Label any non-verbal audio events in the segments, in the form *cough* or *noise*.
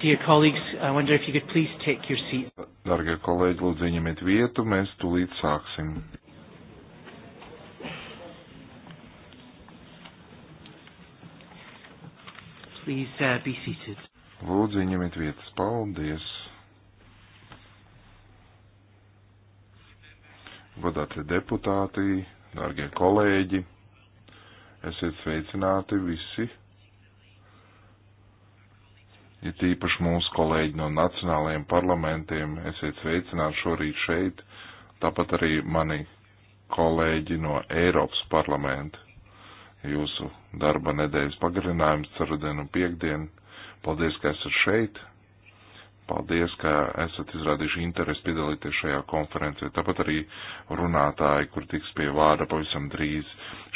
Dear colleagues, I wonder if you could please take your seat. Dargie kolēģi, lūdzu ieņemiet vietu, mēs tūlīt sāksim. Please uh, be seated. Lūdzu ieņemiet vietas. Paldies. Godātie deputāti, dargie kolēģi, esiet sveicināti visi ir ja īpaši mūsu kolēģi no nacionālajiem parlamentiem. Esiet sveicināti šorīt šeit, tāpat arī mani kolēģi no Eiropas parlamenta. Jūsu darba nedēļas pagarinājums ceru dienu piekdienu. Paldies, ka esat šeit. Paldies, ka esat izrādījuši interesi piedalīties šajā konferencē. Tāpat arī runātāji, kur tiks pie vārda pavisam drīz.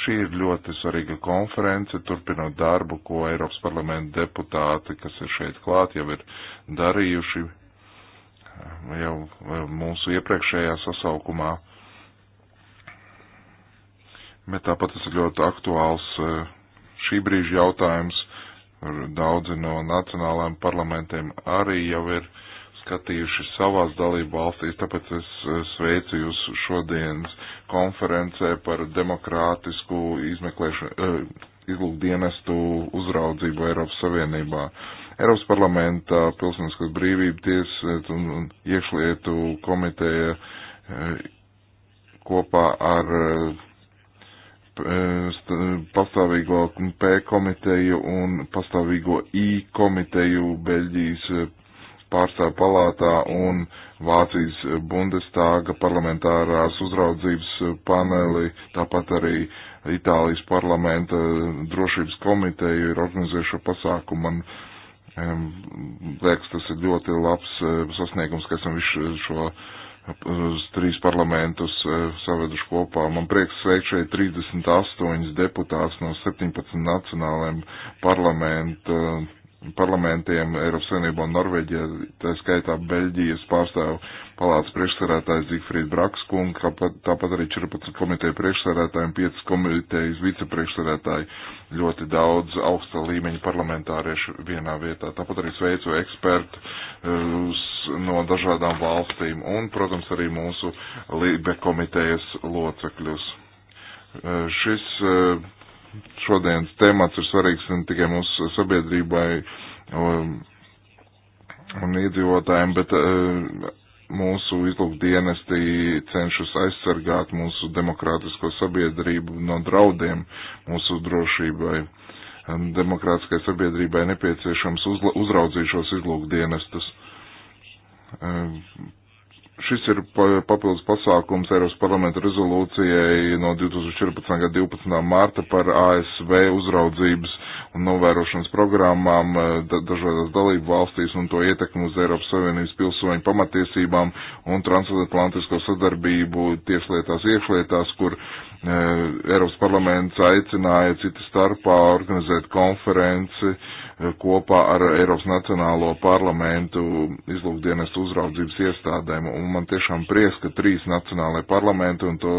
Šī ir ļoti svarīga konference, turpinot darbu, ko Eiropas parlamenta deputāti, kas ir šeit klāt, jau ir darījuši jau mūsu iepriekšējā sasaukumā. Bet tāpat tas ir ļoti aktuāls eh, šī brīža jautājums Daudzi no nacionālajiem parlamentiem arī jau ir skatījuši savās dalību valstīs, tāpēc es sveicu jūs šodienas konferencē par demokrātisku izmeklēšanu, eh, izlūkdienestu uzraudzību Eiropas Savienībā. Eiropas parlamenta pilsoniskās brīvība tiesas un iekšlietu komiteja eh, kopā ar eh, pastāvīgo P komiteju un pastāvīgo I komiteju Beļģijas eh, pārstāvu palātā un Vācijas Bundestāga parlamentārās uzraudzības eh, paneli, tāpat arī Itālijas parlamenta drošības komiteju ir organizējušo pasākumu. Man liekas, tas ir ļoti labs eh, sasniegums, ka esam visu šo uz trīs parlamentus eh, saveduši kopā. Man prieks sveikt šeit 38 deputātus no 17 nacionālajiem parlamentu parlamentiem Eiropas Savienībā un Norvēģijā, tā skaitā Beļģijas pārstāvu palātas priekšsarētājs Zigfrīd Brakskungs, tāpat arī 14 komiteju priekšsarētāji un 5 komitejas vicepriekšsarētāji, ļoti daudz augsta līmeņa parlamentāriešu vienā vietā. Tāpat arī sveicu ekspertus eh, no dažādām valstīm un, protams, arī mūsu Lībe komitejas locekļus. Eh, šis eh, šodienas temats ir svarīgs ne tikai mūsu sabiedrībai un, um, un iedzīvotājiem, bet uh, mūsu izlūkdienesti cenšas aizsargāt mūsu demokrātisko sabiedrību no draudiem mūsu drošībai. Demokrātiskai sabiedrībai nepieciešams uzraudzīšos izlūkdienestus um, Šis ir papildus pasākums Eiropas parlamenta rezolūcijai no 2014. gada 12. mārta par ASV uzraudzības un novērošanas programmām eh, dažādās dalību valstīs un to ietekmu uz Eiropas Savienības pilsoņu pamatiesībām un transatlantisko sadarbību tieslietās iekšlietās, kur eh, Eiropas parlaments aicināja citu starpā organizēt konferenci uh, kopā ar Eiropas Nacionālo parlamentu izlūkdienas uzraudzības iestādēm. Un man tiešām prieks, ka trīs nacionālai parlamenti un to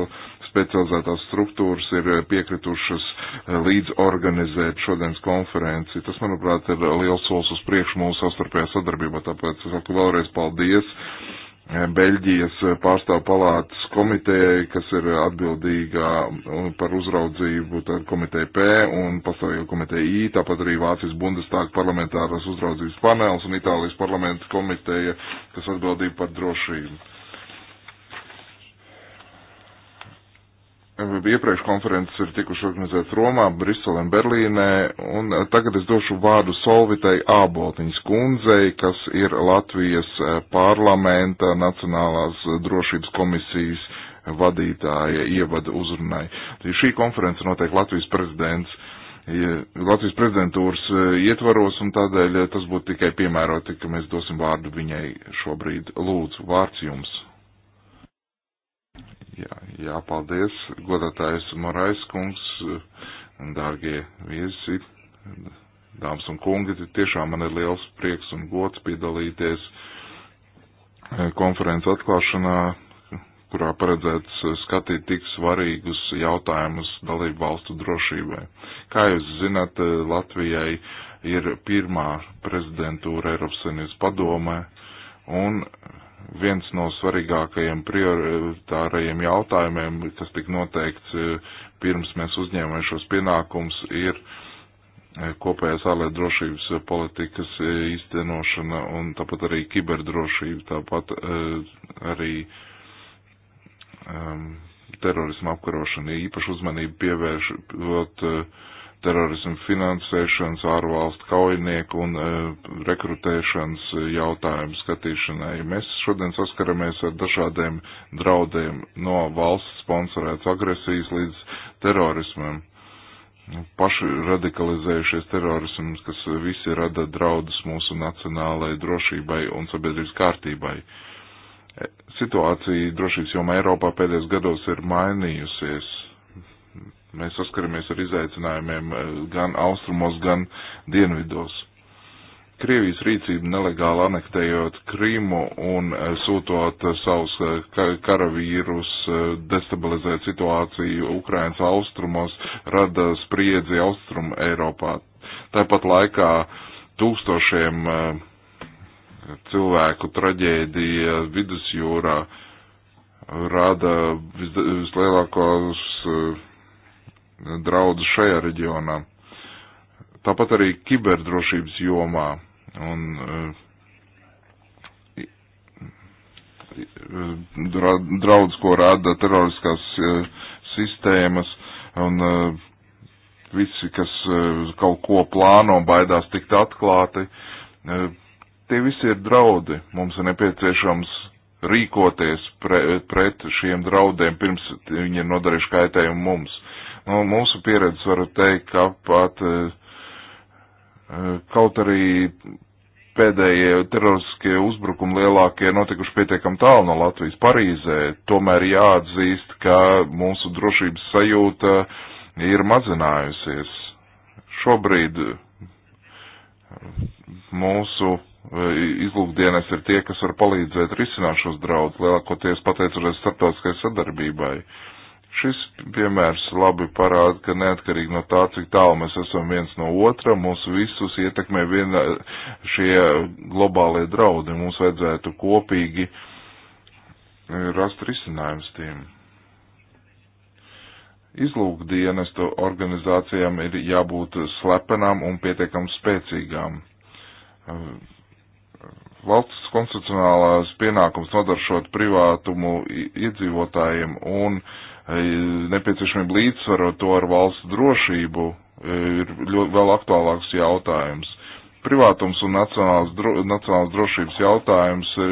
specializētās struktūras ir piekritušas eh, līdz organizēt šodienas konferenci. Tas, manuprāt, ir liels solis uz priekšu mūsu sastarpējā sadarbībā, tāpēc es saku vēlreiz paldies Beļģijas pārstāv palātas komitejai, kas ir atbildīga par uzraudzību komiteja P un pastāvīgo komiteja I, tāpat arī Vācijas Bundestāga parlamentāras uzraudzības panels un Itālijas parlamenta komiteja, kas atbildīga par drošību. Iepriekš konferences ir tikuši organizētas Romā, Briselē un Berlīnē, un eh, tagad es došu vārdu Solvitai Āboltiņas kundzei, kas ir Latvijas eh, parlamenta Nacionālās drošības komisijas vadītāja ievada uzrunai. Šī konference notiek Latvijas prezidents Latvijas prezidentūras eh, ietvaros, un tādēļ tas būtu tikai piemēroti, ka mēs dosim vārdu viņai šobrīd. Lūdzu, vārds jums. Jā, jā paldies, godātājs Morais kungs, dārgie viesi, dāmas un kungi. Tiešām man ir liels prieks un gods piedalīties eh, konferences atklāšanā, kurā paredzēts skatīt tik svarīgus jautājumus dalību valstu drošībai. Kā jūs zināt, Latvijai ir pirmā prezidentūra Eiropas Savienības padomē, un viens no svarīgākajiem prioritārajiem jautājumiem, kas tika noteikts e, pirms mēs uzņēmām šos pienākums, ir e, kopējās ārlietu drošības politikas e, īstenošana un tāpat arī kiberdrošība, tāpat arī um, terorismu apkarošana. Īpaši uzmanību pievēršot uh, terorismu finansēšanas, ārvalstu kaujinieku un e, rekrutēšanas e, jautājumu skatīšanai. Mēs šodien saskaramies ar dažādiem draudiem no valsts sponsorētas agresijas līdz terorismam. Paši radikalizējušies terorisms, kas visi rada draudus mūsu nacionālajai drošībai un sabiedrības kārtībai. E, situācija drošības jomā Eiropā pēdējos gados ir mainījusies Mēs saskaramies ar izaicinājumiem eh, gan austrumos, gan dienvidos. Krievijas rīcība nelegāli anektējot Krīmu un eh, sūtot eh, savus karavīrus, destabilizēt situāciju Ukrainas austrumos, rada spriedzi austrumu Eiropā. Tāpat laikā tūkstošiem cilvēku traģēdija vidusjūrā rada vislielākos vis draudz šajā reģionā. Tāpat arī kiberdrošības jomā un e, e, draudz, ko rada teroriskās e, sistēmas un visi, kas kaut ko plāno un baidās tikt atklāti, tie visi ir draudi. Mums ir nepieciešams rīkoties pre, pret šiem draudiem, pirms viņi ir nodarījuši kaitējumu mums. No nu, mūsu pieredzes varu teikt, ka pat e, e, kaut arī pēdējie teroristiskie uzbrukumi lielākie notikuši pietiekam tālu no Latvijas, Parīzē, tomēr jāatzīst, ka mūsu drošības sajūta ir mazinājusies. Šobrīd e, mūsu izlūkdienas ir tie, kas var palīdzēt risināt šos draudus, lielākoties pateicoties starptautiskai sadarbībai. Uh, Šis piemērs labi parāda, ka neatkarīgi no tā, cik tālu mēs esam viens no otra, mūs visus ietekmē viena šie globālie draudi. Mums vajadzētu kopīgi rast risinājums tiem. Izlūkdienestu organizācijām ir jābūt slepenām un pietiekam spēcīgām. Valsts konstitucionālās pienākums nodaršot privātumu iedzīvotājiem un uh, nepieciešamība līdzsvarot to ar valsts drošību e, ir ļoti, vēl aktuālāks jautājums. Privātums un nacionāls, dro, nacionāls drošības jautājums e,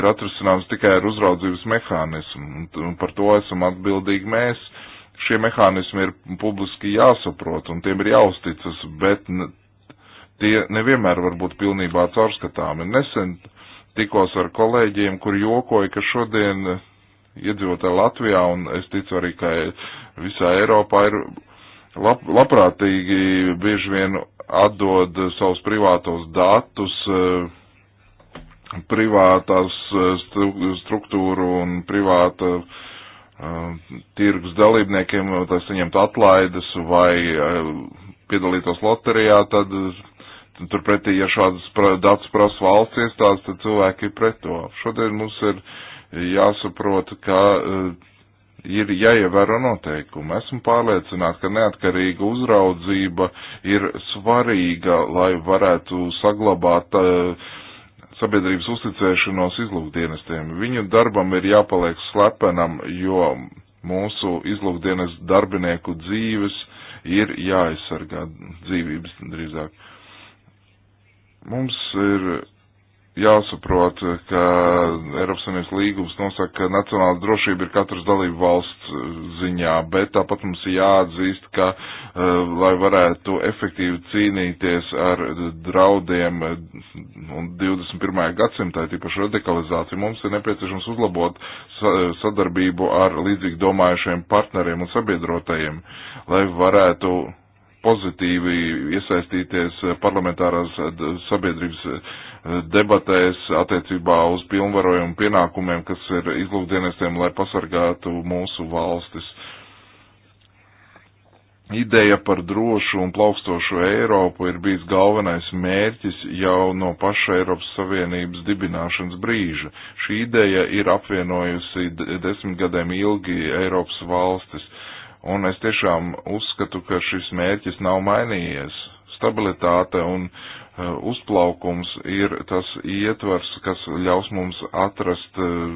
ir atrisināms tikai ar uzraudzības mehānismu, un, un par to esam atbildīgi mēs. Šie mehānismi ir publiski jāsaprot, un tiem ir jāuzticas, bet tie nevienmēr var būt pilnībā caurskatāmi. Nesen tikos ar kolēģiem, kur jokoja, ka šodien iedzīvotāji Latvijā, un es ticu arī, ka visā Eiropā ir lab, labprātīgi bieži vien atdod savus privātos datus eh, privātās eh, struktūru un privāta uh, tirgus dalībniekiem, lai saņemtu atlaides vai uh, piedalītos loterijā, tad turpretī, ja šādas datus prasa valsts iestādes, tad cilvēki ir pret to. Šodien mums ir uh, jāsaprot, ka eh, ir jāievēro noteikumi. Esmu pārliecināts, ka neatkarīga uzraudzība ir svarīga, lai varētu saglabāt uh, sabiedrības uzticēšanos izlūkdienestiem. Viņu darbam ir jāpaliek slepenam, jo mūsu izlūkdienes darbinieku dzīves ir jāaizsargā dzīvības drīzāk. Mums ir jāsaprot, ka Eiropas Savienības līgums nosaka, ka nacionāla drošība ir katras dalību valsts ziņā, bet tāpat mums jāatzīst, ka, eh, lai varētu efektīvi cīnīties ar draudiem eh, un 21. gadsimtā, tīpaši radikalizāciju, mums ir nepieciešams uzlabot sadarbību ar līdzīgi domājušiem partneriem un sabiedrotajiem, lai varētu pozitīvi iesaistīties parlamentārās sabiedrības debatēs attiecībā uz pilnvarojumu pienākumiem, kas ir izlūkdienestiem, lai pasargātu mūsu valstis. Ideja par drošu un plaukstošu Eiropu ir bijis galvenais mērķis jau no paša Eiropas Savienības dibināšanas brīža. Šī ideja ir apvienojusi desmit gadiem ilgi Eiropas valstis, un es tiešām uzskatu, ka šis mērķis nav mainījies. Stabilitāte un uh, Eh, uzplaukums ir tas ietvars, kas ļaus mums atrast eh,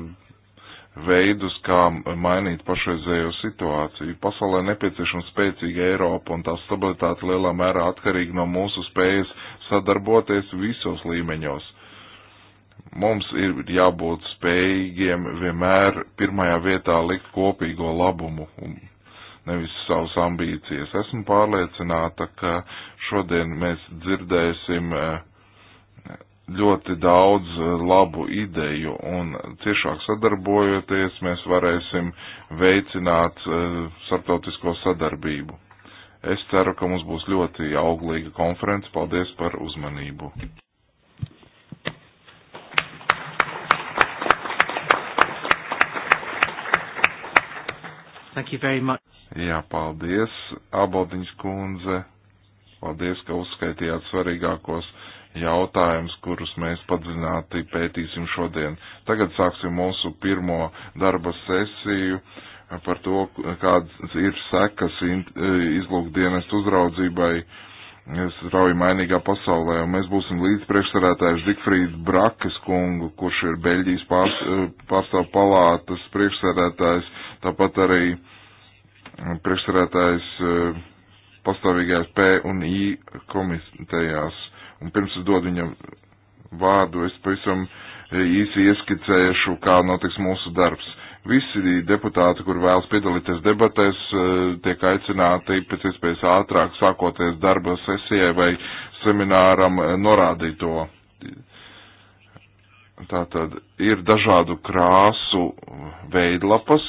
veidus, kā mainīt pašreizējo situāciju. Pasaulē nepieciešama spēcīga Eiropa, un tā stabilitāte lielā mērā atkarīga no mūsu spējas sadarboties visos līmeņos. Mums ir jābūt spējīgiem vienmēr pirmajā vietā likt kopīgo labumu nevis savas ambīcijas. Esmu pārliecināta, ka šodien mēs dzirdēsim eh, ļoti daudz eh, labu ideju un ciešāk sadarbojoties mēs varēsim veicināt eh, starptautisko sadarbību. Es ceru, ka mums būs ļoti auglīga konference. Paldies par uzmanību! Thank you very much. Jā, paldies, Abaldiņas kundze. Paldies, ka uzskaitījāt svarīgākos jautājumus, kurus mēs padzināti pētīsim šodien. Tagad sāksim mūsu pirmo darba sesiju par to, kādas ir sekas izlūkdienas uzraudzībai strauji mainīgā pasaulē. Un mēs būsim līdzpriekšsarētājs Zikfrīds Brakes kungu, kurš ir Beļģijas pārstāv palātas priekšsarētājs, tāpat arī uh, priekšsarētājs eh, pastāvīgajās P un I komitejās. Un pirms es dodu viņam vārdu, es pavisam eh, īsi ieskicēšu, kā notiks mūsu darbs. Visi deputāti, kur vēlas piedalīties debatēs, eh, tiek aicināti pēc iespējas ātrāk sākoties darba sesijai vai semināram norādīt to. Tātad ir dažādu krāsu veidlapas,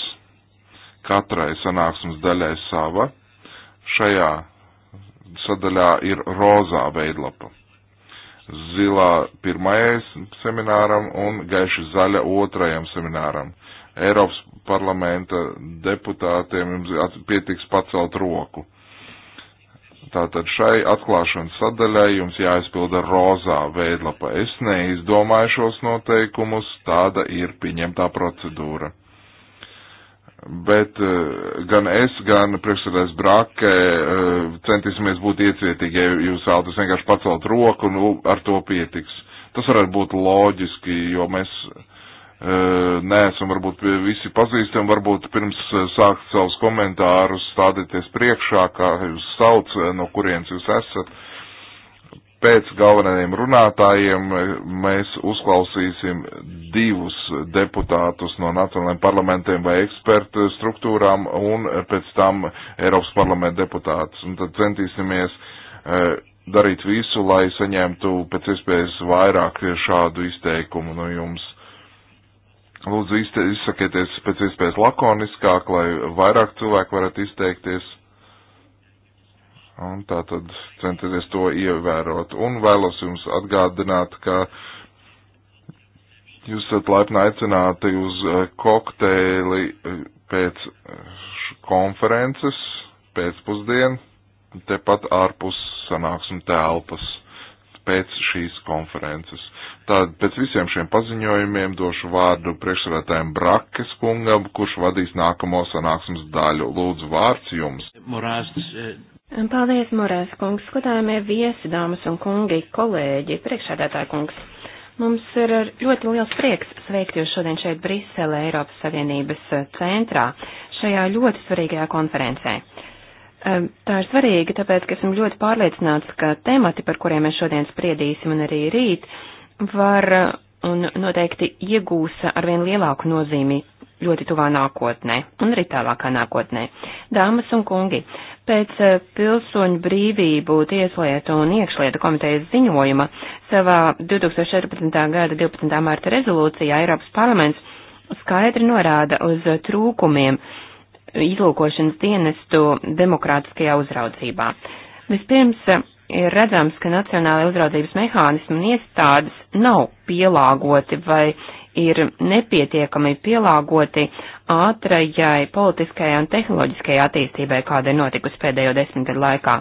katrai sanāksmes daļai sava. Šajā sadaļā ir rozā veidlapa. Zilā pirmajai semināram un gaiši zaļa otrajam semināram. Eiropas parlamenta deputātiem jums pietiks pacelt roku. Tātad šai atklāšanas sadaļai jums jāizpilda rozā veidlapa. Es neizdomāju šos noteikumus, tāda ir pieņemtā procedūra bet eh, gan es, gan priekšsēdājs Brake eh, centīsimies būt iecietīgi, ja jūs vēlaties vienkārši pacelt roku un nu, ar to pietiks. Tas varētu būt loģiski, jo mēs eh, neesam varbūt visi pazīstami, varbūt pirms sākt savus komentārus stādieties priekšā, kā jūs sauc, no kurienes jūs esat pēc galvenajiem runātājiem mēs uzklausīsim divus deputātus no nacionālajiem parlamentiem vai ekspertu struktūrām un pēc tam Eiropas parlamenta deputātus. Un tad centīsimies eh, darīt visu, lai saņemtu pēc iespējas vairāk šādu izteikumu no jums. Lūdzu, izsakieties pēc iespējas lakoniskāk, lai vairāk cilvēku varētu izteikties. Un tā tad centieties to ievērot. Un vēlos jums atgādināt, ka jūs esat laipni aicināti uz eh, kokteili eh, pēc eh, konferences, pēcpusdien, tepat ārpus sanāksim telpas pēc šīs konferences. Tad pēc visiem šiem paziņojumiem došu vārdu priekšsarētājiem Brakes kungam, kurš vadīs nākamo sanāksmes daļu. Lūdzu, vārds jums. Morāsts, Paldies, Morēs kungs, skatājumie viesi, dāmas un kungi, kolēģi, priekšādātāja kungs. Mums ir ļoti liels prieks sveikt jūs šodien šeit Brisele, Eiropas Savienības eh, centrā, šajā ļoti svarīgajā konferencē. Eh, tā ir svarīga, tāpēc, ka esam ļoti pārliecināts, ka temati, par kuriem mēs šodien spriedīsim un arī rīt, var eh, un noteikti iegūs arvien lielāku nozīmi ļoti tuvā nākotnē un arī tālākā nākotnē. Dāmas un kungi, pēc eh, pilsoņu brīvību tieslietu un iekšlietu komitejas ziņojuma savā 2014. gada 12. mārta rezolūcijā Eiropas parlaments skaidri norāda uz trūkumiem izlūkošanas dienestu demokrātiskajā uzraudzībā. Vispirms eh, ir redzams, ka nacionālajā uzraudzības mehānismi un iestādes nav pielāgoti vai ir nepietiekami pielāgoti ātrajai politiskajai un tehnoloģiskajai attīstībai, kāda ir notikusi pēdējo desmitgadu laikā.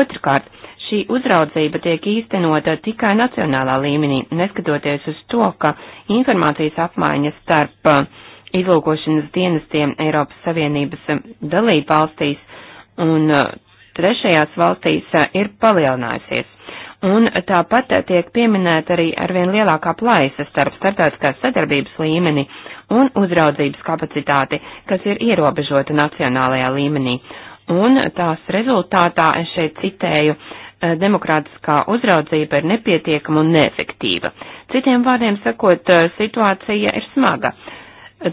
Otrkārt, šī uzraudzība tiek īstenota tikai nacionālā līmenī, neskatoties uz to, ka informācijas apmaiņa starp uh, izlūkošanas dienestiem Eiropas Savienības um, dalību valstīs un uh, trešajās valstīs uh, ir palielinājusies un tāpat tiek pieminēta arī arvien lielākā plaisa starp starptautiskās sadarbības līmeni un uzraudzības kapacitāti, kas ir ierobežota nacionālajā līmenī. Un tās rezultātā, es šeit citēju, eh, demokrātiskā uzraudzība ir nepietiekama un neefektīva. Citiem vārdiem sakot, eh, situācija ir smaga.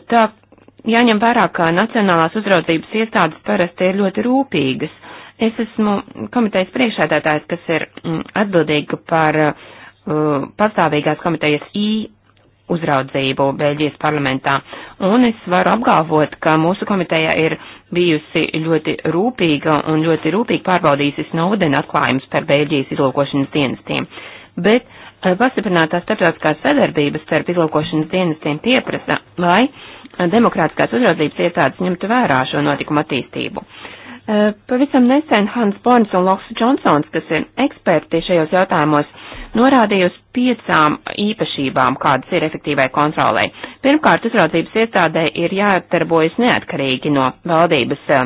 Tā jāņem vērā, ka nacionālās uzraudzības iestādes parasti ir ļoti rūpīgas Es esmu komitejas priekšādātājs, kas ir mm, atbildīga par uh, pastāvīgās komitejas I uzraudzību Beļģijas parlamentā, un es varu apgalvot, ka mūsu komiteja ir bijusi ļoti rūpīga un ļoti rūpīgi pārbaudījusi Snowden atklājumus par Beļģijas izlūkošanas dienestiem. Bet uh, pastiprinātā starptautiskā sadarbība starp izlūkošanas dienestiem pieprasa, lai uh, demokrātiskās uzraudzības iestādes ņemtu vērā šo notikumu attīstību. Eh, pavisam nesen Hans Bons un Loks Džonsons, kas ir eksperti šajos jautājumos, norādīja uz piecām īpašībām, kādas ir efektīvai kontrolē. Pirmkārt, uzraudzības iestādē ir jāatdarbojas neatkarīgi no valdības eh,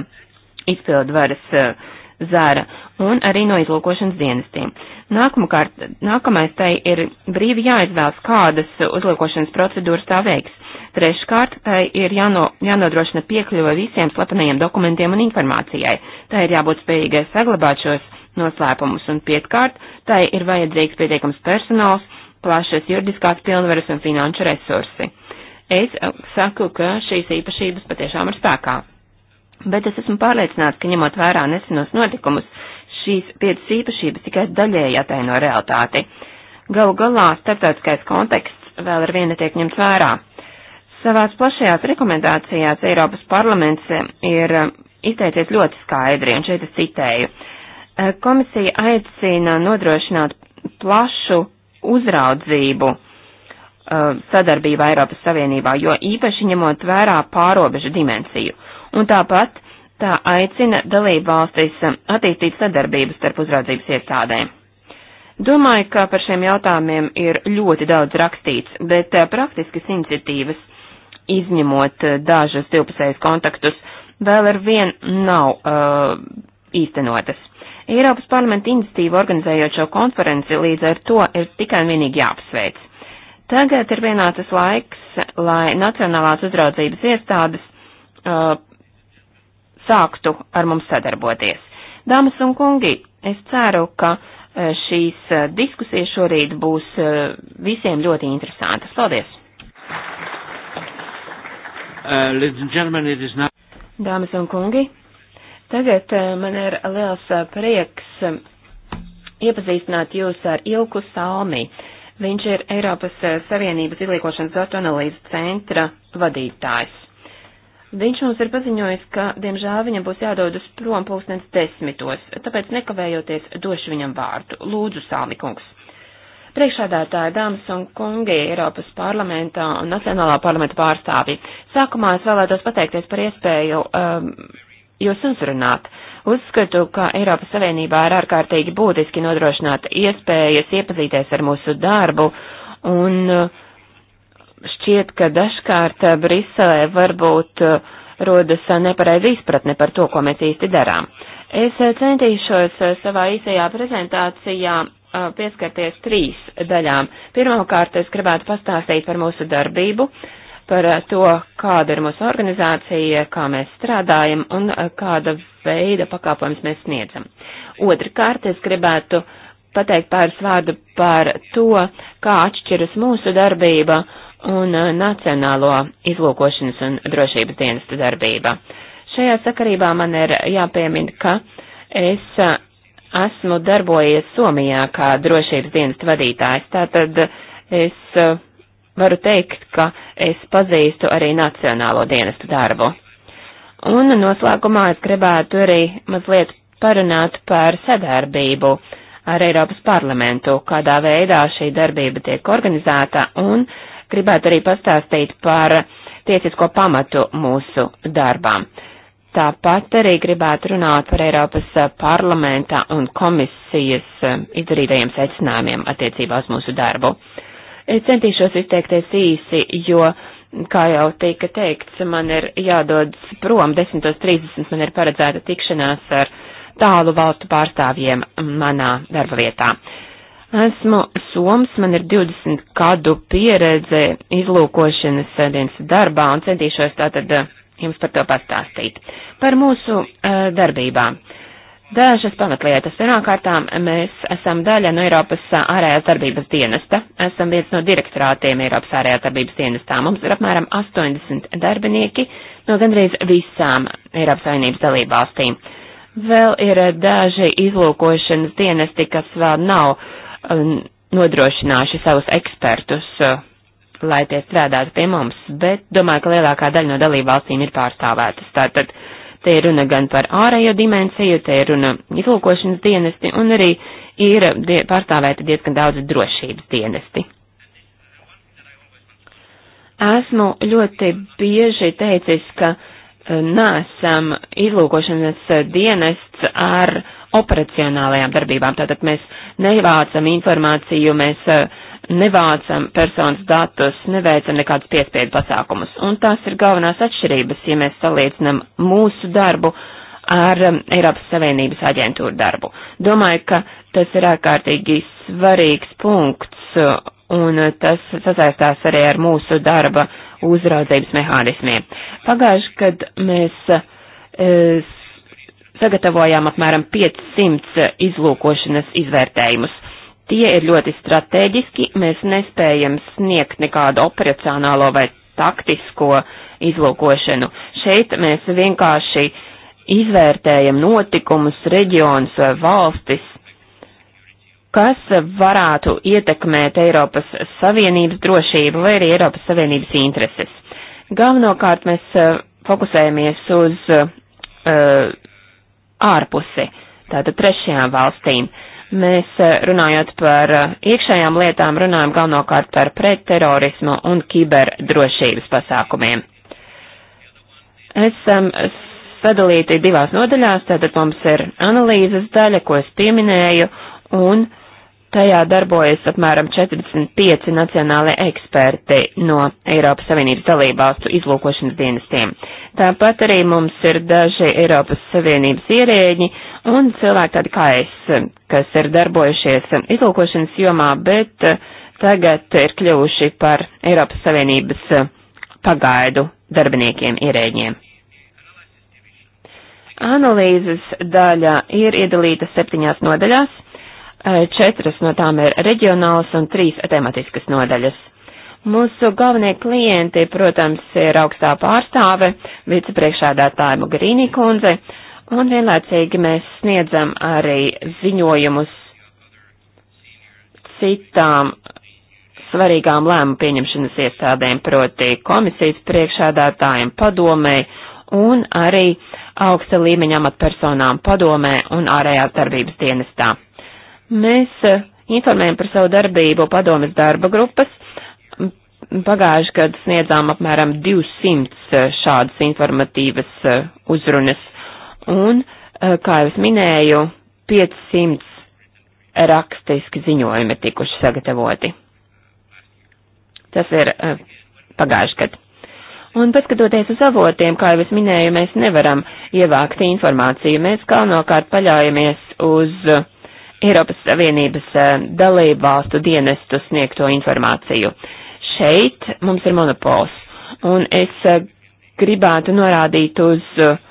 izpildvaras eh, zara un arī no izlūkošanas dienestiem. Nākamkārt, nākamais tai ir brīvi jāizvēlas, kādas uzlūkošanas procedūras tā veiks. Treškārt, tai ir jāno, jānodrošina piekļuva visiem slepenajiem dokumentiem un informācijai. Tā ir jābūt spējīgai saglabāt šos noslēpumus. Un piekārt, tai ir vajadzīgs pietiekams personāls, plašas juridiskās pilnvaras un finanšu resursi. Es eh, saku, ka šīs īpašības patiešām ir spēkā. Bet es esmu pārliecināts, ka ņemot vērā nesenos notikumus, šīs piecas īpašības tikai daļēji ataino realitāti. Galu galā starptautiskais konteksts vēl ar vienu tiek ņemts vērā. Savās plašajās rekomendācijās Eiropas parlaments eh, ir eh, izteicies ļoti skaidri, un šeit es citēju. Eh, komisija aicina nodrošināt plašu uzraudzību sadarbībā Eiropas Savienībā, jo īpaši ņemot vērā pārobežu dimensiju. Un tāpat tā aicina dalību valstis attīstīt sadarbību starp uzraudzības iestādēm. Domāju, ka par šiem jautājumiem ir ļoti daudz rakstīts, bet praktiskas iniciatīvas izņemot eh, dažus divpusējus kontaktus, vēl ar vien nav uh, īstenotas. Eiropas parlamenta iniciatīva organizējot šo konferenci līdz ar to ir tikai un vienīgi jāapsveic. Tagad ir vienācis laiks, lai Nacionālās uzraudzības iestādes uh, sāktu ar mums sadarboties. Dāmas un kungi, es ceru, ka uh, šīs diskusijas šorīt būs visiem ļoti interesantas. Paldies! Uh, Dāmas un kungi, tagad uh, man ir liels uh, prieks um, iepazīstināt jūs ar Ilku Salmi. Viņš ir Eiropas Savienības izliekošanas datu analīzes centra vadītājs. Viņš mums ir paziņojis, ka, diemžēl, viņam būs jādodas prom pulkstens desmitos, tāpēc nekavējoties došu viņam vārdu. Lūdzu, Sāmi kungs. Priekšādātāji, dāmas un kungi, Eiropas parlamenta un Nacionālā parlamenta pārstāvi. Sākumā es vēlētos pateikties par iespēju um, jūs uzrunāt. Uzskatu, ka Eiropas Savienībā ir ārkārtīgi būtiski nodrošināt iespējas iepazīties ar mūsu darbu un uh, šķiet, ka dažkārt Briselē varbūt uh, rodas nepareizi izpratne par to, ko mēs īsti darām. Es uh, centīšos savā īsajā prezentācijā Uh, pieskarties trīs daļām. Pirmkārt, es gribētu pastāstīt par mūsu darbību, par uh, to, kāda ir mūsu organizācija, kā mēs strādājam un uh, kāda veida pakāpojums mēs sniedzam. Otrkārt, es gribētu pateikt pāris vārdu par to, kā atšķiras mūsu darbība un Nacionālo izlūkošanas un drošības dienesta darbība. Šajā sakarībā man ir jāpiemina, ka es esmu darbojies Somijā kā drošības dienas vadītājs, tātad es eh, varu teikt, ka es pazīstu arī nacionālo dienestu darbu. Un noslēgumā es gribētu arī mazliet parunāt par sadarbību ar Eiropas parlamentu, kādā veidā šī darbība tiek organizēta, un gribētu arī pastāstīt par tiesisko pamatu mūsu darbām. Uh, Tāpat arī gribētu runāt par Eiropas eh, parlamenta un komisijas eh, izdarītajiem secinājumiem attiecībā uz mūsu darbu. Es centīšos izteikties īsi, jo, kā jau tika teikts, man ir jādodas prom 10.30, man ir paredzēta tikšanās ar tālu valstu pārstāvjiem manā darba vietā. Esmu Soms, man ir 20 gadu pieredze izlūkošanas dienas darbā un centīšos tātad eh, jums par to pastāstīt. Par mūsu uh, darbībām. Dažas pamatlietas. Pirmkārtām, mēs esam daļa no Eiropas ārējās darbības dienesta. Esam viens no direktorātiem Eiropas ārējās darbības dienestā. Mums ir apmēram 80 darbinieki no gandrīz visām Eiropas Savienības dalībvalstīm. Vēl ir daži izlūkošanas dienesti, kas vēl nav um, nodrošinājuši savus ekspertus uh, lai tie strādātu pie mums, bet domāju, ka lielākā daļa no dalībvalstīm ir pārstāvētas. Tātad te ir runa gan par ārējo dimensiju, te ir runa izlūkošanas dienesti un arī ir die, pārstāvēti diezgan daudz drošības dienesti. Esmu ļoti bieži teicis, ka e, nesam izlūkošanas dienests ar operacionālajām darbībām. Tātad mēs nevācam informāciju, mēs uh, nevācam personas datus, neveicam nekādus piespiedu pasākumus. Un tās ir galvenās atšķirības, ja mēs salīdzinam mūsu darbu ar um, Eiropas Savienības aģentūru darbu. Domāju, ka tas ir ārkārtīgi svarīgs punkts, un tas sasaistās arī ar mūsu darba uzraudzības mehānismiem. Pagājuši, kad mēs e, sagatavojām apmēram 500 izlūkošanas izvērtējumus, Tie ir ļoti strateģiski, mēs nespējam sniegt nekādu operacionālo vai taktisko izlūkošanu. Šeit mēs vienkārši izvērtējam notikumus, reģionus vai valstis, kas varētu ietekmēt Eiropas Savienības drošību vai arī Eiropas Savienības intereses. Galvenokārt mēs eh, fokusējamies uz uh, ārpusi, tātad trešajām valstīm. Uh, Mēs eh, runājot par eh, iekšējām lietām, runājam galvenokārt par pretterorismu un kiberdrošības pasākumiem. Esam sadalīti divās nodaļās, tātad mums ir analīzes daļa, ko es pieminēju, un Tajā darbojas apmēram 45 nacionālie eksperti no Eiropas Savienības dalībvalstu izlūkošanas dienestiem. Tāpat arī mums ir daži Eiropas Savienības ierēģi un cilvēki tādi kā es, kas ir darbojušies izlūkošanas jomā, bet tagad ir kļuvuši par Eiropas Savienības pagaidu darbiniekiem ierēģiem. Analīzes daļa ir iedalīta septiņās nodaļās Četras no tām ir reģionālas un trīs tematiskas nodaļas. Mūsu galvenie klienti, protams, ir augstā pārstāve, vicepriekšādātāja Mugarīnī kundze, un vienlaicīgi mēs sniedzam arī ziņojumus citām svarīgām lēmu pieņemšanas iestādēm, proti komisijas priekšādātājiem padomē un arī augsta līmeņa amatpersonām padomē un ārējās darbības dienestā. Mēs eh, informējam par savu darbību padomas darba grupas. Pagājuši gadu sniedzām apmēram 200 eh, šādas informatīvas eh, uzrunas. Un, kā jau es minēju, 500 rakstiski ziņojumi tikuši sagatavoti. Tas ir pagājuši gadu. Un paskatoties uz avotiem, kā jau es minēju, mēs nevaram ievākt informāciju. Mēs galvenokārt paļaujamies uz uh, Eiropas Savienības eh, dalību valstu dienestu sniegto informāciju. Šeit mums ir monopols, un es eh, gribētu norādīt uz eh,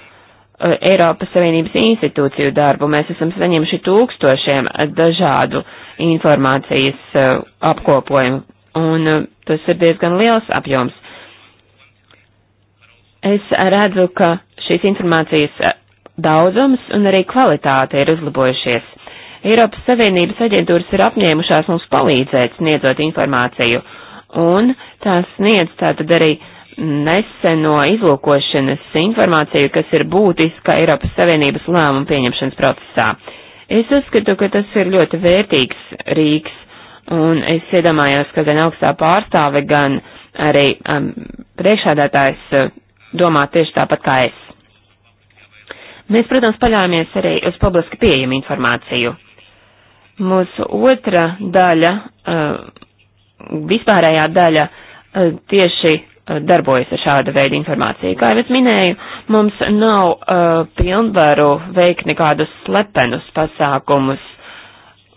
Eiropas Savienības institūciju darbu. Mēs esam saņēmuši tūkstošiem dažādu informācijas apkopojumu, un tas ir diezgan liels apjoms. Es redzu, ka šīs informācijas daudzums un arī kvalitāte ir uzlabojušies. Eiropas Savienības aģentūras ir apņēmušās mums palīdzēt sniedzot informāciju, un tās sniedz tātad arī neseno izlūkošanas informāciju, kas ir būtiska Eiropas Savienības lēmumu pieņemšanas procesā. Es uzskatu, ka tas ir ļoti vērtīgs rīks, un es iedomājos, ka gan augstā pārstāve, gan arī um, priekšādātājs uh, domā tieši tāpat kā es. Mēs, protams, paļāvāmies arī uz publiski pieejamu informāciju. Mūsu otra daļa, eh, vispārējā daļa, eh, tieši eh, darbojas ar šāda veida informāciju. Kā jau es minēju, mums nav uh, pilnvaru veikt nekādus slepenus pasākumus,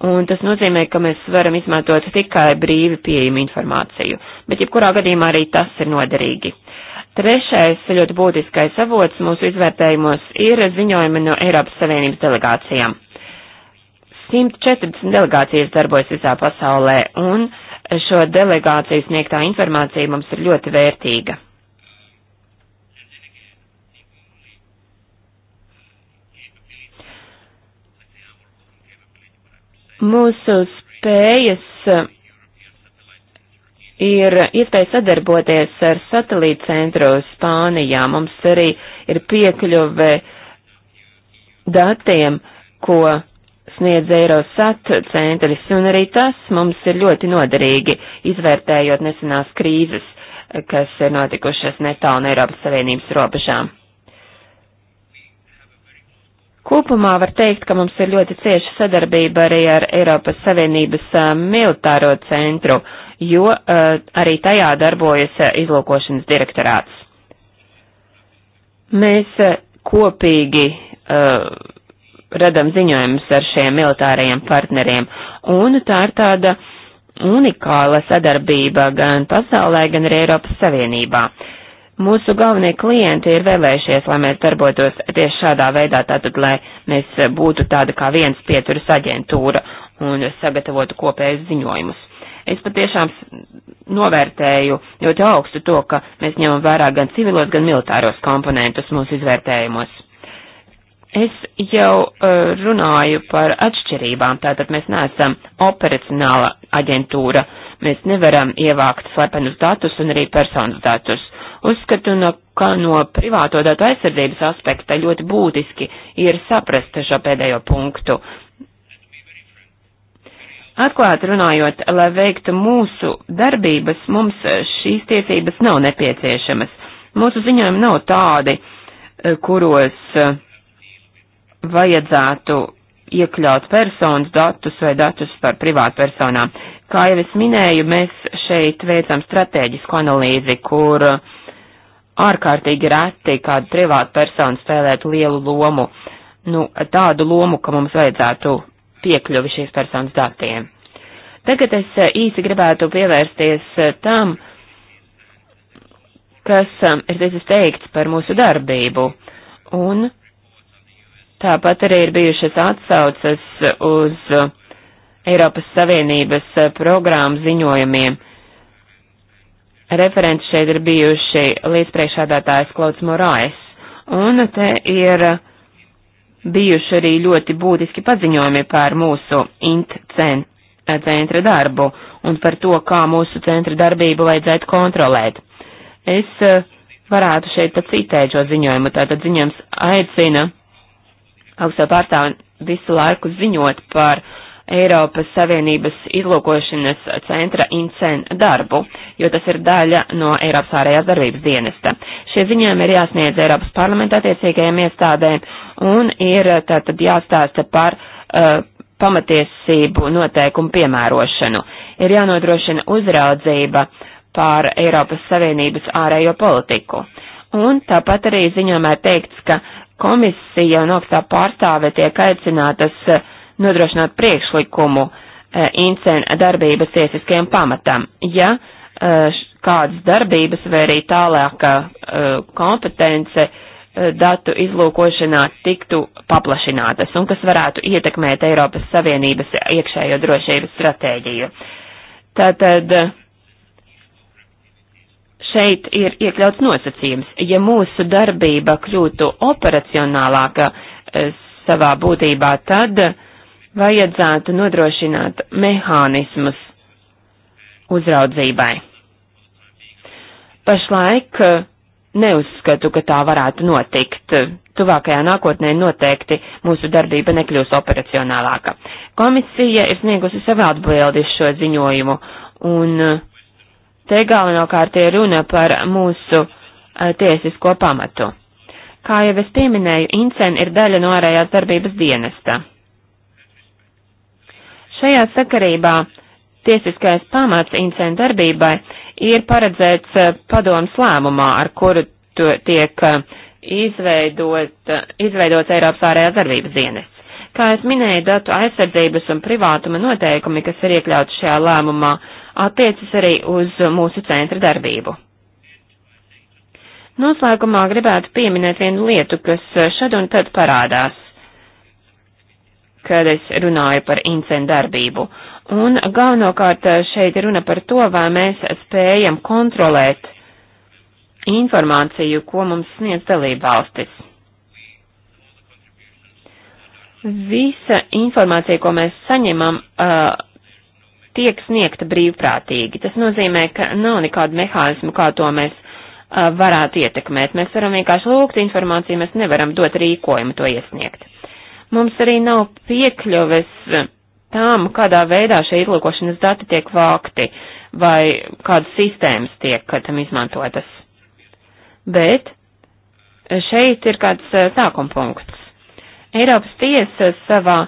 un tas nozīmē, ka mēs varam izmantot tikai brīvi pieejamu informāciju, bet jebkurā gadījumā arī tas ir noderīgi. Trešais ļoti būtiskais avots mūsu izvērtējumos ir ziņojumi no Eiropas Savienības delegācijām. 140 delegācijas darbojas visā pasaulē, un šo delegāciju sniegtā informācija mums ir ļoti vērtīga. Mūsu spējas ir iespēja sadarboties ar satelītu centru Spānijā. Mums arī ir piekļuve datiem, ko sniedz Eirosat centrs, un arī tas mums ir ļoti noderīgi, izvērtējot nesenās krīzes, kas ir notikušas netālu no Eiropas Savienības robežām. Kopumā var teikt, ka mums ir ļoti cieša sadarbība arī ar Eiropas Savienības militāro centru, jo arī tajā darbojas izlūkošanas direktorāts. Mēs kopīgi uh, radam ziņojumus ar šiem militārajiem partneriem, un tā ir tāda unikāla sadarbība gan pasaulē, gan arī Eiropas Savienībā. Mūsu galvenie klienti ir vēlējušies, lai mēs darbotos tieši šādā veidā, tātad, lai mēs būtu tāda kā viens pieturas aģentūra un sagatavotu kopējus ziņojumus. Es patiešām novērtēju ļoti augstu to, ka mēs ņemam vērā gan civilos, gan militāros komponentus mūsu izvērtējumos. Es jau uh, runāju par atšķirībām, tātad mēs neesam operacionāla aģentūra, mēs nevaram ievākt slepenus datus un arī personas datus. Uzskatu, no, ka no privāto datu aizsardzības aspekta ļoti būtiski ir saprast šo pēdējo punktu. Atklāt runājot, lai veiktu mūsu darbības, mums šīs tiesības nav nepieciešamas. Mūsu ziņojumi nav tādi, eh, kuros uh, vajadzētu iekļaut personas datus vai datus par privātpersonām. Kā jau es minēju, mēs šeit veicam strateģisku analīzi, kur ārkārtīgi reti kāda privātpersona spēlētu lielu lomu, nu, tādu lomu, ka mums vajadzētu piekļuvi šīs personas datiem. Tagad es īsi gribētu pievērsties tam, kas um, ir ticis teikts par mūsu darbību, un Tāpat arī ir bijušas atsauces uz Eiropas Savienības programmu ziņojumiem. Referents šeit ir bijuši līdzpriekšādātājs Klauds Morais, un te ir bijuši arī ļoti būtiski paziņojumi par mūsu INT-CEN centra darbu un par to, kā mūsu centra darbību vajadzētu kontrolēt. Es eh, varētu šeit pat citēt šo ziņojumu, tātad ziņojums aicina augstā pārstāve visu laiku ziņot par Eiropas Savienības izlūkošanas centra INCEN darbu, jo tas ir daļa no Eiropas ārējās darbības dienesta. Šie ziņojumi ir jāsniedz Eiropas parlamenta attiecīgajiem iestādēm un ir tātad jāstāsta par uh, pamatiesību noteikumu piemērošanu. Ir jānodrošina uzraudzība pār Eiropas Savienības ārējo politiku. Un tāpat arī ziņojumā teikts, ka komisija un augstā pārstāve tiek aicinātas eh, nodrošināt priekšlikumu eh, incen darbības tiesiskajam pamatam. Ja eh, kādas darbības vai arī tālāka kompetence datu izlūkošanā tiktu paplašinātas un kas varētu ietekmēt Eiropas Savienības iekšējo drošības stratēģiju. Tātad šeit ir iekļauts nosacījums. Ja mūsu darbība kļūtu operacionālāka eh, savā būtībā, tad vajadzētu nodrošināt mehānismus uzraudzībai. Pašlaik eh, neuzskatu, ka tā varētu notikt. Tuvākajā nākotnē noteikti mūsu darbība nekļūs operacionālāka. Komisija ir sniegusi savu atbildi uz šo ziņojumu, un uh, Te galvenokārt ir runa par mūsu eh, tiesisko pamatu. Kā jau es pieminēju, Incen ir daļa no ārējās darbības dienesta. Šajā sakarībā tiesiskais pamats Incen darbībai ir paredzēts eh, padomas lēmumā, ar kuru tiek eh, izveidot, izveidots Eiropas ārējās darbības dienests. Kā es minēju, datu aizsardzības un privātuma noteikumi, kas ir iekļauts šajā lēmumā, uh, attiecas arī uz mūsu centra darbību. Noslēgumā gribētu pieminēt vienu lietu, kas šad un tad parādās, kad es runāju par incendu darbību. Un galvenokārt šeit runa par to, vai mēs spējam kontrolēt informāciju, ko mums sniedz dalībvalstis. Visa informācija, ko mēs saņemam, uh, tiek sniegta brīvprātīgi. Tas nozīmē, ka nav nekādu mehānismu, kā to mēs uh, varētu ietekmēt. Mēs varam vienkārši lūgt informāciju, mēs nevaram dot rīkojumu to iesniegt. Mums arī nav piekļuves uh, tām, kādā veidā šie izlūkošanas dati tiek vākti vai kādas sistēmas tiek uh, tam izmantotas. Bet uh, šeit ir kāds sākumpunkts. Eiropas tiesa savā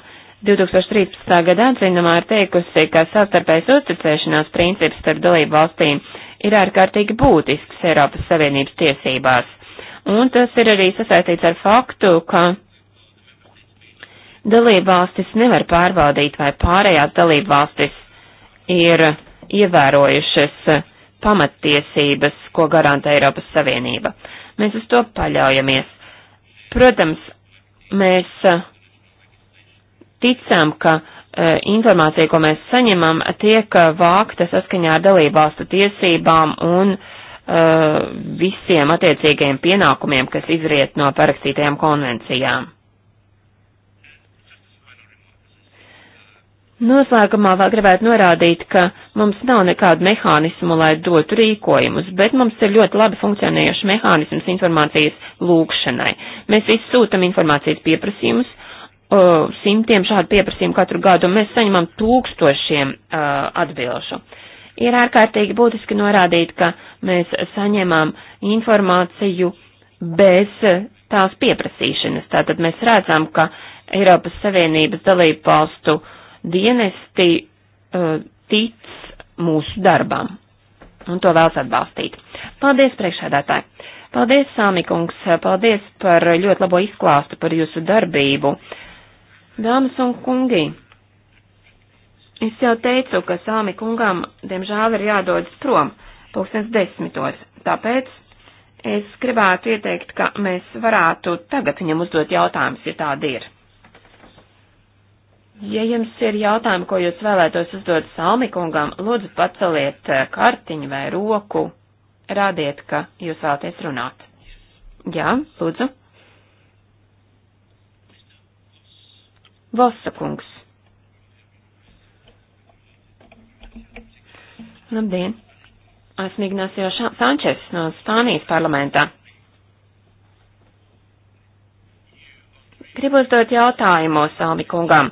2013. gada atzinumā ir teikusi, ka savstarpējas uzticēšanās princips starp dalību valstīm ir ārkārtīgi būtisks Eiropas Savienības tiesībās. Un tas ir arī sasaistīts ar faktu, ka dalību valstis nevar pārvaldīt, vai pārējās dalību valstis ir ievērojušas pamattiesības, ko garantē Eiropas Savienība. Mēs uz to paļaujamies. Protams, mēs ticam, ka e, informācija, ko mēs saņemam, tiek e, vākta saskaņā ar dalībvalstu tiesībām un e, visiem attiecīgajiem pienākumiem, kas izriet no parakstītajām konvencijām. Noslēgumā vēl gribētu norādīt, ka mums nav nekādu mehānismu, lai dotu rīkojumus, bet mums ir ļoti labi funkcionējošs mehānisms informācijas lūkšanai. Mēs visi sūtam informācijas pieprasījumus, uh, simtiem šādu pieprasījumu katru gadu, un mēs saņemam tūkstošiem uh, atbilžu. Ir ārkārtīgi būtiski norādīt, ka mēs saņemam informāciju bez tās pieprasīšanas. Tātad mēs redzam, ka Eiropas Savienības dalību valstu dienesti uh, tic mūsu darbam un to vēlas atbalstīt. Paldies, priekšādātāji! Paldies, Sāmikungs, paldies par ļoti labo izklāstu par jūsu darbību. Uh, Dāmas un kungi, es jau teicu, ka sāmi kungam, diemžēl, ir jādodas prom pulkstens desmitos, tāpēc es gribētu ieteikt, ka mēs varētu tagad viņam uzdot jautājumus, ja tādi ir. Ja jums ir jautājumi, ko jūs vēlētos uzdot Salmikungam, lūdzu paceliet eh, kartiņu vai roku, rādiet, ka jūs vēlaties runāt. Jā, lūdzu. Vosakungs. Labdien! Esmu Ignācijā Sančes no Spānijas parlamentā. Gribu uzdot jautājumu Salmi kungam.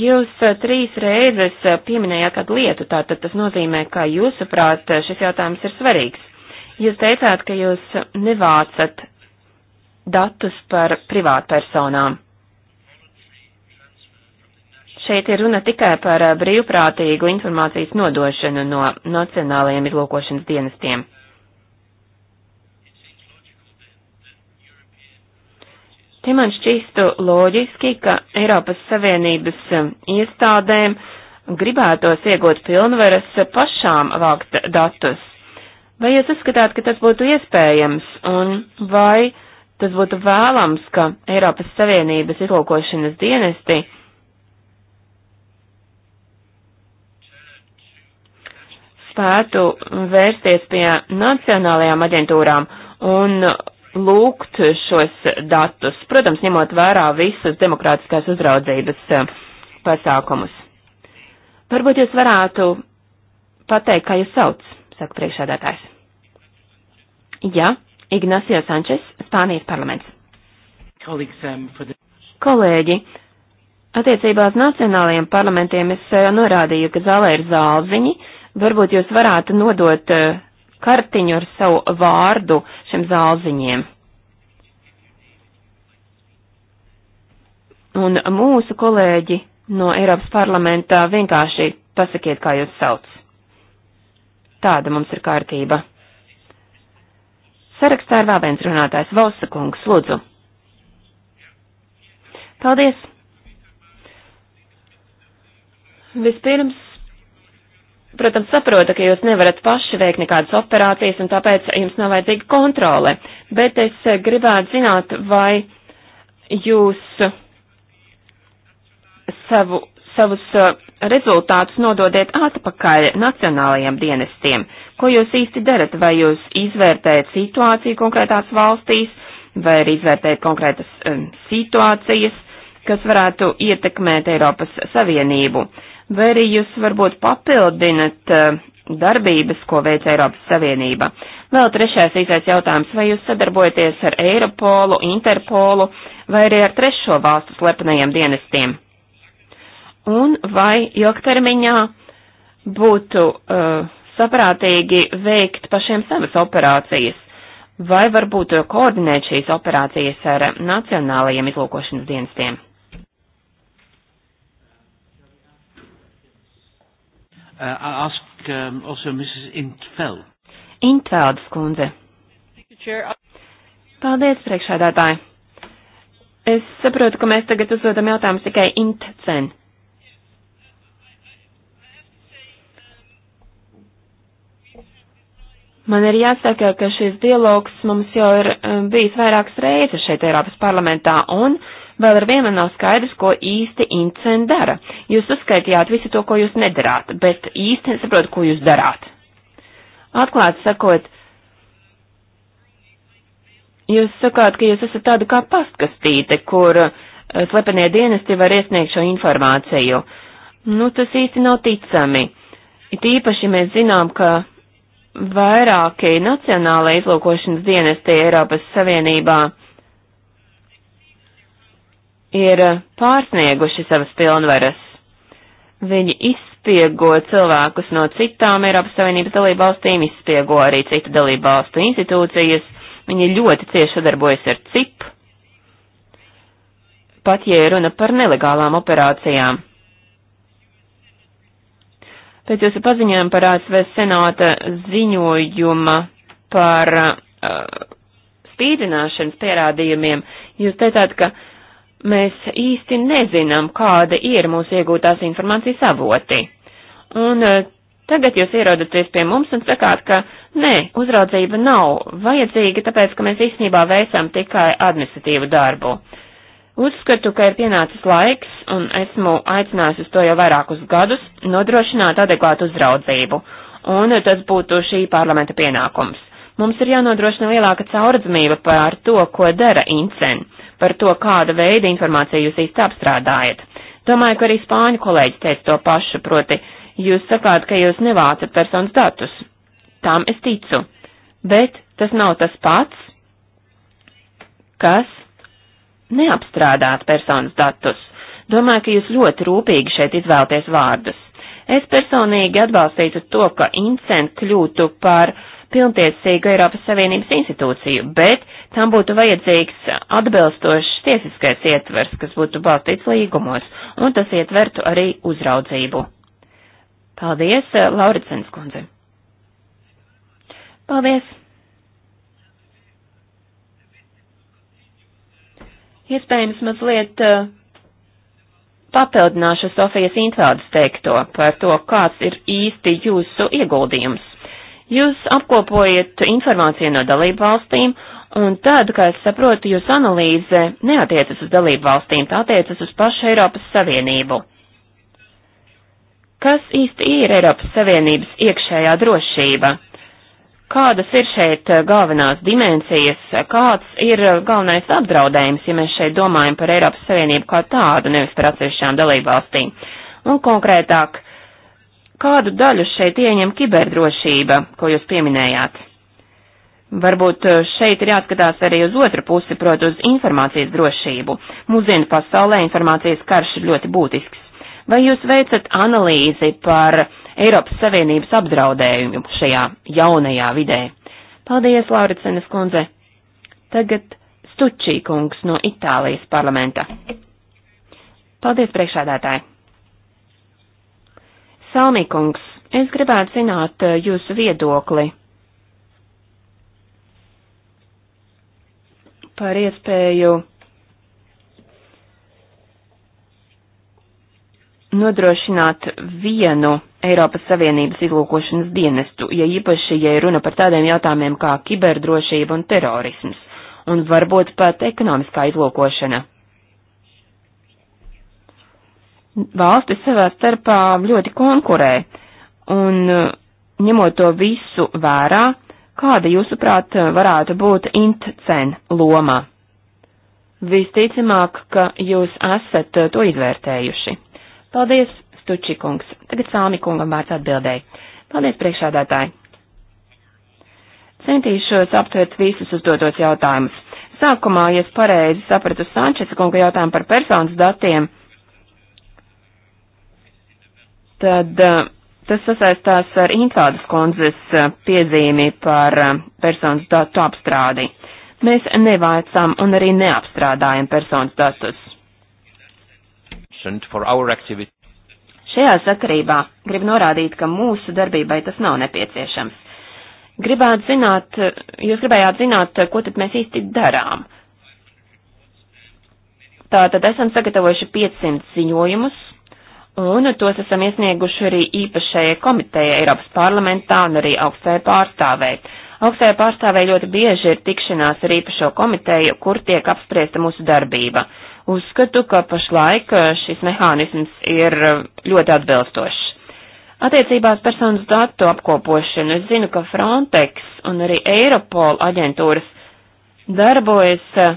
Jūs eh, trīs reizes eh, pieminējāt kādu lietu, tātad tas nozīmē, ka jūsuprāt eh, šis jautājums ir svarīgs. Jūs teicāt, ka jūs nevācat datus par privātpersonām. Šeit ir runa tikai par brīvprātīgu informācijas nodošanu no nacionālajiem izlūkošanas dienestiem. Te man šķīstu loģiski, ka Eiropas Savienības iestādēm gribētos iegūt pilnvaras pašām vākt datus. Vai jūs uzskatāt, ka tas būtu iespējams, un vai tas būtu vēlams, ka Eiropas Savienības izlūkošanas dienesti spētu vērsties pie nacionālajām aģentūrām un lūgt šos datus, protams, ņemot vērā visus demokrātiskās uzraudzības eh, pasākumus. Varbūt jūs varētu pateikt, kā jūs sauc, saka priekšādātājs. Jā, Ignacio Sančes, Spānijas parlaments. Um, Kolēģi, attiecībā uz nacionālajiem parlamentiem es eh, norādīju, ka zālē ir zālziņi, Varbūt jūs varētu nodot eh, kartiņu ar savu vārdu šiem zālziņiem. Un mūsu kolēģi no Eiropas parlamentā vienkārši pasakiet, kā jūs sauc. Tāda mums ir kārtība. Sarakstā ir vēl viens runātājs Valsakungs, lūdzu. Paldies! Vispirms protams, saprota, ka jūs nevarat paši veikt nekādas operācijas, un tāpēc jums nav vajadzīga kontrole. Bet es eh, gribētu zināt, vai jūs savu, savus eh, rezultātus nododiet atpakaļ nacionālajiem dienestiem. Ko jūs īsti darat? Vai jūs izvērtējat situāciju konkrētās valstīs, vai arī izvērtējat konkrētas um, situācijas, kas varētu ietekmēt Eiropas Savienību? Uh, vai arī jūs varbūt papildinat eh, darbības, ko veic Eiropas Savienība. Vēl trešais īsais jautājums, vai jūs sadarbojaties ar Eiropolu, Interpolu vai arī ar trešo valstu slepenajiem dienestiem? Un vai ilgtermiņā būtu uh, saprātīgi veikt pašiem savas operācijas, vai varbūt koordinēt šīs operācijas ar nacionālajiem izlūkošanas dienestiem? Uh, I ask um, also Mrs. Intfeld. Intfelds kundze. Paldies, priekšādātāji. Es saprotu, ka mēs tagad uzdodam jautājumus tikai Intcen. Man ir jāsaka, ka šis dialogs mums jau ir eh, bijis vairākas reizes šeit Eiropas parlamentā, un uh, Vēl ar vienu nav skaidrs, ko īsti incen dara. Jūs uzskaitījāt visu to, ko jūs nedarāt, bet īsti nesaprotu, ko jūs darāt. Atklāti sakot, jūs sakāt, ka jūs esat tāda kā pastkastīte, kur uh, slepenie dienesti var iesniegt šo informāciju. Nu, tas īsti nav ticami. It īpaši mēs zinām, ka vairāki nacionālai izlūkošanas dienesti Eiropas Savienībā ir eh, pārsnieguši savas pilnvaras. Viņi izspiego cilvēkus no citām Eiropas Savienības dalību valstīm, izspiego arī citu dalību valstu institūcijas, viņi ļoti cieši sadarbojas ar CIP, pat ja runa par nelegālām operācijām. Pēc jūsu paziņojuma par ASV senāta ziņojuma par uh, spīdzināšanas pierādījumiem, jūs teicāt, ka uh, mēs īsti nezinām, kāda ir mūsu iegūtās informācijas avoti. Un eh, tagad jūs ierodaties pie mums un sakāt, ka nē, uzraudzība nav vajadzīga, tāpēc, ka mēs īstenībā veicam tikai administratīvu darbu. Uzskatu, ka ir pienācis laiks, un esmu aicinājusi uz to jau vairākus gadus, nodrošināt adekvātu uzraudzību, un tas būtu šī parlamenta pienākums. Mums ir jānodrošina lielāka caurdzamība par to, ko dara Incen par to, kāda veida informāciju jūs īsti apstrādājat. Domāju, ka arī spāņu kolēģi teica to pašu, proti, jūs sakāt, ka jūs nevācat personas datus. Tām es ticu, bet tas nav tas pats, kas neapstrādāt personas datus. Domāju, ka jūs ļoti rūpīgi šeit izvēlties vārdus. Es personīgi atbalstītu to, ka incent kļūtu par uh, pilntiesīgu Eiropas Savienības institūciju, bet tam būtu vajadzīgs atbilstošs tiesiskais ietvers, kas būtu balstīts līgumos, un tas ietvertu arī uzraudzību. Paldies, Lauricens kundze. Paldies. Iespējams, mazliet uh, papildināšu Sofijas Intvaldes teikto par to, kāds ir īsti jūsu ieguldījums. Jūs apkopojiet informāciju no dalību valstīm, un tad, kā es saprotu, jūs analīze neatiecas uz dalību valstīm, tā attiecas uz pašu Eiropas Savienību. Kas īsti ir Eiropas Savienības iekšējā drošība? Kādas ir šeit eh, galvenās dimensijas, kāds ir eh, galvenais apdraudējums, ja mēs šeit domājam par Eiropas Savienību kā tādu, nevis par atsevišķām dalībvalstīm? Un konkrētāk, Kādu daļu šeit ieņem kiberdrošība, ko jūs pieminējāt? Varbūt eh, šeit ir jāskatās arī uz otru pusi, proti uz informācijas drošību. Mūsdienu pasaulē informācijas karš ir ļoti būtisks. Vai jūs veicat analīzi par Eiropas Savienības apdraudējumu šajā jaunajā vidē? Paldies, Lauricenes kundze. Tagad Stučī kungs no Itālijas parlamenta. Paldies, priekšādātāji. Salmīkungs, es gribētu zināt eh, jūsu viedokli par iespēju nodrošināt vienu Eiropas Savienības izlūkošanas dienestu, ja īpaši, ja runa par tādiem jautājumiem kā kiberdrošība un terorisms, un varbūt pat ekonomiskā izlūkošana valstis savā starpā ļoti konkurē, un eh, ņemot to visu vērā, kāda jūsuprāt varētu būt intcen loma? Visticamāk, ka jūs esat to izvērtējuši. Paldies, Stučikungs. Tagad Sāmi kungam vārds atbildēja. Paldies, priekšādātāji. Centīšos aptvert visus uzdotos jautājumus. Sākumā, ja es pareizi sapratu Sančesa kunga jautājumu par personas datiem, tad eh, tas sasaistās ar Intvādas kundzes eh, piezīmi par eh, personas datu apstrādi. Mēs nevācām un arī neapstrādājam personas datus. Šajā sakarībā grib norādīt, ka mūsu darbībai tas nav nepieciešams. Gribētu zināt, jūs gribējāt zināt, ko tad mēs īsti darām. Tātad esam sagatavojuši 500 ziņojumus, Un tos esam iesnieguši arī īpašajai komitejai Eiropas parlamentā un arī augstajai pārstāvēji. Augstajai pārstāvēji ļoti bieži ir tikšanās ar īpašo komiteju, kur tiek apspriesta mūsu darbība. Uzskatu, ka pašlaik eh, šis mehānisms ir eh, ļoti atbilstošs. Attiecībās personas datu apkopošanu es zinu, ka Frontex un arī Eiropol aģentūras darbojas eh,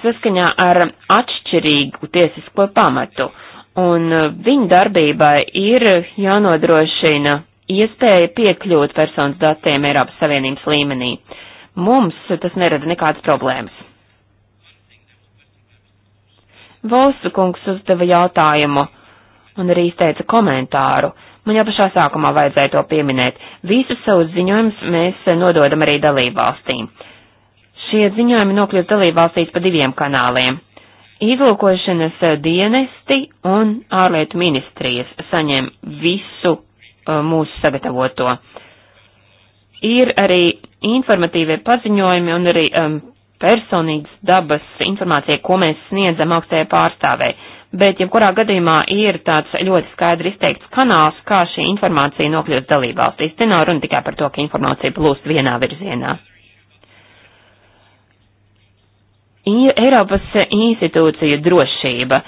saskaņā ar atšķirīgu tiesisko pamatu un uh, viņu darbībai ir jānodrošina iespēja piekļūt personas datiem Eiropas Savienības līmenī. Mums tas nerada nekādas problēmas. Volsu kungs uzdeva jautājumu un arī izteica komentāru. Man jau pašā sākumā vajadzēja to pieminēt. Visus savus ziņojumus mēs nododam arī dalībvalstīm. Šie ziņojumi nokļūst dalībvalstīs pa diviem kanāliem. Izlūkošanas eh, dienesti un ārlietu ministrijas saņem visu eh, mūsu sagatavoto. Ir arī informatīvie paziņojumi un arī um, personīgas dabas informācija, ko mēs sniedzam augstajai pārstāvēji. Bet, ja kurā gadījumā ir tāds ļoti skaidri izteikts kanāls, kā šī informācija nokļūst dalībvalstīs, te nav runa tikai par to, ka informācija plūst vienā virzienā. ir Eiropas institūcija drošība.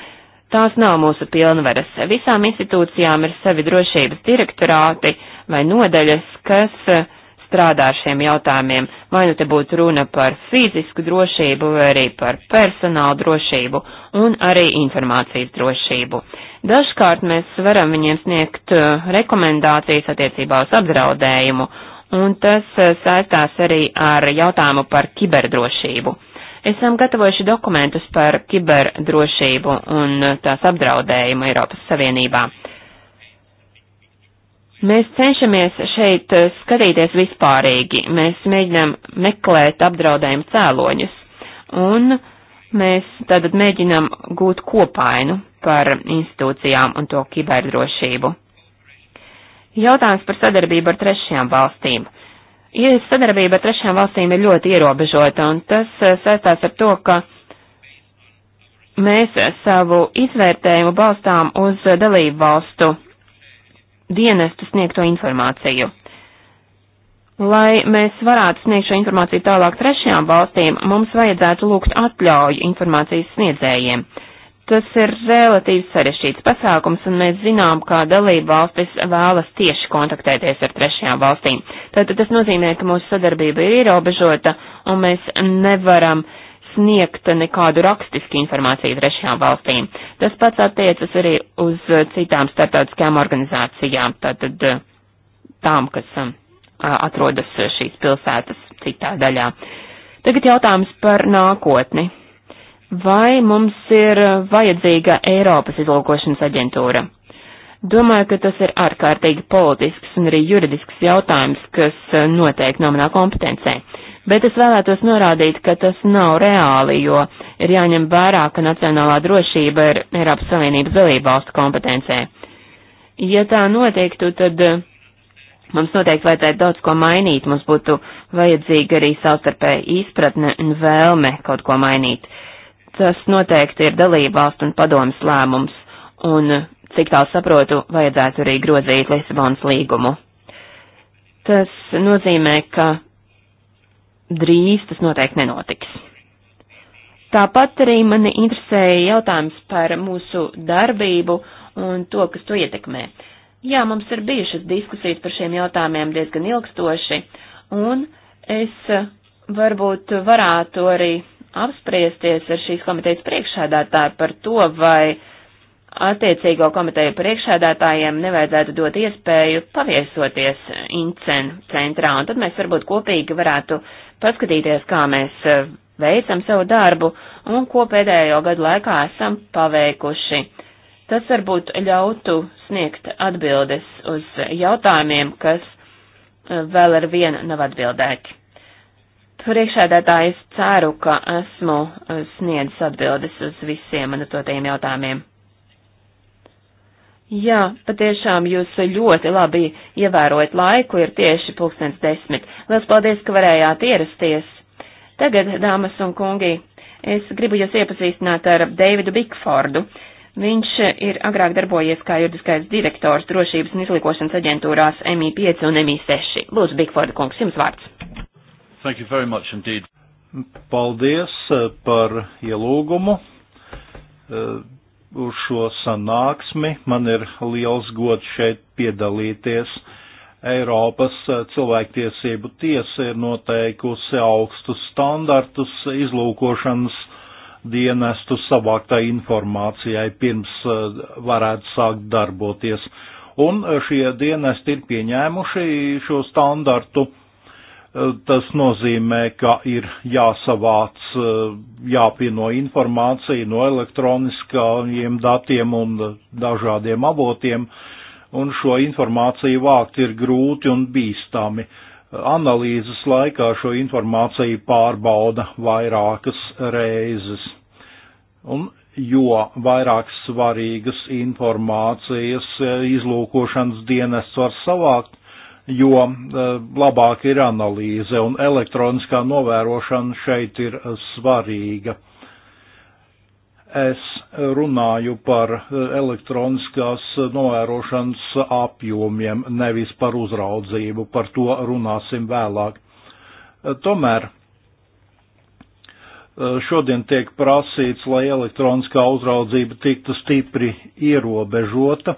Tās nav mūsu pilnvaras. Visām institūcijām ir savi drošības direktorāti vai nodaļas, kas eh, strādā ar šiem jautājumiem. Vai nu te būtu runa par fizisku drošību, vai arī par personālu drošību un arī informācijas drošību. Dažkārt mēs varam viņiem sniegt eh, rekomendācijas attiecībā uz apdraudējumu, un tas eh, saistās arī ar jautājumu par kiberdrošību. Esam gatavojuši dokumentus par kiberdrošību un tās apdraudējumu Eiropas Savienībā. Mēs cenšamies šeit skatīties vispārīgi. Mēs mēģinām meklēt apdraudējumu cēloņus. Un mēs tātad mēģinām gūt kopainu par institūcijām un to kiberdrošību. Jautājums par sadarbību ar trešajām valstīm ja sadarbība ar trešām valstīm ir ļoti ierobežota, un tas eh, saistās ar to, ka mēs eh, savu izvērtējumu balstām uz dalību valstu dienestu sniegto informāciju. Lai mēs varētu sniegt šo informāciju tālāk trešajām valstīm, mums vajadzētu lūgt atļauju informācijas sniedzējiem. Uh, Tas ir relatīvi sarešķīts pasākums, un mēs zinām, kā dalība valstis vēlas tieši kontaktēties ar trešajām valstīm. Tātad tas nozīmē, ka mūsu sadarbība ir ierobežota, un mēs nevaram sniegt nekādu rakstisku informāciju trešajām valstīm. Tas pats attiecas arī uz citām starptautiskajām organizācijām, tātad eh, tām, kas eh, atrodas šīs pilsētas citā daļā. Tagad jautājums par nākotni vai mums ir uh, vajadzīga Eiropas izlūkošanas aģentūra. Domāju, ka tas ir ārkārtīgi politisks un arī juridisks jautājums, kas uh, noteikti nav manā kompetencē. Bet es vēlētos norādīt, ka tas nav reāli, jo ir jāņem vērā, ka nacionālā drošība ir Eiropas Savienības dalībvalstu kompetencē. Ja tā notiektu, tad uh, mums noteikti vajadzētu daudz ko mainīt, mums būtu vajadzīga arī savstarpēja izpratne un vēlme kaut ko mainīt. Uh, Tas noteikti ir dalībvalstu un padomas lēmums, un, cik tālu saprotu, vajadzētu arī grozīt Lisabonas līgumu. Tas nozīmē, ka drīz tas noteikti nenotiks. Tāpat arī mani interesēja jautājums par mūsu darbību un to, kas to ietekmē. Jā, mums ir bijušas diskusijas par šiem jautājumiem diezgan ilgstoši, un es varbūt varētu arī apspriesties ar šīs komitejas priekšsēdētāju par to, vai attiecīgo komiteju priekšsēdētājiem nevajadzētu dot iespēju paviesoties Incen centrā, un tad mēs varbūt kopīgi varētu paskatīties, kā mēs eh, veicam savu darbu un ko pēdējo gadu laikā esam paveikuši. Tas varbūt ļautu sniegt atbildes uz jautājumiem, kas eh, vēl ar vienu nav atbildēti. Priekšēdētāji, es ceru, ka esmu eh, sniedzis atbildes uz visiem man dotajiem jautājumiem. Jā, patiešām jūs ļoti labi ievērojat laiku, ir tieši pulkstens desmit. Lielas paldies, ka varējāt ierasties. Tagad, dāmas un kungi, es gribu jūs iepazīstināt ar Davidu Bigfordu. Viņš ir agrāk darbojies kā juridiskais direktors drošības un izlīkošanas aģentūrās MI5 un MI6. Lūdzu, Bigforda kungs, jums vārds. Thank you very much indeed. Paldies eh, par ielūgumu eh, uz šo sanāksmi. Man ir liels gods šeit piedalīties. Eiropas eh, cilvēktiesību tiesa ir noteikusi augstus standartus izlūkošanas dienestu savāktai informācijai pirms varētu sākt darboties. Un šie dienesti ir pieņēmuši šo standartu Tas nozīmē, ka ir jāsavāc, jāpieno informācija no elektroniskajiem datiem un dažādiem avotiem, un šo informāciju vākt ir grūti un bīstami. Analīzes laikā šo informāciju pārbauda vairākas reizes. Un jo vairāk svarīgas informācijas izlūkošanas dienests var savākt, jo eh, labāk ir analīze un elektroniskā novērošana šeit ir eh, svarīga. Es runāju par eh, elektroniskās novērošanas apjomiem, nevis par uzraudzību, par to runāsim vēlāk. Tomēr šodien tiek prasīts, lai elektroniskā uzraudzība tiktu stipri ierobežota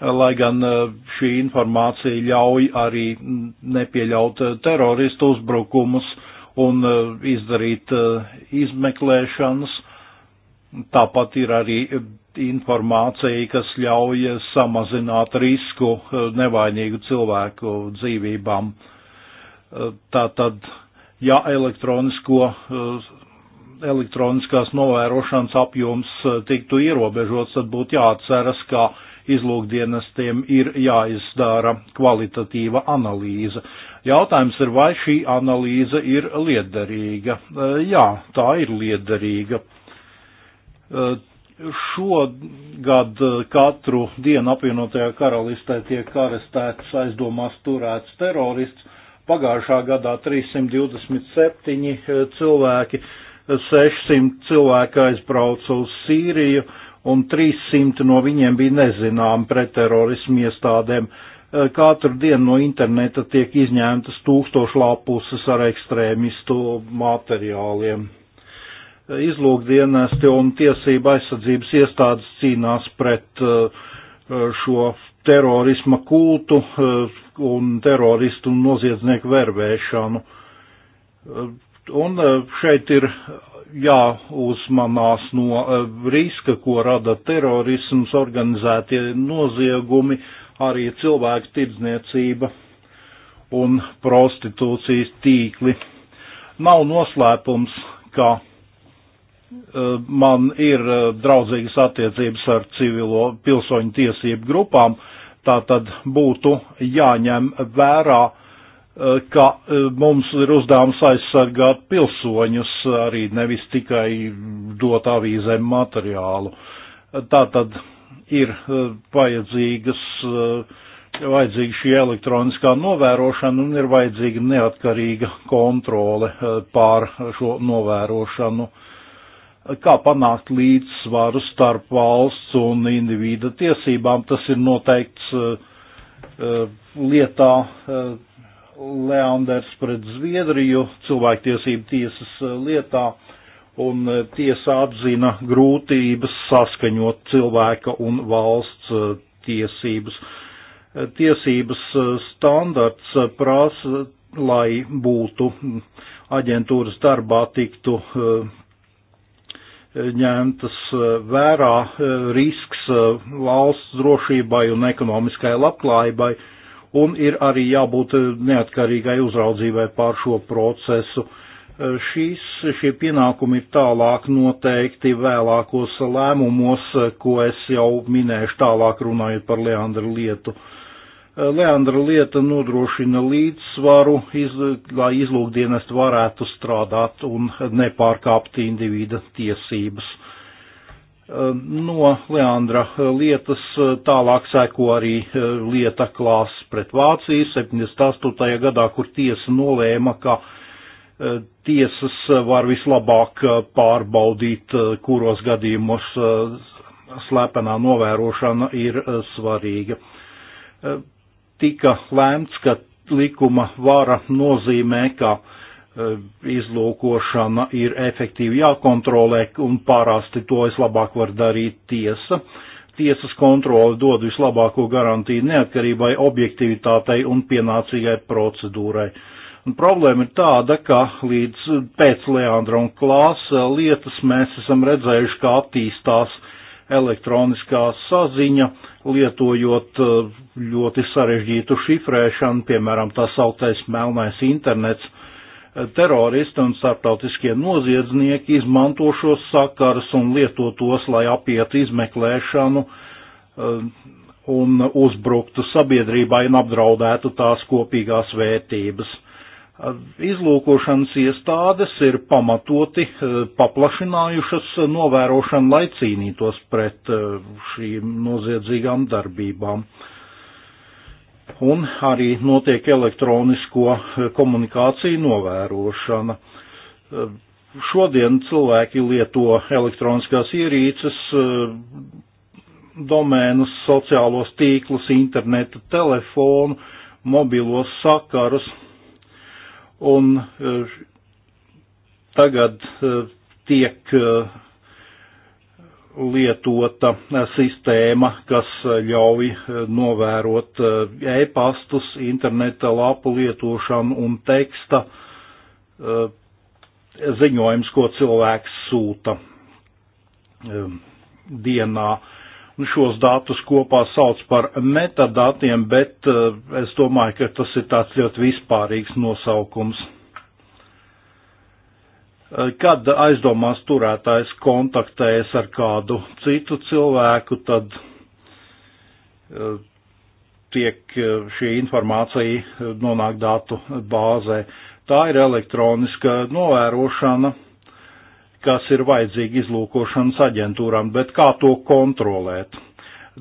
lai gan e, šī informācija ļauj arī nepieļaut e, teroristu uzbrukumus un e, izdarīt izmeklēšanas. Tāpat ir arī informācija, kas ļauj samazināt risku nevainīgu cilvēku dzīvībām. Tātad, ja elektronisko, elektroniskās novērošanas apjoms tiktu ierobežots, tad būtu jāatceras, ka izlūkdienestiem ir jāizdara kvalitatīva analīze. Jautājums ir, vai šī analīze ir liederīga. E, jā, tā ir liederīga. E, šogad katru dienu apvienotajā karalistē tiek arestēts aizdomās turēts terorists. Pagājušā gadā 327 cilvēki, 600 cilvēki aizbrauca uz Sīriju un 300 no viņiem bija nezinām pretterorismu iestādēm. Eh, katru dienu no interneta tiek izņemtas tūkstošu lapuses ar ekstrēmistu materiāliem. Eh, izlūkdienesti un tiesība aizsardzības iestādes cīnās pret eh, šo terorisma kultu un teroristu un noziedznieku vervēšanu Un eh, šeit ir jāuzmanās no eh, riska, ko rada terorisms, organizētie noziegumi, arī cilvēku tirdzniecība un prostitūcijas tīkli. Nav noslēpums, ka eh, man ir draudzīgas attiecības ar civilo pilsoņu tiesību grupām, tā tad būtu jāņem vērā Eh, ka eh, mums ir uzdevums aizsargāt pilsoņus, arī nevis tikai dot avīzēm materiālu. Tātad ir eh, vajadzīgas, vajadzīga šī elektroniskā novērošana un ir vajadzīga neatkarīga kontrole pār šo novērošanu. Kā panākt līdzsvaru starp valsts un individa tiesībām, tas ir noteikts lietā Leanders pret Zviedriju cilvēktiesību tiesas eh, lietā, un eh, tiesa atzina grūtības saskaņot cilvēka un valsts eh, tiesības. Tiesības standarts prasa, lai būtu mm, aģentūras darbā tiktu ņemtas vērā risks valsts drošībai un ekonomiskai labklājībai un ir arī jābūt eh, neatkarīgai uzraudzībai pār šo procesu. Eh, Šīs, šie pienākumi ir tālāk noteikti vēlākos lēmumos, eh, ko es jau minēšu tālāk runājot par Leandra lietu. Leandra lieta nodrošina līdzsvaru, iz, lai izlūkdienest varētu strādāt un nepārkāpt individa tiesības. No Leandra eh, lietas eh, tālāk seko arī eh, lieta klās pret Vāciju 78. gadā, kur tiesa nolēma, ka tiesas var vislabāk pārbaudīt, kuros gadījumos slepenā novērošana ir svarīga. Tika lēmts, ka likuma vara nozīmē, ka Eh, izlūkošana ir efektīvi jākontrolē, un parasti to vislabāk var darīt tiesa. Tiesas kontrole dod vislabāko garantiju neatkarībai, objektivitātei un pienācīgai procedūrai. Un problēma ir tāda, ka līdz pēc Leandra un Klāsa lietas mēs esam redzējuši, kā attīstās elektroniskā saziņa, lietojot eh, ļoti sarežģītu šifrēšanu, piemēram, tā sauktais melnais internets teroristi un starptautiskie noziedznieki izmanto šos sakarus un lieto tos, lai apietu izmeklēšanu eh, un uzbruktu sabiedrībai un apdraudētu tās kopīgās vērtības. Eh, izlūkošanas iestādes ir pamatoti eh, paplašinājušas novērošanu, lai cīnītos pret šīm noziedzīgām darbībām. Uh, un arī notiek elektronisko eh, komunikāciju novērošana. Eh, šodien cilvēki lieto elektroniskās ierīces, eh, domēnus, sociālos tīklus, internetu, telefonu, mobilos sakarus, un tagad tiek lietota eh, sistēma, kas eh, ļauj eh, novērot e-pastus, interneta lapu lietošanu un teksta ziņojums, ko cilvēks sūta dienā. Un šos datus kopā sauc par metadatiem, bet es domāju, ka tas ir tāds ļoti vispārīgs nosaukums. Eh, kad aizdomās turētājs kontaktējas ar kādu citu cilvēku, tad eh, tiek eh, šī informācija nonāk datu bāzē. Tā ir elektroniska novērošana, kas ir vajadzīga izlūkošanas aģentūram, bet kā to kontrolēt?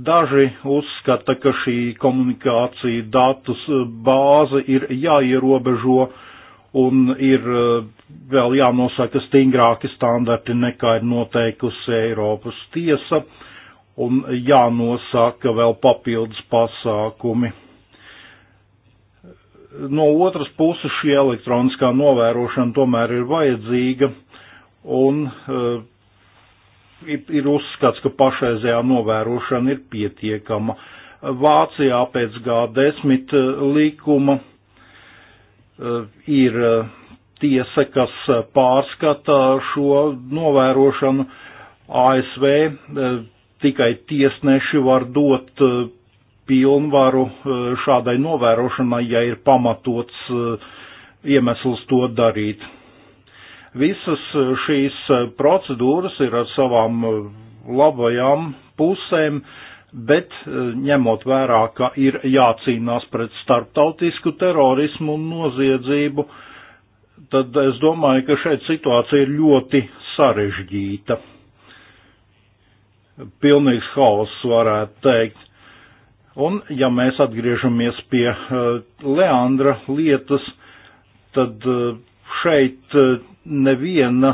Daži uzskata, ka šī komunikācija datus bāze ir jāierobežo un ir eh, vēl jānosaka stingrāki standarti nekā ir noteikusi Eiropas tiesa un jānosaka vēl papildus pasākumi. No otras puses šī elektroniskā novērošana tomēr ir vajadzīga un uh, ir uzskats, ka pašreizējā novērošana ir pietiekama. Vācijā pēc G10 eh, likuma uh, Eh, ir eh, tiesa, kas eh, pārskata šo novērošanu. ASV tikai tiesneši var dot pilnvaru šādai novērošanai, ja ir pamatots iemesls to darīt. Visas šīs procedūras ir ar savām labajām pusēm, uh, bet eh, ņemot vērā, ka ir jācīnās pret starptautisku terorismu un noziedzību, tad es domāju, ka šeit situācija ir ļoti sarežģīta. Pilnīgs haoss varētu teikt. Un, ja mēs atgriežamies pie uh, Leandra lietas, tad uh, šeit uh, neviena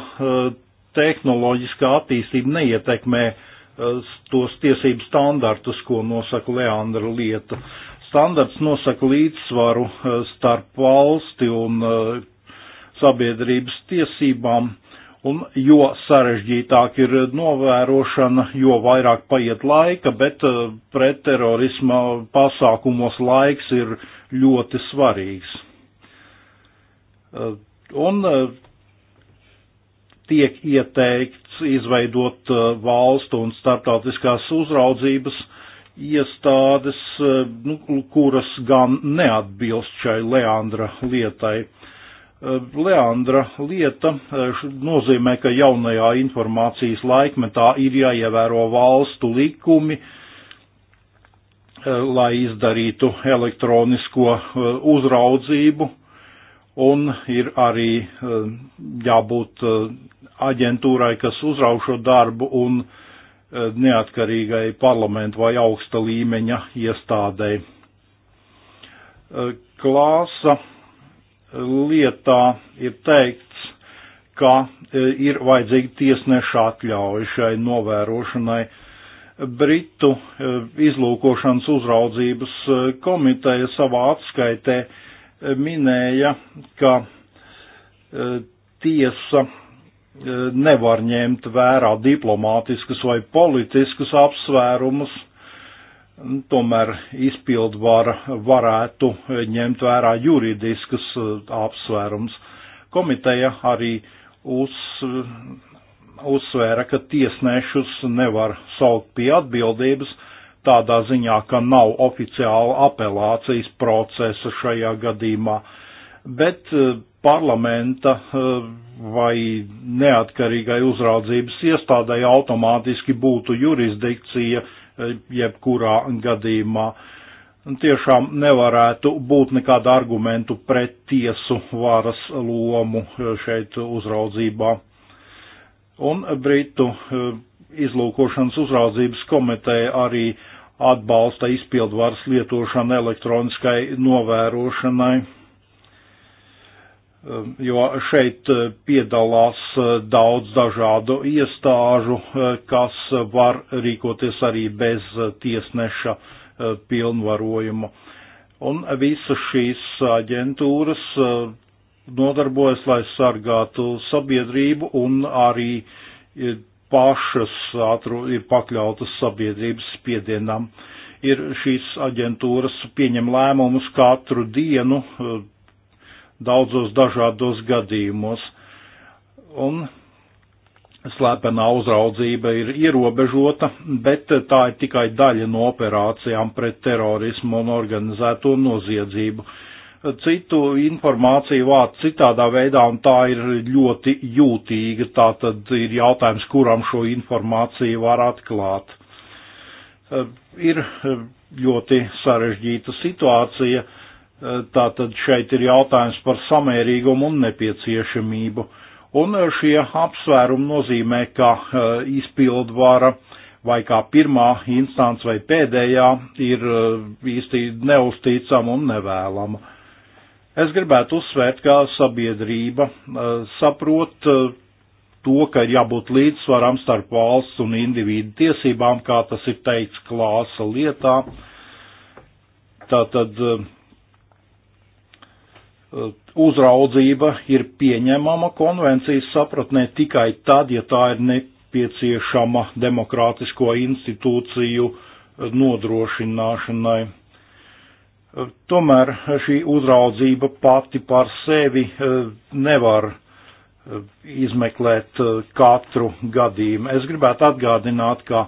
tehnoloģiskā attīstība neietekmē uh, Eh, tos tiesību standartus, ko nosaka Leandra lieta. Standarts nosaka līdzsvaru eh, starp valsti un eh, sabiedrības tiesībām, un jo sarežģītāk ir novērošana, jo vairāk paiet laika, bet pretterorisma pasākumos laiks ir ļoti svarīgs. Un tiek ieteikt izveidot uh, valstu un starptautiskās uzraudzības iestādes, uh, nu, kuras gan neatbilst šai Leandra lietai. Uh, Leandra lieta nozīmē, ka jaunajā informācijas laikmetā ir jāievēro valstu likumi, lai izdarītu elektronisko uzraudzību, un ir arī jābūt aģentūrai, kas uzrauj šo darbu, un e, neatkarīgai parlamentu vai augsta līmeņa iestādēji. E, klāsa e, lietā ir teikts, ka ir vajadzīga tiesneša atļauja šai novērošanai. Britu izlūkošanas uzraudzības komiteja savā atskaitē minēja, ka tiesa nevar ņemt vērā diplomātiskus vai politiskus apsvērumus, tomēr izpildvara varētu ņemt vērā juridiskus e, apsvērumus. Komiteja arī uz, uzsvēra, ka tiesnešus nevar saukt pie atbildības tādā ziņā, ka nav oficiāla apelācijas procesa šajā gadījumā, bet e, parlamenta eh, vai neatkarīgai uzraudzības iestādai automātiski būtu jurisdikcija eh, jebkurā gadījumā. Tiešām nevarētu būt nekādu argumentu pret tiesu varas lomu eh, šeit uzraudzībā. Un Britu izlūkošanas uzraudzības komiteja arī atbalsta izpildvaras lietošanu elektroniskai novērošanai Um, jo šeit uh, piedalās uh, daudz dažādu iestāžu, uh, kas var rīkoties arī bez tiesneša pilnvarojuma. Un visas šīs aģentūras nodarbojas, lai sargātu sabiedrību un arī pašas ātru ir pakļautas sabiedrības spiedienam. Ir šīs aģentūras pieņem lēmumus katru dienu, daudzos dažādos gadījumos. Un slēpenā uzraudzība ir ierobežota, bet tā ir tikai daļa no operācijām pret terorismu un organizēto noziedzību. Citu informāciju vāc citādā veidā, un tā ir ļoti jūtīga, tā tad ir jautājums, kuram šo informāciju var atklāt. Ir ļoti sarežģīta situācija Tātad šeit ir jautājums par samērīgumu un nepieciešamību. Un eh, šie apsvērumi nozīmē, ka eh, izpildvara vai kā pirmā instants vai pēdējā ir eh, īsti neusticama un nevēlama. Es gribētu uzsvērt, ka sabiedrība saprot to, ka ir jābūt līdzsvaram starp valsts un individu tiesībām, kā tas ir teikts klāsa lietā. Tātad uzraudzība ir pieņemama konvencijas sapratnē tikai tad, ja tā ir nepieciešama demokrātisko institūciju nodrošināšanai. Tomēr šī uzraudzība pati par sevi e, nevar e, izmeklēt e, katru gadījumu. Es gribētu atgādināt, ka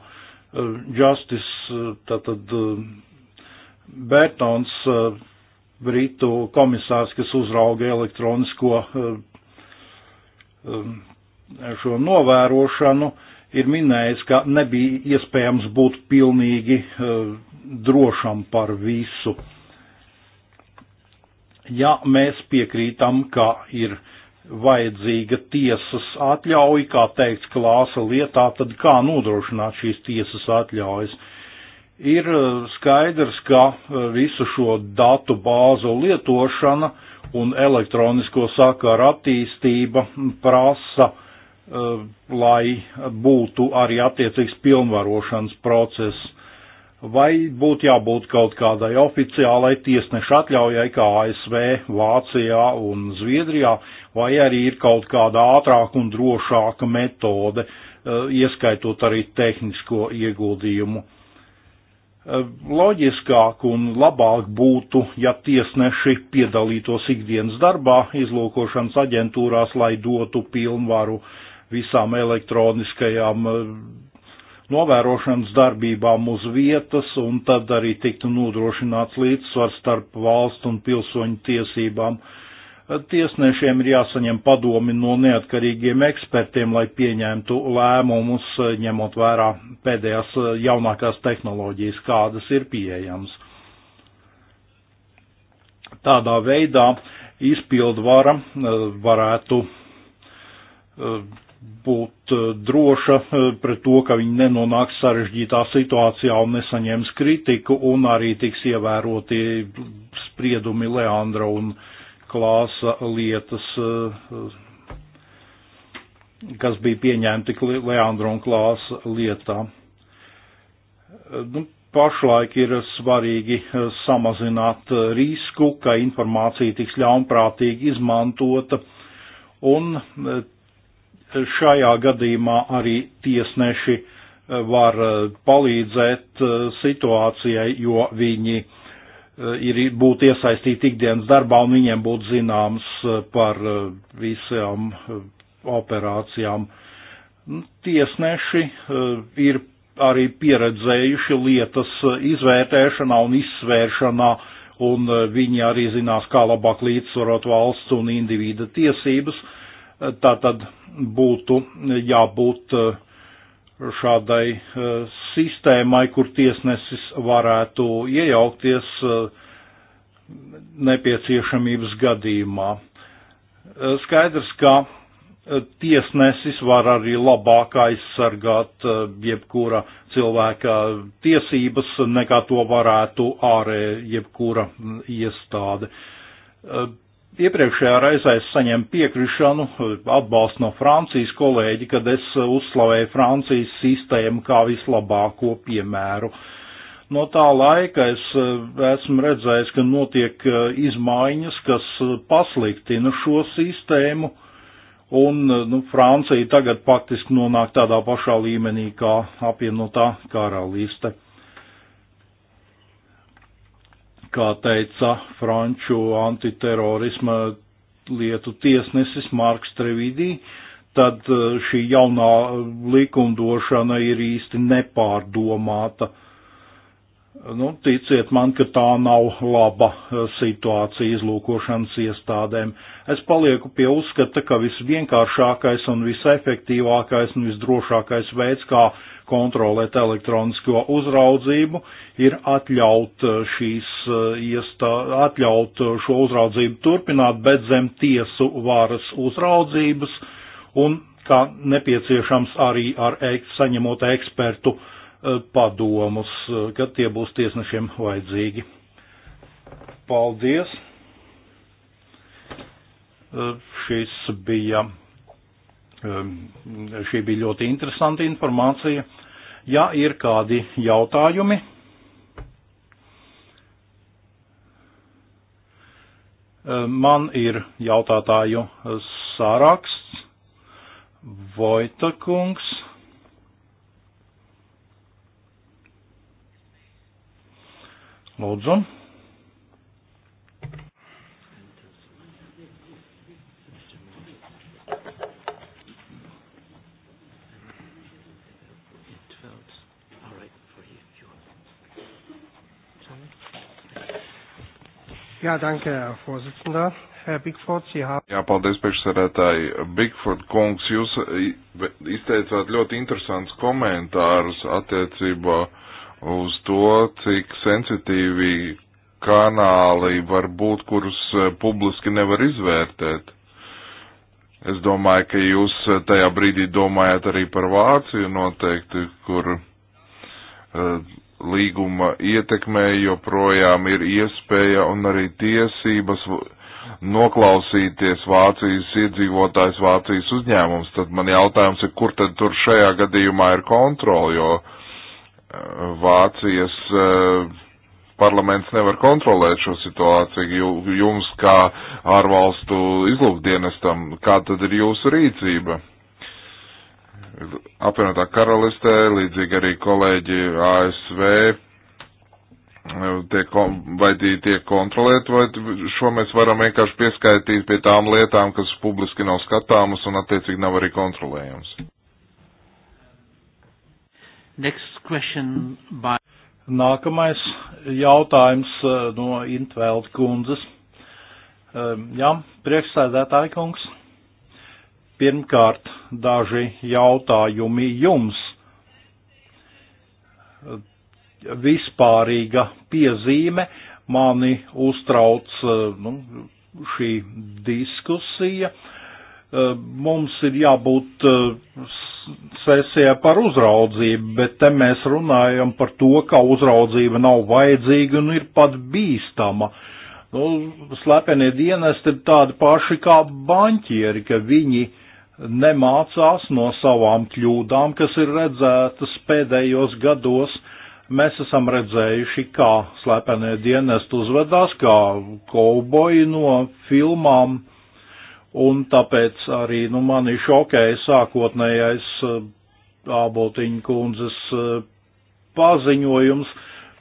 Justice, tātad Bertons Britu komisārs, kas uzrauga elektronisko eh, eh, šo novērošanu, ir minējis, ka nebija iespējams būt pilnīgi eh, drošam par visu. Ja mēs piekrītam, ka ir vajadzīga tiesas atļauja, kā teikts klāsa lietā, tad kā nodrošināt šīs tiesas atļaujas? Uh, Ir e, skaidrs, ka e, visu šo datu bāzu lietošana un elektronisko sakaru attīstība prasa, e, lai būtu arī attiecīgs pilnvarošanas process. Vai būtu jābūt kaut kādai oficiālai tiesneša atļaujai, kā ASV, Vācijā un Zviedrijā, vai arī ir kaut kāda ātrāka un drošāka metode, ieskaitot arī tehnisko ieguldījumu loģiskāk un labāk būtu, ja tiesneši piedalītos ikdienas darbā izlūkošanas aģentūrās, lai dotu pilnvaru visām elektroniskajām eh, novērošanas darbībām uz vietas, un tad arī tiktu nodrošināts līdzsvars starp valstu un pilsoņu tiesībām. Uh, tiesnešiem ir jāsaņem padomi no neatkarīgiem ekspertiem, lai pieņemtu lēmumus, ņemot vērā pēdējās eh, jaunākās tehnoloģijas, kādas ir pieejamas. Tādā veidā izpildvara eh, varētu eh, būt droša pret to, ka viņi nenonāks sarežģītā situācijā un nesaņems kritiku, un arī tiks ievēroti spriedumi Leandra un Leandra klāsa lietas, eh, kas bija pieņemti Leandra un klāsa lietā. Nu, pašlaik ir svarīgi eh, samazināt eh, risku, ka informācija tiks ļaunprātīgi izmantota, un šajā gadījumā arī tiesneši var palīdzēt situācijai, jo viņi Eh, ir būt iesaistīti ikdienas darbā un viņiem būtu zināms eh, par eh, visām operācijām. Nu, tiesneši ir arī pieredzējuši lietas izvērtēšanā un izsvēršanā, un viņi arī zinās, kā labāk līdzsvarot valsts un individa tiesības. Tā tad būtu jābūt uh, šādai e, sistēmai, kur tiesnesis varētu iejaukties e, nepieciešamības gadījumā. E, skaidrs, ka tiesnesis var arī labāk aizsargāt jebkura cilvēka tiesības, nekā to varētu ārē jebkura iestāde Iepriekšējā reizē es saņēmu piekrišanu, atbalstu no Francijas kolēģi, kad es uzslavēju Francijas sistēmu kā vislabāko piemēru. No tā laika es e, esmu redzējis, ka notiek e, izmaiņas, kas pasliktina šo sistēmu, un e, nu, Francija tagad faktiski nonāk tādā pašā līmenī kā apvienotā karalīste. kā teica Franču antiterorisma lietu tiesnesis Marks Trevidī, tad eh, šī jaunā likumdošana ir īsti nepārdomāta. Uh, Nu, ticiet man, ka tā nav laba eh, situācija izlūkošanas iestādēm. Es palieku pie uzskata, ka visvienkāršākais un visefektīvākais un visdrošākais veids, kā kontrolēt elektronisko uzraudzību, ir atļaut, eh, šīs, eh, iestā, atļaut šo uzraudzību turpināt, bet zem tiesu varas uzraudzības un, kā nepieciešams, arī ar saņemot ekspertu uh, Eh, padomus, eh, kad tie būs tiesnešiem vajadzīgi. Paldies! Eh, šis bija, šī bija ļoti interesanta informācija. Ja ir kādi jautājumi, man ir jautātāju sāraksts. Vojta kungs. Lūdzu. Jā, danke, Herr Vorsitzender. Herr Bigford, Sie haben. Jā, paldies, priekšsēdētāji. Bigford kungs, jūs izteicāt ļoti interesants komentārus attiecībā uz to, cik sensitīvi kanāli var būt, kurus e, publiski nevar izvērtēt. Es domāju, ka jūs e, tajā brīdī domājat arī par Vāciju noteikti, kur uh, līguma ietekmē joprojām ir iespēja un arī tiesības noklausīties Vācijas iedzīvotājs, Vācijas uzņēmums. Tad man jautājums ir, kur tad tur šajā gadījumā ir kontroli, jo uh, Vācijas e, parlaments nevar kontrolēt šo situāciju. Jums, kā ārvalstu izlūkdienestam, kā tad ir jūsu rīcība? Apvienotā karalistē, līdzīgi arī kolēģi ASV, e, tiek, vai tie tiek kontrolēti, vai šo mēs varam vienkārši pieskaitīt pie tām lietām, kas publiski nav skatāmas un attiecīgi nav arī kontrolējams. Next question by. Nākamais jautājums uh, no Intveld kundzes. Um, jā, priekšsēdētāji kungs. Pirmkārt, daži jautājumi jums. Vispārīga piezīme mani uztrauc uh, nu, šī diskusija. Uh, mums ir jābūt sesijā par uzraudzību, bet te mēs runājam par to, ka uzraudzība nav vajadzīga un ir pat bīstama. Nu, slepenie dienesti ir tādi paši kā banķieri, ka viņi nemācās no savām kļūdām, kas ir redzētas pēdējos gados. Mēs esam redzējuši, kā slepenie dienesti uzvedās, kā kauboji no filmām un tāpēc arī nu, mani šokēja sākotnējais eh, āboltiņa kundzes eh, paziņojums,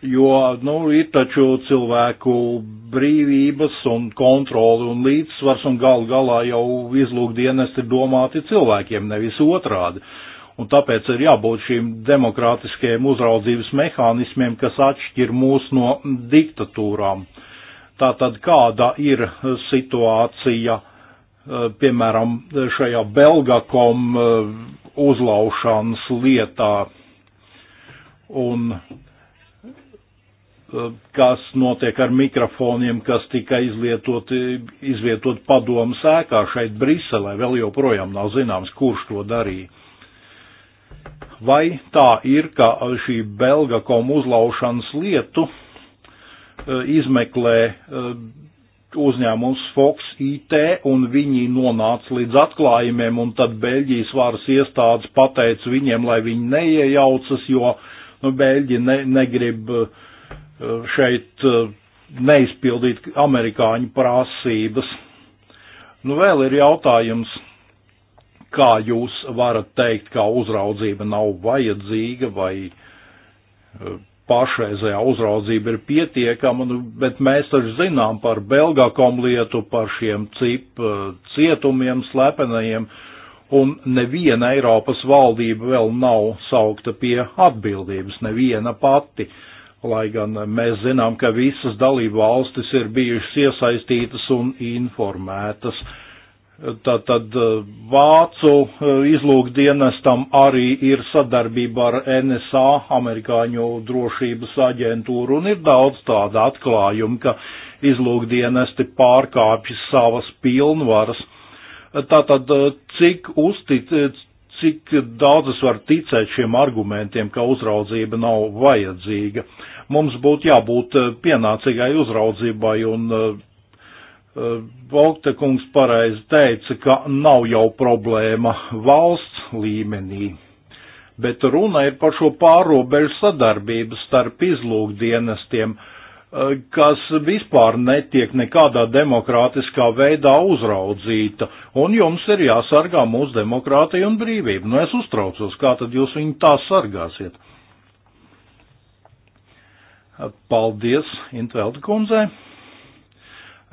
jo nu, ir taču cilvēku brīvības un kontroli un līdzsvars un gal galā jau izlūkdienesti ir domāti cilvēkiem, nevis otrādi. Un tāpēc ir jābūt šīm demokrātiskajiem uzraudzības mehānismiem, kas atšķir mūs no diktatūrām. Tātad kāda ir situācija uh, Eh, piemēram, šajā Belgakom eh, uzlaušanas lietā un eh, kas notiek ar mikrofoniem, kas tika izlietot, izvietot padomu sēkā šeit Briselē, vēl joprojām nav zināms, kurš to darīja. Vai tā ir, ka šī Belgakom uzlaušanas lietu izmeklē uzņēmums Fox IT, un viņi nonāca līdz atklājumiem, un tad Beļģijas varas iestādes pateica viņiem, lai viņi neiejaucas, jo nu, Beļģi ne, negrib eh, šeit eh, neizpildīt amerikāņu prasības. Nu, vēl ir jautājums, kā jūs varat teikt, kā uzraudzība nav vajadzīga vai eh, pašreizējā uzraudzība ir pietiekama, nu, bet mēs taču zinām par Belgakom lietu, par šiem cip eh, cietumiem slepenajiem, un neviena Eiropas valdība vēl nav saukta pie atbildības, neviena pati. Lai gan mēs zinām, ka visas dalību valstis ir bijušas iesaistītas un informētas. Uh, Tātad eh, Vācu eh, izlūkdienestam arī ir sadarbība ar NSA, amerikāņu drošības aģentūru, un ir daudz tāda atklājuma, ka izlūkdienesti pārkāpj savas pilnvaras. Tātad, eh, cik uztic, cik daudz es varu ticēt šiem argumentiem, ka uzraudzība nav vajadzīga. Mums būtu jābūt pienācīgai uzraudzībai un Volta kungs pareizi teica, ka nav jau problēma valsts līmenī, bet runa ir par šo pārobežu sadarbību starp izlūkdienestiem, eh, kas vispār netiek nekādā demokrātiskā veidā uzraudzīta, un jums ir jāsargā mūsu demokrātija un brīvība. Nu, es uztraucos, kā tad jūs viņu tā sargāsiet. Paldies, Intvelda kundzei!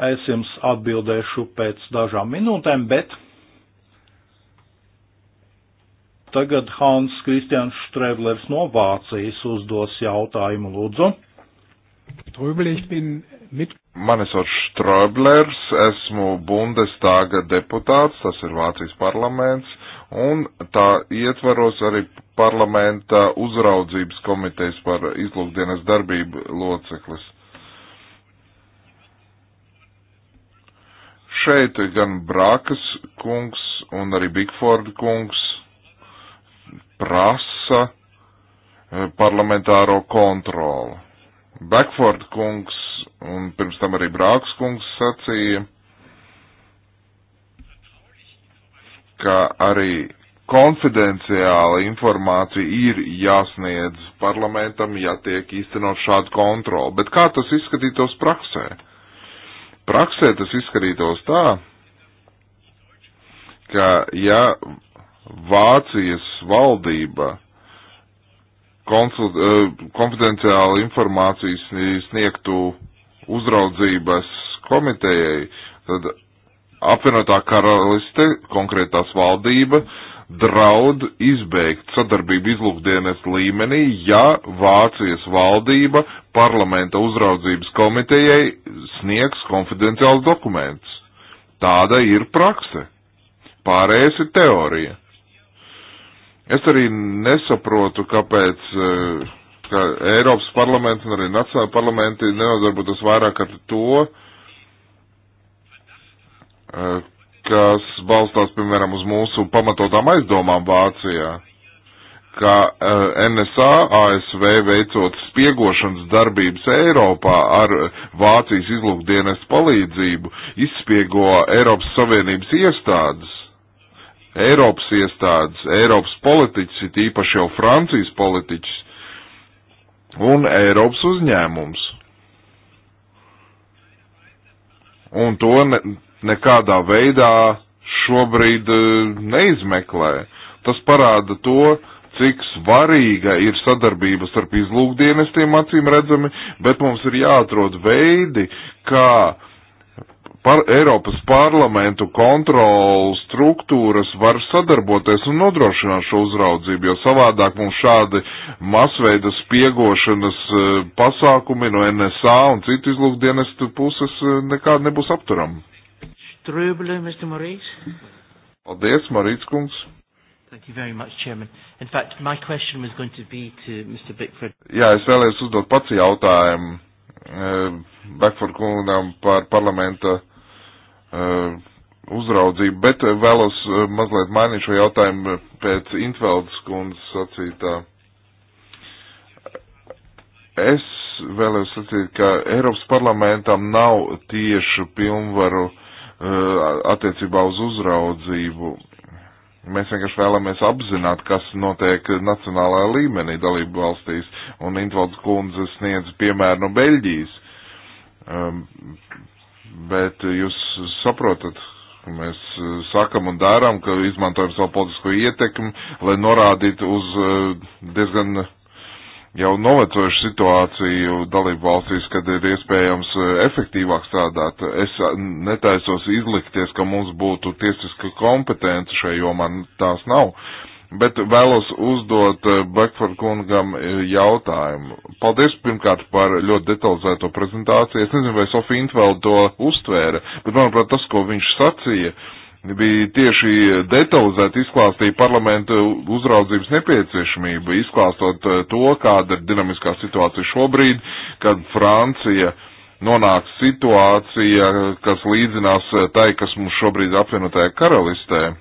Es jums atbildēšu pēc dažām minūtēm, bet tagad Hans Kristians Štrēdlers no Vācijas uzdos jautājumu lūdzu. Mani sauc Štrēdlers, esmu Bundestāga deputāts, tas ir Vācijas parlaments, un tā ietvaros arī parlamenta uzraudzības komitejas par izlūkdienas darbību loceklis. Šeit gan Brākas kungs un arī Bigford kungs prasa eh, parlamentāro kontroli. Bekford kungs un pirms tam arī Brākas kungs sacīja, ka arī konfidenciāla informācija ir jāsniedz parlamentam, ja tiek īstenot šādu kontroli. Bet kā tas izskatītos praksē? Praksē tas izskatītos tā, ka ja Vācijas valdība konfidenciālu eh, informāciju sniegtu uzraudzības komitejai, tad apvienotā karaliste, konkrētās valdība, uh, draud izbeigt sadarbību izlūkdienas līmenī, ja Vācijas valdība parlamenta uzraudzības komitejai sniegs konfidenciāls dokuments. Tāda ir prakse. Pārējais ir teorija. Es arī nesaprotu, kāpēc eh, ka Eiropas parlaments un arī Nacionāla parlamenti nenodarbotas vairāk ar to, eh, kas balstās, piemēram, uz mūsu pamatotām aizdomām Vācijā, ka eh, NSA ASV veicot spiegošanas darbības Eiropā ar Vācijas izlūkdienestu palīdzību izspiego Eiropas Savienības iestādes. Eiropas iestādes, Eiropas politiķis, it īpaši jau Francijas politiķis un Eiropas uzņēmums. Un to ne, nekādā veidā šobrīd eh, neizmeklē. Tas parāda to, cik svarīga ir sadarbība starp izlūkdienestiem acīm redzami, bet mums ir jāatrod veidi, kā par Eiropas parlamentu kontrolu struktūras var sadarboties un nodrošināt šo uzraudzību, jo savādāk mums šādi masveida spiegošanas eh, pasākumi no NSA un citu izlūkdienestu puses eh, nekādi nebūs apturami. Ströbele, Mr. Morīs. Paldies, Marīts kungs. Thank you very much, Chairman. In fact, my question was going to be to Mr. Bickford. Jā, es vēlējos uzdot pats jautājumu eh, Bickford kungam par parlamenta eh, uzraudzību, bet vēlos e, mazliet mainīt šo jautājumu pēc Intveldes kundas sacītā. Es vēlējos sacīt, ka Eiropas parlamentam nav tiešu pilnvaru Eh, attiecībā uz uzraudzību. Mēs vienkārši vēlamies apzināt, kas notiek nacionālā līmenī dalību valstīs, un Intvalds kundze sniedz piemēru no Beļģijas. Um, bet jūs saprotat, mēs eh, sakam un darām, ka izmantojam savu politisko ietekmi, lai norādītu uz eh, diezgan jau novecojušu situāciju dalību valstīs, kad ir iespējams e, efektīvāk strādāt. Es e, netaisos izlikties, ka mums būtu tiesiska kompetence šai jomā, nu, tās nav. Bet vēlos uzdot e, Bekford kungam jautājumu. Paldies pirmkārt par ļoti detalizēto prezentāciju. Es nezinu, vai Sofija Intveld to uztvēra, bet manuprāt tas, ko viņš sacīja, uh, bija tieši detalizēti izklāstīja parlamentu uzraudzības nepieciešamību, izklāstot eh, to, kāda ir dinamiskā situācija šobrīd, kad Francija nonāk situācija, kas līdzinās eh, tai, kas mums šobrīd apvienotāja karalistē, eh,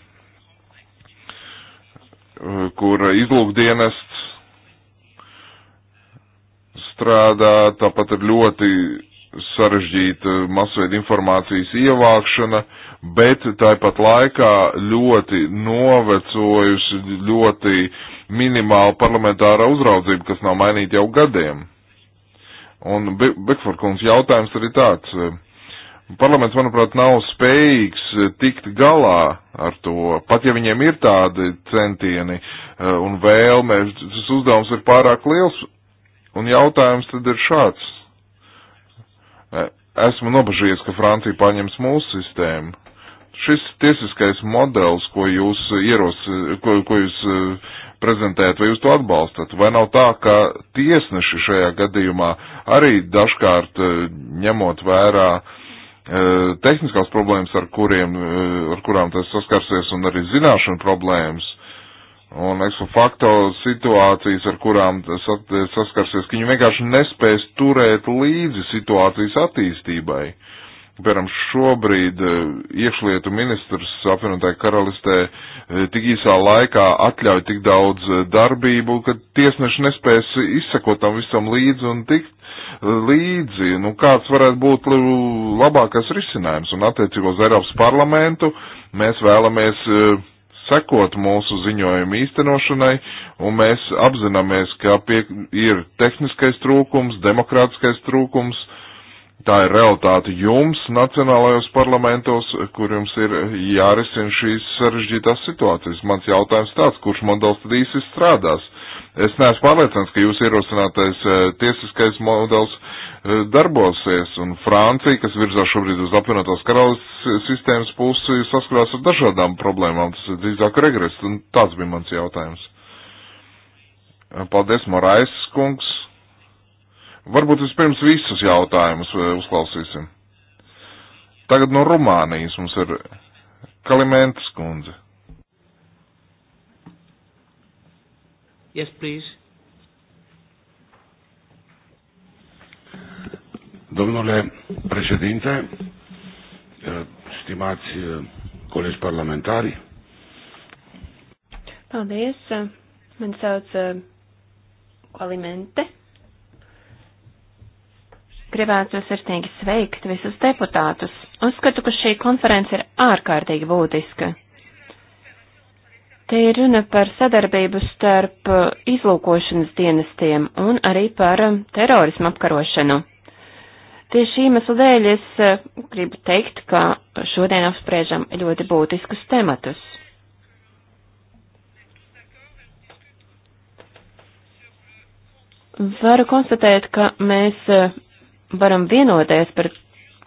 kur izlūkdienests strādā, tāpat ir ļoti sarežģīta masveida informācijas ievākšana, bet tāpat laikā ļoti novecojusi, ļoti minimāla parlamentārā uzraudzība, kas nav mainīta jau gadiem. Un Be Bekforkunds jautājums arī tāds. Parlaments, manuprāt, nav spējīgs tikt galā ar to, pat ja viņiem ir tādi centieni eh, un vēlme, tas uzdevums ir pārāk liels, un jautājums tad ir šāds Esmu nobežījies, ka Francija paņems mūsu sistēmu. Šis tiesiskais models, ko jūs ieros, ko, ko jūs e, prezentējat, vai jūs to atbalstat? Vai nav tā, ka tiesneši šajā gadījumā arī dažkārt e, ņemot vērā uh, tehniskās problēmas, ar, kuriem, ar kurām tas saskarsies, un arī zināšanu problēmas, un ex facto situācijas, ar kurām saskarsies, ka viņi vienkārši nespēs turēt līdzi situācijas attīstībai. Piemēram, šobrīd eh, iekšlietu ministrs apvienotāja karalistē eh, tik īsā laikā atļauj tik daudz eh, darbību, ka tiesneši nespēs izsekot tam visam līdzi un tikt līdzi. Nu, kāds varētu būt labākais risinājums? Un attiecībos Eiropas parlamentu mēs vēlamies uh, sekot mūsu ziņojumu īstenošanai, un mēs apzināmies, ka pie, ir tehniskais trūkums, demokrātiskais trūkums, tā ir realitāte jums, nacionālajos parlamentos, kur jums ir jārisina šīs sarežģītās situācijas. Mans jautājums tāds, kurš modelis tad īsti strādās? Es neesmu pārliecināts, ka jūs ierosinātais eh, tiesiskais modelis E, darbosies. Un Francija, kas virzās šobrīd uz apvienotās karalists sistēmas pusi, saskarās ar dažādām problēmām. Tas ir drīzāk regress. Un tāds bija mans jautājums. E, paldies, Marais kungs. Varbūt vispirms visus jautājumus e, uzklausīsim. Tagad no Rumānijas mums ir Kalimēntas kundze. Yes, please. Domnule președinte, stimați kolēģi eh, parlamentāri. Paldies. Man sauc eh, Kvalimente. Gribētu sirsnīgi sveikt visus deputātus. Uzskatu, ka šī konference ir ārkārtīgi būtiska. Te ir runa par sadarbību starp izlūkošanas dienestiem un arī par eh, terorismu apkarošanu. Tieši iemeslu dēļ es eh, gribu teikt, ka šodien apspriežam ļoti būtiskus tematus. Varu konstatēt, ka mēs eh, varam vienoties par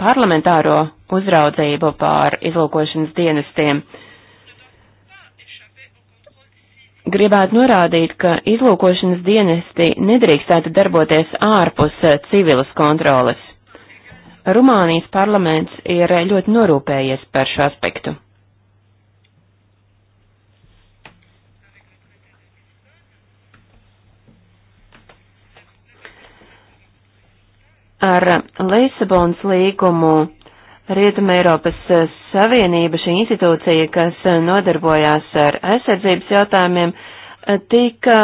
parlamentāro uzraudzību pār izlūkošanas dienestiem. Gribētu norādīt, ka izlūkošanas dienesti nedrīkstētu darboties ārpus eh, civilas kontroles. Rumānijas parlaments ir ļoti norūpējies par šo aspektu. Ar Lisabonas līgumu Rietuma Eiropas Savienība, šī institūcija, kas nodarbojās ar aizsardzības jautājumiem, tika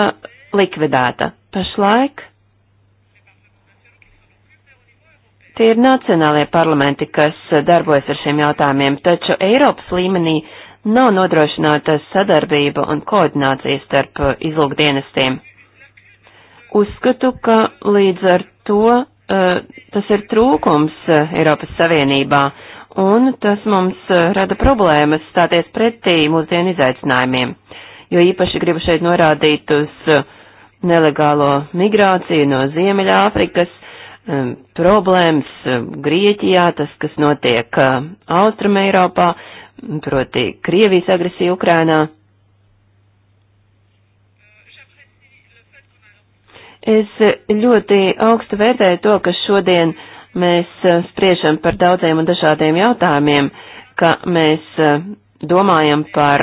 likvidēta. Pašlaik Tie ir nacionālie parlamenti, kas darbojas ar šiem jautājumiem, taču Eiropas līmenī nav nodrošināta sadarbība un koordinācija starp izlūkdienestiem. Uzskatu, ka līdz ar to uh, tas ir trūkums eh, Eiropas Savienībā, un tas mums eh, rada problēmas stāties pretī mūsdienu izaicinājumiem, jo īpaši gribu šeit norādīt uz nelegālo migrāciju no Ziemeļāfrikas, problēmas Grieķijā, tas, kas notiek Austrum Eiropā, proti Krievijas agresija Ukrainā. Es eh, ļoti augstu vērtēju to, ka šodien mēs eh, spriežam par daudziem un dažādiem jautājumiem, ka mēs eh, domājam par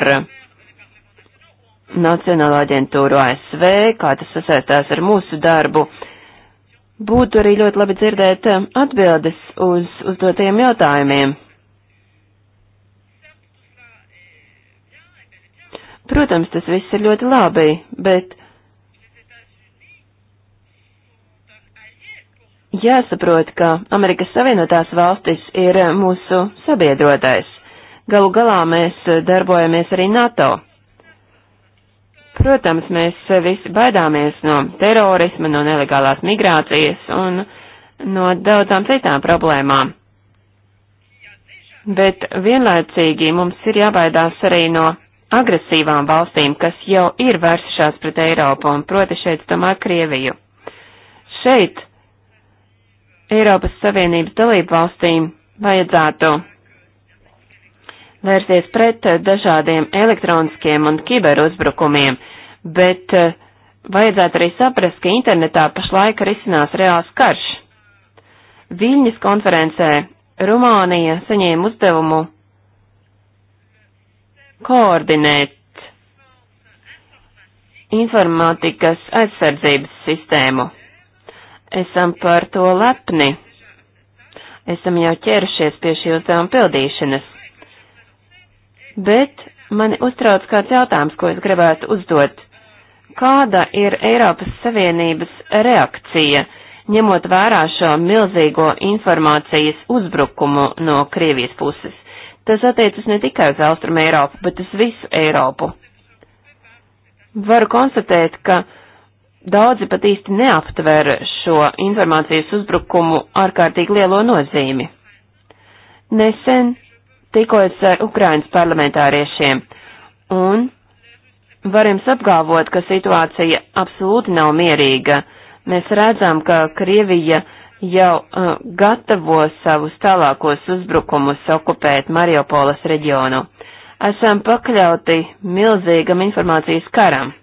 Nacionālo aģentūru ASV, kā tas sasaistās ar mūsu darbu. Uh, Būtu arī ļoti labi dzirdēt eh, atbildes uz uzdotajiem jautājumiem. Protams, tas viss ir ļoti labi, bet jāsaprot, ka Amerikas Savienotās valstis ir eh, mūsu sabiedrotais. Galu galā mēs eh, darbojamies arī NATO. Protams, mēs visi baidāmies no terorisma, no nelegālās migrācijas un no daudzām citām problēmām. Bet vienlaicīgi mums ir jābaidās arī no agresīvām valstīm, kas jau ir vērsušās pret Eiropu, un proti šeit, domāju, Krieviju. Šeit Eiropas Savienības dalību valstīm vajadzētu vērsties pret eh, dažādiem elektroniskiem un kiberuzbrukumiem, bet eh, vajadzētu arī saprast, ka internetā pašlaik arī izcinās reāls karš. Viļņas konferencē Rumānija saņēma uzdevumu koordinēt informātikas aizsardzības sistēmu. Esam par to lepni. Esam jau ķērušies pie šī uzdevuma pildīšanas bet mani uztrauc kāds jautājums, ko es gribētu uzdot. Kāda ir Eiropas Savienības reakcija, ņemot vērā šo milzīgo informācijas uzbrukumu no Krievijas puses? Tas attiecas ne tikai uz Austrum Eiropu, bet uz visu Eiropu. Varu konstatēt, ka daudzi pat īsti neaptver šo informācijas uzbrukumu ārkārtīgi lielo nozīmi. Nesen tikos ar Ukrainas parlamentāriešiem, un var jums apgalvot, ka situācija absolūti nav mierīga. Mēs redzam, ka Krievija jau uh, gatavo savus tālākos uzbrukumus okupēt Mariupolas reģionu. Esam pakļauti milzīgam informācijas karam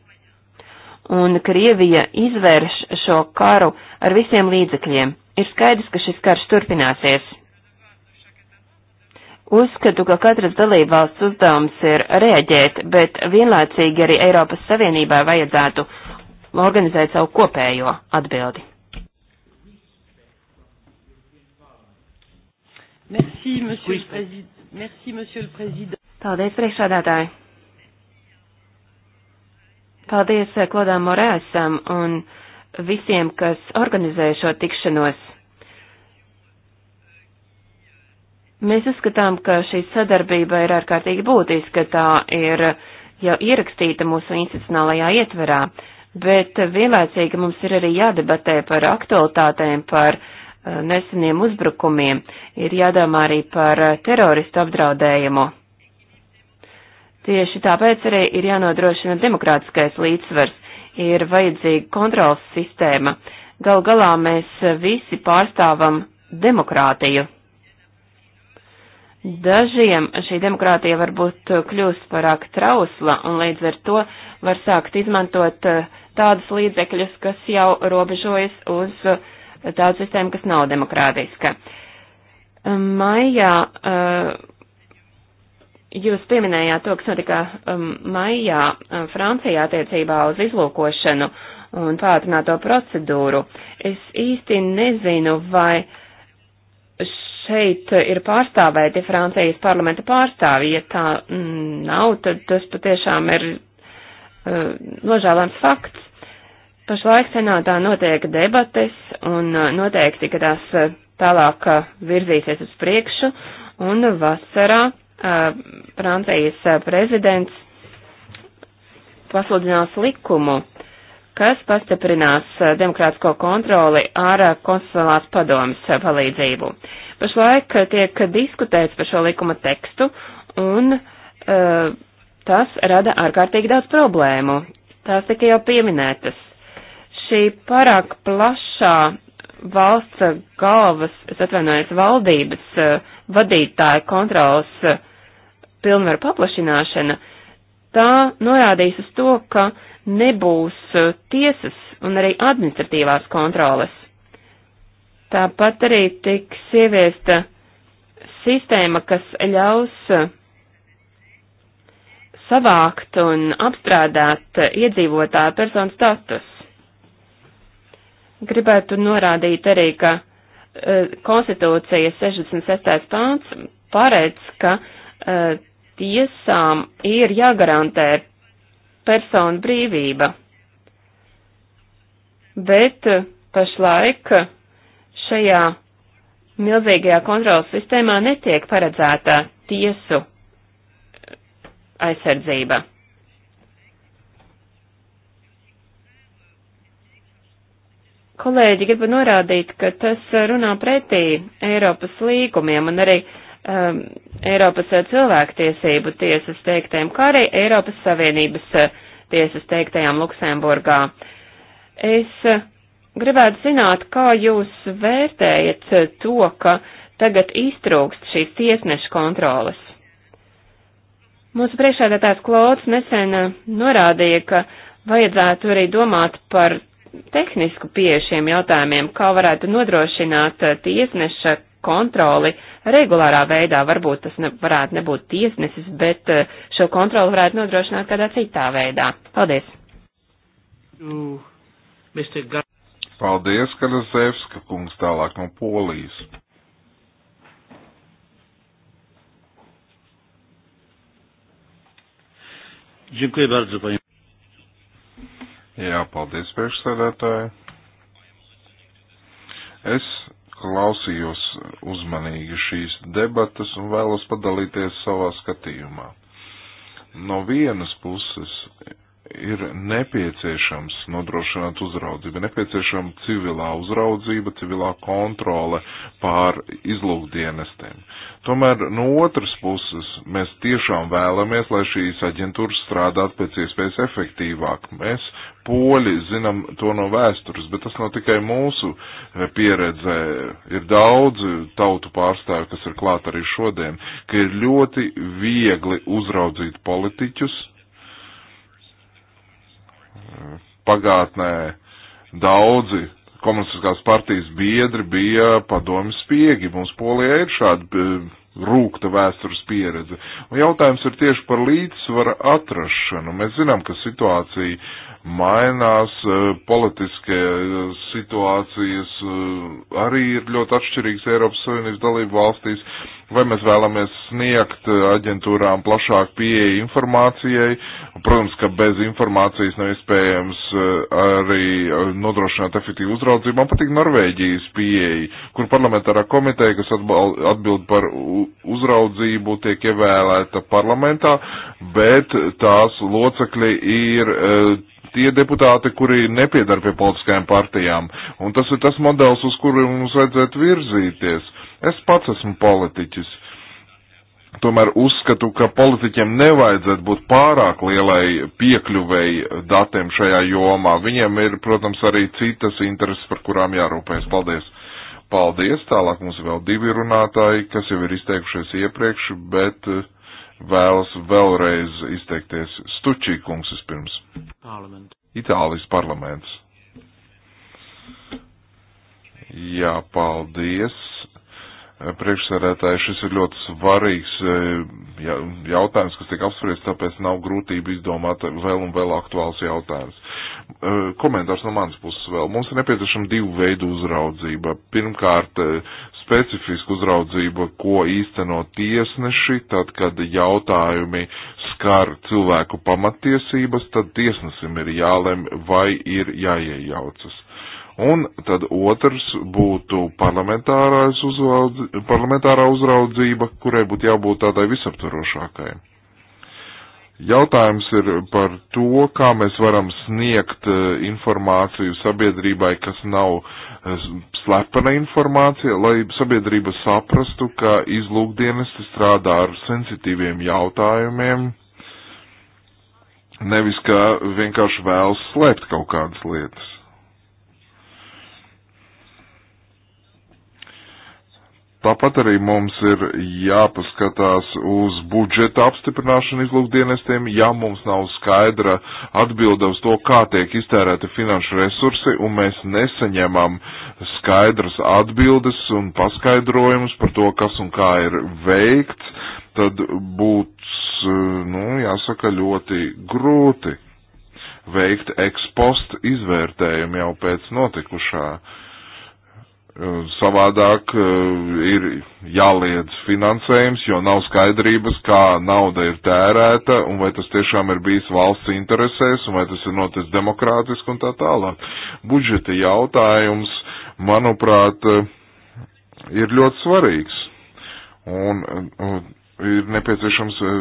un Krievija izvērš šo karu ar visiem līdzekļiem. Ir skaidrs, ka šis karš turpināsies. Uzskatu, ka katras dalībvalsts uzdevums ir rēģēt, bet vienlaicīgi arī Eiropas Savienībai vajadzētu organizēt savu kopējo atbildi. Merci, monsieur le président. Merci, monsieur le président. Paldies, priekšādātāji. Paldies Klodām eh, Morēsam um, un visiem, kas organizē šo tikšanos. Mēs uzskatām, ka šī sadarbība ir ārkārtīgi būtiska, tā ir jau ierakstīta mūsu institucionālajā ietverā, bet vienlaicīgi mums ir arī jādebatē par aktualitātēm, par eh, neseniem uzbrukumiem, ir jādomā arī par eh, teroristu apdraudējumu. Tieši tāpēc arī ir jānodrošina demokrātiskais līdzsvars, ir vajadzīga kontrols sistēma. Gal galā mēs visi pārstāvam demokrātiju. Dažiem šī demokrātija varbūt kļūst parāk trausla un līdz ar to var sākt izmantot eh, tādus līdzekļus, kas jau robežojas uz eh, tādu sistēmu, kas nav demokrātiska. Maijā eh, jūs pieminējāt to, kas notika um, maijā Francijā attiecībā uz izlūkošanu un pātrināto procedūru. Es īsti nezinu, vai šeit ir pārstāvēti Francijas parlamenta pārstāvji. Ja tā mm, nav, tad tas patiešām ir eh, nožēlams fakts. Pašlaik senātā notiek debates un eh, noteikti, ka tās eh, tālāk virzīsies uz priekšu un vasarā Francijas prezidents pasludinās likumu kas pastiprinās eh, demokrātisko kontroli ar eh, konstitucionālās padomas eh, palīdzību. Pašlaik tiek diskutēts par šo likuma tekstu, un uh, tas rada ārkārtīgi daudz problēmu. Tās tika jau pieminētas. Šī pārāk plašā valsts galvas, es atvainojos, valdības uh, vadītāja kontrolas uh, pilnvaru paplašināšana, tā norādīs uz to, ka uh, nebūs eh, tiesas un arī administratīvās kontroles. Tāpat arī tiks ieviesta sistēma, kas ļaus eh, savākt un apstrādāt eh, iedzīvotāju personu status. Gribētu norādīt arī, ka uh, konstitūcijas 66. pāns paredz, ka uh, tiesām ir jāgarantē personu brīvība. Bet eh, pašlaik eh, šajā milzīgajā kontrolas sistēmā netiek paredzētā tiesu eh, aizsardzība. Kolēģi gribu norādīt, ka tas runā pretī Eiropas līgumiem un arī uh, um, Eiropas uh, cilvēktiesību tiesas teiktēm, kā arī Eiropas Savienības uh, tiesas teiktajām Luksemburgā. Es uh, gribētu zināt, kā jūs vērtējat to, ka tagad iztrūkst šīs tiesnešu kontrolas. Mūsu priekšādātājs Klauds nesen norādīja, ka vajadzētu arī domāt par tehnisku pieeju šiem jautājumiem, kā varētu nodrošināt tiesneša kontroli regulārā veidā. Varbūt tas ne, varētu nebūt tiesnesis, bet eh, šo kontroli varētu nodrošināt kādā citā veidā. Paldies! Paldies, Karazevska kungs, tālāk no Polijas. Dziękuję bardzo, panie. Jā, paldies priekšsēdētāji. Es klausījos uzmanīgi šīs debatas un vēlos padalīties savā skatījumā. No vienas puses ir nepieciešams nodrošināt uzraudzību, nepieciešama civilā uzraudzība, civilā kontrole pār izlūkdienestiem. Tomēr no otras puses mēs tiešām vēlamies, lai šīs aģentūras strādātu pēc iespējas efektīvāk. Mēs poļi zinām to no vēstures, bet tas nav tikai mūsu eh, pieredzē. Ir daudzi tautu pārstāvi, kas ir klāt arī šodien, ka ir ļoti viegli uzraudzīt politiķus, pagātnē daudzi komunistiskās partijas biedri bija padomi spiegi. Mums Polijā ir šāda e, rūkta vēstures pieredze. Un jautājums ir tieši par līdzsvara atrašanu. Mēs zinām, ka situācija mainās, e, politiskie e, situācijas arī ir ļoti atšķirīgas Eiropas Savienības dalību valstīs vai mēs vēlamies sniegt eh, aģentūrām plašāku pieeju informācijai. Protams, ka bez informācijas nav iespējams eh, arī eh, nodrošināt efektīvu uzraudzību. Man patīk Norvēģijas pieeja, kur parlamentārā komiteja, kas atbild par uzraudzību, tiek ievēlēta parlamentā, bet tās locekļi ir tie deputāti, kuri nepiedar pie politiskajām partijām. Un tas ir tas modelis, uz kuru mums vajadzētu virzīties. Es pats esmu politiķis. Tomēr uzskatu, ka politiķiem nevajadzētu būt pārāk lielai piekļuvei datiem šajā jomā. Viņiem ir, protams, arī citas intereses, par kurām jārūpējas. Paldies! Paldies! Tālāk mums vēl divi runātāji, kas jau ir izteikušies iepriekš, bet eh, vēlas vēlreiz izteikties Stučīkungs vispirms. Parlament. Itālijas parlaments. Jā, paldies! priekšsarētāji, šis ir ļoti svarīgs e, jautājums, kas tiek apspriests, tāpēc nav grūtība izdomāt vēl un vēl aktuāls jautājums. E, komentārs no manas puses vēl. Mums ir nepieciešama divu veidu uzraudzība. Pirmkārt, e, specifiska uzraudzība, ko īsteno tiesneši, tad, kad jautājumi skar cilvēku pamatiesības, tad tiesnesim ir jālem, vai ir jāiejaucas Un tad otrs būtu uzraudz, parlamentārā uzraudzība, kurai būtu jābūt tādai visaptvarošākai. Jautājums ir par to, kā mēs varam sniegt e, informāciju sabiedrībai, kas nav e, slepena informācija, lai sabiedrība saprastu, ka izlūkdienesti strādā ar sensitīviem jautājumiem, nevis ka vienkārši vēlas slēpt kaut kādas lietas. Tāpat arī mums ir jāpaskatās uz budžeta apstiprināšanu izlūkdienestiem, ja mums nav skaidra atbilde uz to, kā tiek iztērēti finanšu resursi, un mēs nesaņemam skaidras atbildes un paskaidrojumus par to, kas un kā ir veikts, tad būs, nu, jāsaka, ļoti grūti veikt ekspost izvērtējumu jau pēc notikušā. Uh, Savādāk eh, ir jāliedz finansējums, jo nav skaidrības, kā nauda ir tērēta un vai tas tiešām ir bijis valsts interesēs un vai tas ir noticis demokrātiski un tā tālāk. Budžeta jautājums, manuprāt, eh, ir ļoti svarīgs. Un, un ir nepieciešams eh,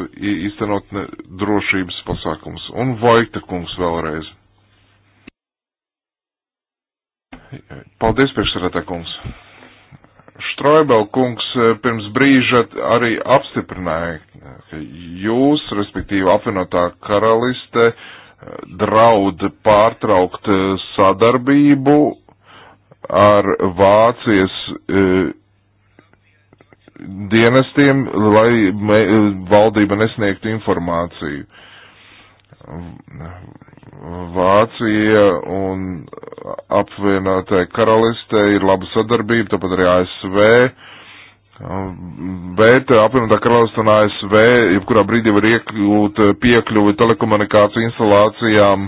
īstenot drošības pasākums. Un Vojta kungs vēlreiz. Paldies, priekšsarētā kungs. Štroibel kungs eh, pirms brīža arī apstiprināja, ka jūs, respektīvi apvienotā karaliste, eh, draud pārtraukt eh, sadarbību ar Vācijas dienestiem, lai valdība nesniegtu informāciju. Vācija un apvienotāja karaliste ir laba sadarbība, tāpat arī ASV. Bet apvienotā karaliste un ASV jebkurā brīdī var iekļūt piekļuvi telekomunikāciju instalācijām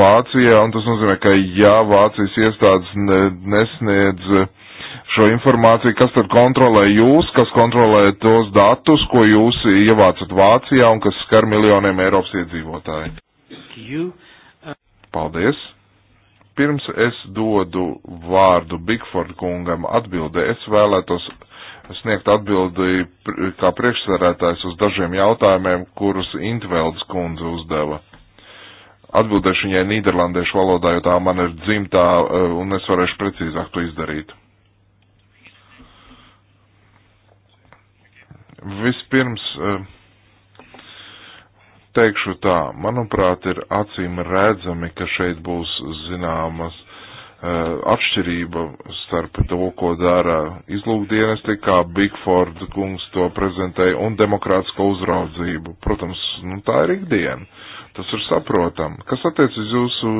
Vācijā, un tas nozīmē, ka ja Vācijas iestādes nesniedz šo informāciju, kas tad kontrolē jūs, kas kontrolē tos datus, ko jūs ievācat Vācijā un kas skar miljoniem Eiropas iedzīvotāju. Paldies! Pirms es dodu vārdu Bigford kungam atbildē, es vēlētos sniegt atbildi kā priekšsarētājs uz dažiem jautājumiem, kurus Intveldes kundze uzdeva. Atbildēšu viņai nīderlandiešu valodā, jo tā man ir dzimtā, eh, un es varēšu precīzāk to izdarīt. Vispirms. Uh, teikšu tā, manuprāt, ir acīm redzami, ka šeit būs zināmas uh, atšķirība starp to, ko dara izlūkdienesti, kā Bigford kungs to prezentēja, un demokrātisko uzraudzību. Protams, nu, tā ir ikdiena. Tas ir saprotam. Kas attiec uz jūsu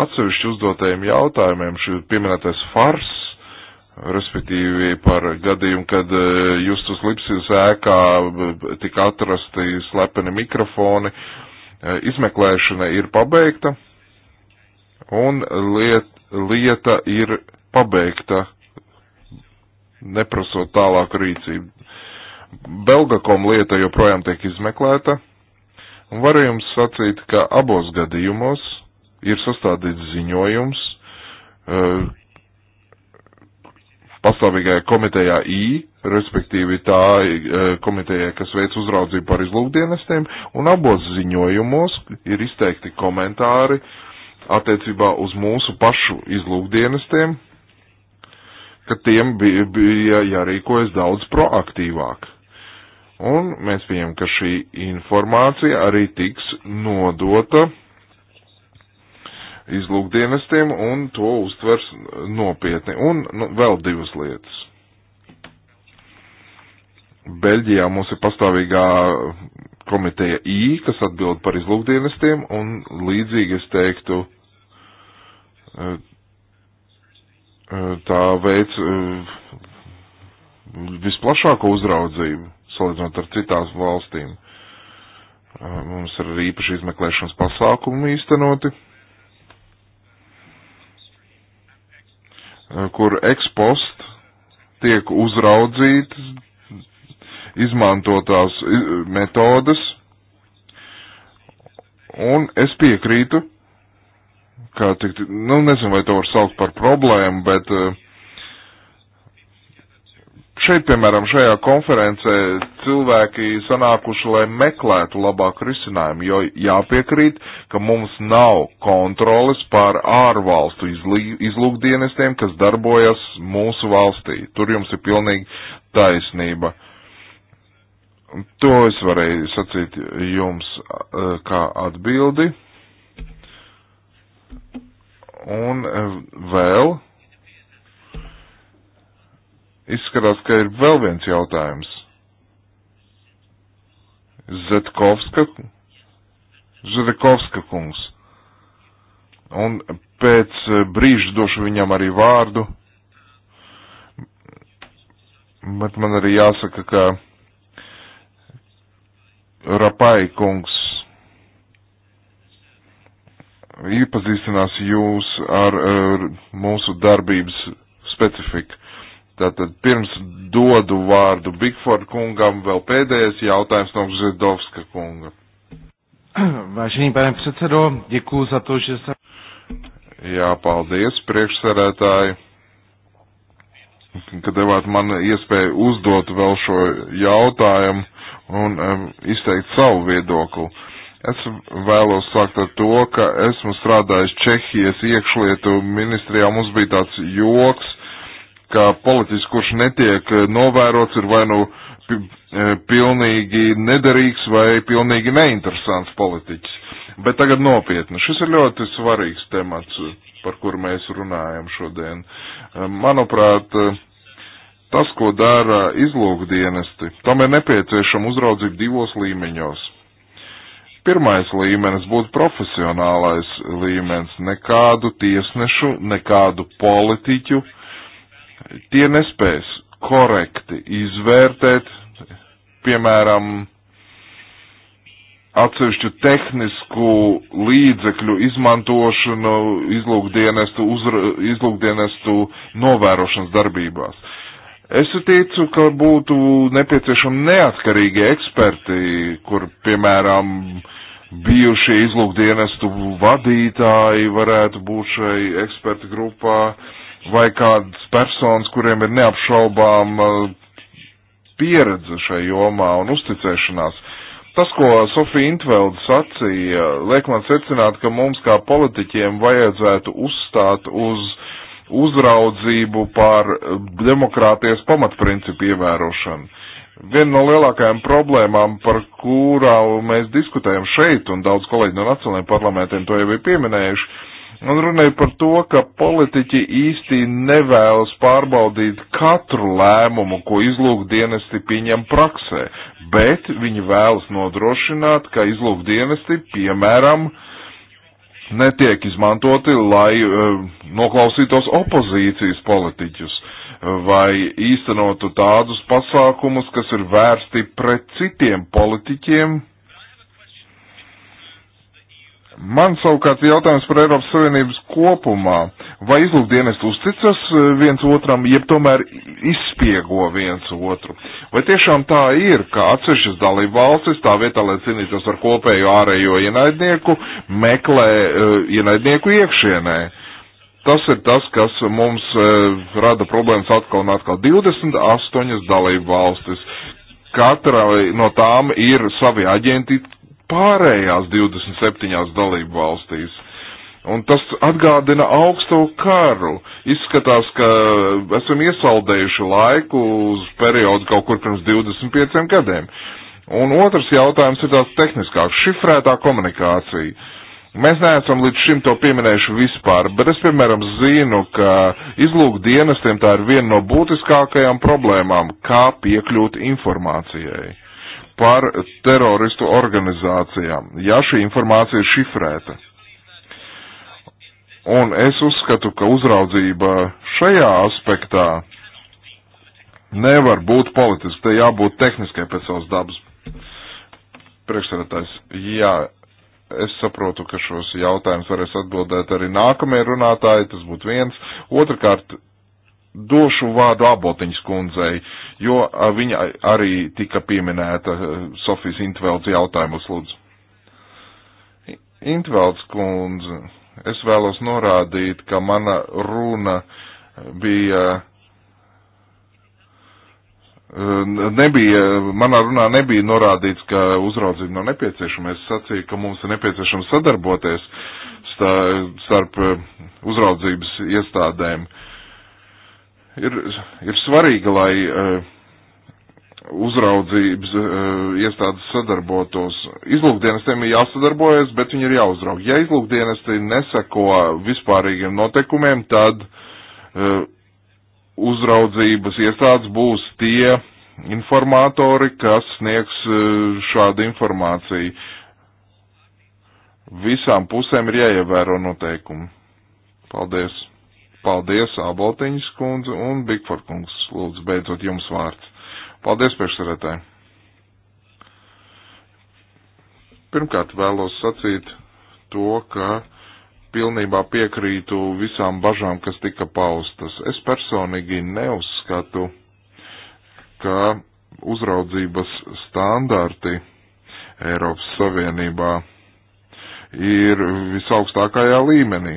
atsevišķu uzdotajiem jautājumiem, šī pieminētais fars, respektīvi par gadījumu, kad e, Justus Lipsijas ēkā tika atrasti slepeni mikrofoni. E, izmeklēšana ir pabeigta un liet, lieta ir pabeigta, neprasot tālāku rīcību. Belgakom lieta joprojām tiek izmeklēta, un varu jums sacīt, ka abos gadījumos ir sastādīts ziņojums, e, pastāvīgajā komitejā I, respektīvi tā e, komitejā, kas veic uzraudzību par izlūkdienestiem, un abos ziņojumos ir izteikti komentāri attiecībā uz mūsu pašu izlūkdienestiem, ka tiem bija, bija jārīkojas daudz proaktīvāk. Un mēs pieņemam, ka šī informācija arī tiks nodota izlūkdienestiem un to uztvers nopietni. Un nu, vēl divas lietas. Beļģijā mums ir pastāvīgā komiteja I, kas atbild par izlūkdienestiem, un līdzīgi es teiktu, eh, eh, tā veids eh, visplašāko uzraudzību, salīdzinot ar citām valstīm. Mums ir īpaši izmeklēšanas pasākumi īstenoti Eh, kur ekspost tiek uzraudzītas izmantotās eh, metodas, un es piekrītu, ka, tik, nu, nezinu, vai to var saukt par problēmu, bet uh, šeit, piemēram, šajā konferencē cilvēki sanākuši, lai meklētu labāku risinājumu, jo jāpiekrīt, ka mums nav kontroles pār ārvalstu izlūkdienestiem, kas darbojas mūsu valstī. Tur jums ir pilnīgi taisnība. To es varēju sacīt jums e, kā atbildi. Un e, vēl Izskatās, ka ir vēl viens jautājums. Zetkovska, Zetkovska kungs. Un pēc brīža došu viņam arī vārdu. Bet man arī jāsaka, ka Rapai kungs iepazīstinās jūs ar, ar mūsu darbības specifiku. Tātad pirms dodu vārdu Bigford kungam, vēl pēdējais jautājums no Zedovska kunga. *clears throat* Vážený pane předsedo, děkuji za to, že se... Jā, paldies, priekšsarētāji, ka devāt man iespēju uzdot vēl šo jautājumu un um, izteikt savu viedokli. Es vēlos sākt ar to, ka esmu strādājis Čehijas iekšlietu ministrijā, mums bija tāds joks, ka politiski, kurš netiek eh, novērots, ir vai nu eh, pilnīgi nederīgs vai pilnīgi neinteresants politiķis. Bet tagad nopietni. Šis ir ļoti svarīgs temats, par kuru mēs runājam šodien. Eh, manuprāt, tas, ko dara izlūkdienesti, tam ir nepieciešama uzraudzība divos līmeņos pirmais līmenis būtu profesionālais līmenis, nekādu tiesnešu, nekādu politiķu, tie nespēs korekti izvērtēt, piemēram, atsevišķu tehnisku līdzekļu izmantošanu izlūkdienestu, uzra, izlūkdienestu novērošanas darbībās. Es teicu, ka būtu nepieciešami neatkarīgi eksperti, kur, piemēram, bijušie izlūkdienestu vadītāji varētu būt šai ekspertu grupā, uh, vai kādas personas, kuriem ir neapšaubām uh, pieredze šai jomā un uzticēšanās. Tas, ko Sofija Intvelda sacīja, liek man secināt, ka mums kā politiķiem vajadzētu uzstāt uz uzraudzību pār demokrātijas pamatprincipu ievērošanu. Viena no lielākajām problēmām, par kurām mēs diskutējam šeit, un daudz kolēģi no nacionālajiem parlamentiem to jau ir pieminējuši, Un nu, runāja par to, ka politiķi īsti nevēlas pārbaudīt katru lēmumu, ko izlūkdienesti pieņem praksē, bet viņi vēlas nodrošināt, ka izlūkdienesti, piemēram, netiek izmantoti, lai uh, noklausītos opozīcijas politiķus vai īstenotu tādus pasākumus, kas ir vērsti pret citiem politiķiem, Man savukārt jautājums par Eiropas Savienības kopumā. Vai izlūkdienas uzticas e, viens otram, jeb tomēr izspiego viens otru? Vai tiešām tā ir, ka atsevišķas dalība valstis tā vietā, lai cīnītos ar kopējo ārējo ienaidnieku, meklē uh, ienaidnieku iekšienē? Tas ir tas, kas mums uh, rada problēmas atkal un atkal. 28 dalība valstis. Katra no tām ir savi aģenti, pārējās 27 dalību valstīs. Un tas atgādina augsto karu. Izskatās, ka esam iesaldējuši laiku uz periodu kaut kur pirms 25 gadiem. Un otrs jautājums ir tāds tehniskāks - šifrētā komunikācija. Mēs neesam līdz šim to pieminējuši vispār, bet es, piemēram, zinu, ka izlūk dienestiem tā ir viena no būtiskākajām problēmām - kā piekļūt informācijai par teroristu organizācijām, ja šī informācija ir šifrēta. Un es uzskatu, ka uzraudzība šajā aspektā nevar būt politiska, te jābūt tehniskai pēc savas dabas. Priekšsēdētājs, jā, es saprotu, ka šos jautājumus varēs atbildēt arī nākamie runātāji, tas būtu viens. Otrakārt, došu vārdu abotiņas kundzei, jo viņa arī tika pieminēta Sofijas Intvelds jautājumus lūdzu. Intvelds kundze, es vēlos norādīt, ka mana runa bija. Nebija, manā runā nebija norādīts, ka uzraudzība nav no nepieciešama. Es sacīju, ka mums ir nepieciešams sadarboties starp uzraudzības iestādēm. Uh, ir, ir svarīga, lai uh, uzraudzības uh, iestādes sadarbotos. Izlūkdienestiem ir jāsadarbojas, bet viņi ir jāuzraug. Ja izlūkdienesti neseko vispārīgiem noteikumiem, tad uh, uzraudzības iestādes būs tie informatori, kas sniegs uh, šādu informāciju. Visām pusēm ir jāievēro noteikumi. Paldies! Paldies, Abotiņas kundze un Bigford kungs. Lūdzu, beidzot jums vārds. Paldies, priekšsarētāji. Pirmkārt vēlos sacīt to, ka pilnībā piekrītu visām bažām, kas tika paustas. Es personīgi neuzskatu, ka uzraudzības standarti Eiropas Savienībā ir visaugstākajā līmenī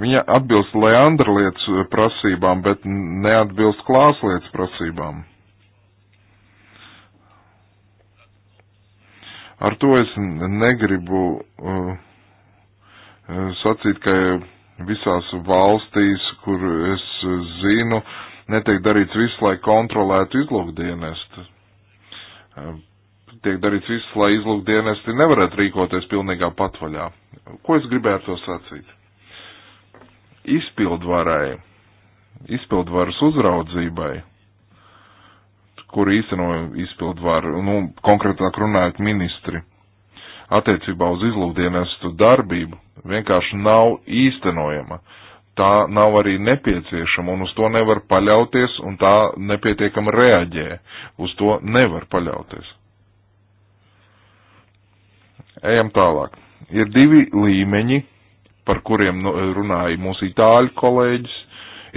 Viņa atbilst Leandra lietas eh, prasībām, bet neatbilst klāslietas prasībām. Ar to es negribu uh, sacīt, ka visās valstīs, kur es zinu, netiek darīts viss, lai kontrolētu izlūkdienestu. Uh, tiek darīts viss, lai izlūkdienesti nevarētu rīkoties pilnīgā patvaļā. Ko es gribētu to sacīt? izpildvarai, izpildvaras uzraudzībai, kur īsteno izpildvaru, nu, konkrētāk runājot ministri, attiecībā uz izlūkdienestu darbību vienkārši nav īstenojama. Tā nav arī nepieciešama, un uz to nevar paļauties, un tā nepietiekami reaģē. Uz to nevar paļauties. Ejam tālāk. Ir divi līmeņi, par kuriem nu, runāja mūsu itāļu kolēģis,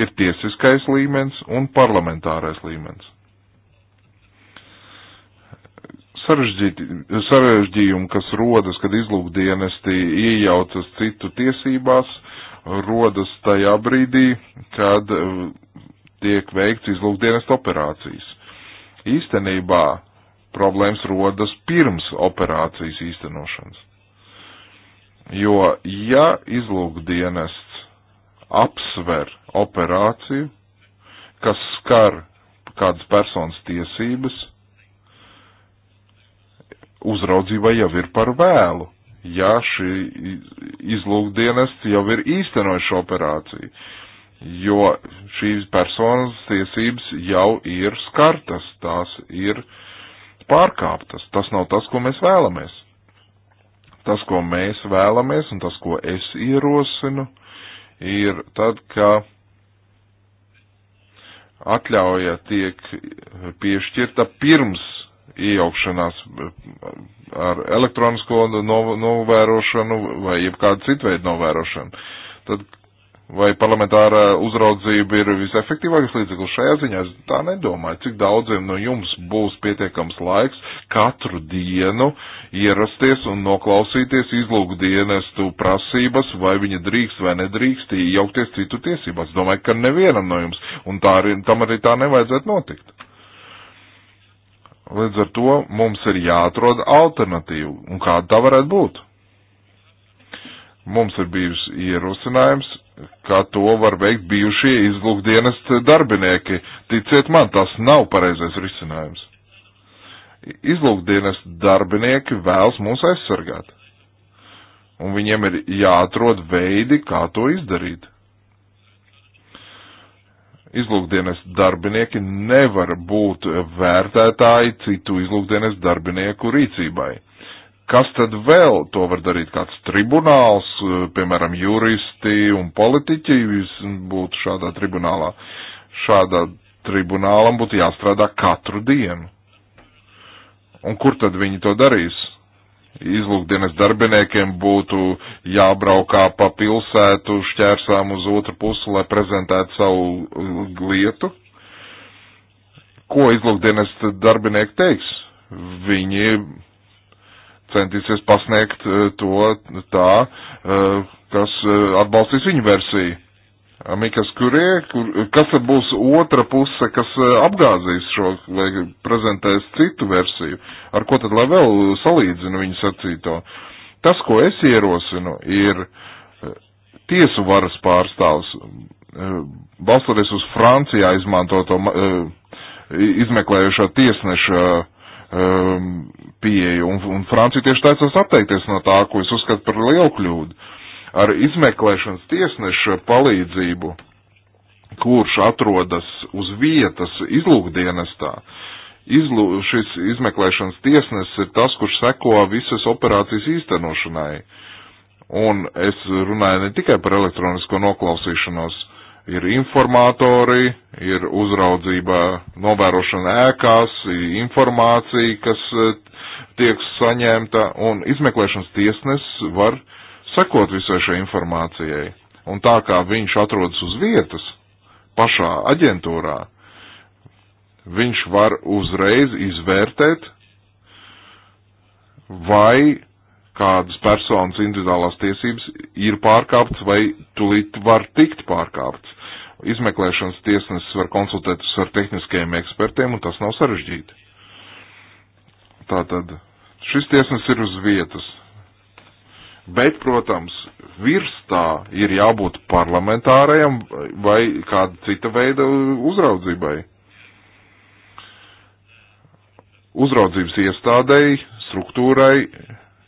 ir tiesiskais līmenis un parlamentārais līmenis. Sarežģījumi, kas rodas, kad izlūkdienesti iejaucas citu tiesībās, rodas tajā brīdī, kad eh, tiek veikts izlūkdienestu operācijas. Īstenībā problēmas rodas pirms operācijas īstenošanas. Jo, ja izlūkdienests apsver operāciju, kas skar kādas personas tiesības, uzraudzībai jau ir par vēlu, ja šī izlūkdienests jau ir īstenojuši operāciju, jo šīs personas tiesības jau ir skartas, tās ir pārkāptas. Tas nav tas, ko mēs vēlamies. Tas, ko mēs vēlamies un tas, ko es ierosinu, ir tad, ka atļauja tiek piešķirta pirms iejaukšanās ar elektronisko novērošanu vai jebkādu citu veidu novērošanu. Tad Vai parlamentārā uzraudzība ir visefektīvākais līdzeklis šajā ziņā? Es tā nedomāju. Cik daudziem no jums būs pietiekams laiks katru dienu ierasties un noklausīties izlūkdienestu prasības, vai viņa drīkst vai nedrīkst iejaukties citu tiesībās? Es domāju, ka nevienam no jums, un tā arī, tam arī tā nevajadzētu notikt. Līdz ar to mums ir jāatrod alternatīva, un kāda tā varētu būt? Mums ir bijusi ierosinājums kā to var veikt bijušie izlūkdienas darbinieki. Ticiet man, tas nav pareizais risinājums. Izlūkdienas darbinieki vēlas mūs aizsargāt. Un viņiem ir jāatrod veidi, kā to izdarīt. Izlūkdienas darbinieki nevar būt vērtētāji citu izlūkdienas darbinieku rīcībai Kas tad vēl to var darīt? Kāds tribunāls, eh, piemēram, juristi un politiķi būtu šādā tribunālā. Šādā tribunālam būtu jāstrādā katru dienu. Un kur tad viņi to darīs? Izlūkdienas darbiniekiem būtu jābraukā pa pilsētu šķērsām uz otru pusi, lai prezentētu savu eh, lietu. Ko izlūkdienas darbinieki teiks? Viņi centīsies pasniegt e, to tā, e, kas e, atbalstīs viņu versiju. Amikas Kurie, kur, kas tad būs otra puse, kas apgāzīs šo vai prezentēs citu versiju? Ar ko tad lai vēl salīdzinu viņu sacīto? Tas, ko es ierosinu, ir tiesu varas pārstāvs, balstoties uz Francijā izmantoto izmeklējušā tiesneša um, pieeju, un, un Francija tieši taisās atteikties no tā, ko es uzskatu par lielu kļūdu. Ar izmeklēšanas tiesneša palīdzību, kurš atrodas uz vietas izlūkdienestā, izlū, šis izmeklēšanas tiesnesis ir tas, kurš seko visas operācijas īstenošanai. Un es runāju ne tikai par elektronisko noklausīšanos, ir informātori, ir uzraudzība novērošana ēkās, informācija, kas eh, tiek saņemta, un izmeklēšanas tiesnes var sekot visai šai informācijai. Un tā kā viņš atrodas uz vietas, pašā aģentūrā, viņš var uzreiz izvērtēt, vai kādas personas individuālās tiesības ir pārkāptas vai tulīt var tikt pārkāptas izmeklēšanas tiesnesis var konsultēties ar tehniskajiem ekspertiem, un tas nav sarežģīti. Tātad šis tiesnesis ir uz vietas. Bet, protams, virs tā ir jābūt parlamentārajam vai kāda cita veida uzraudzībai. Uzraudzības iestādēji, struktūrai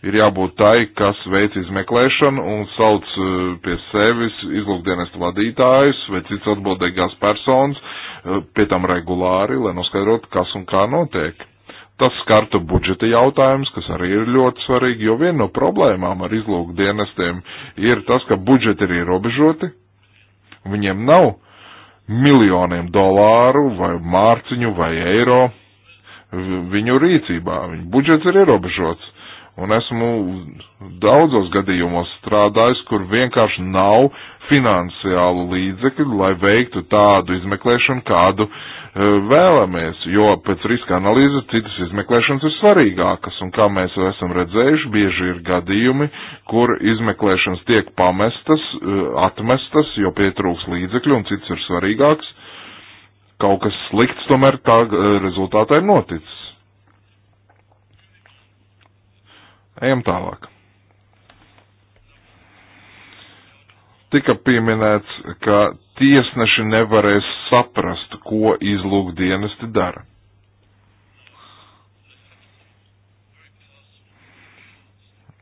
ir jābūt tai, kas veic izmeklēšanu un sauc eh, pie sevis izlūkdienestu vadītājus vai cits atbildīgās personas, eh, pie tam regulāri, lai noskaidrotu, kas un kā notiek. Tas skarta budžeta jautājums, kas arī ir ļoti svarīgi, jo viena no problēmām ar izlūkdienestiem ir tas, ka budžeti ir ierobežoti, viņiem nav miljoniem dolāru vai mārciņu vai eiro viņu rīcībā, viņu budžets ir ierobežots Un esmu daudzos gadījumos strādājis, kur vienkārši nav finansiālu līdzekļu, lai veiktu tādu izmeklēšanu, kādu e, vēlamies, jo pēc riska analīzes citas izmeklēšanas ir svarīgākas, un kā mēs jau esam redzējuši, bieži ir gadījumi, kur izmeklēšanas tiek pamestas, e, atmestas, jo pietrūks līdzekļu, un cits ir svarīgāks. Kaut kas slikts tomēr tā e, rezultātā ir noticis. Ejam tālāk. Tika pieminēts, ka tiesneši nevarēs saprast, ko izlūkdienesti dara.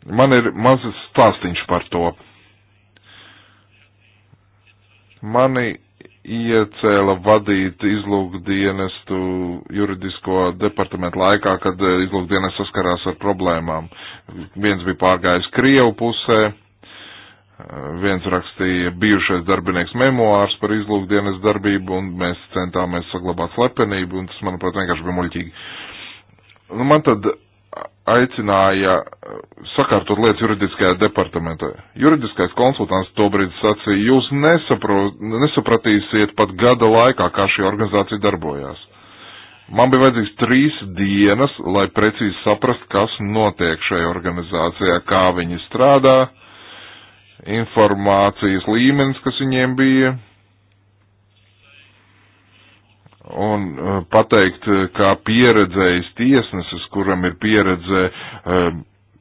Man ir mazs stāstīns par to. Mani iecēla vadīt izlūkdienestu juridisko departamentu laikā, kad eh, izlūkdienes saskarās ar problēmām. Viens bija pārgājis Krievu pusē, eh, viens rakstīja bijušais darbinieks memoārs par izlūkdienes darbību, un mēs centāmies saglabāt slepenību, un tas, manuprāt, vienkārši bija muļķīgi. Nu, man tad aicināja eh, sakārtot lietas juridiskajā departamentā. Juridiskais konsultants tobrīd sacīja, jūs nesapro, nesapratīsiet pat gada laikā, kā šī organizācija darbojās. Man bija vajadzīgs trīs dienas, lai precīzi saprast, kas notiek šajā organizācijā, kā viņi strādā, informācijas līmenis, kas viņiem bija, un uh, pateikt, uh, kā pieredzējis tiesnesis, kuram ir pieredze uh,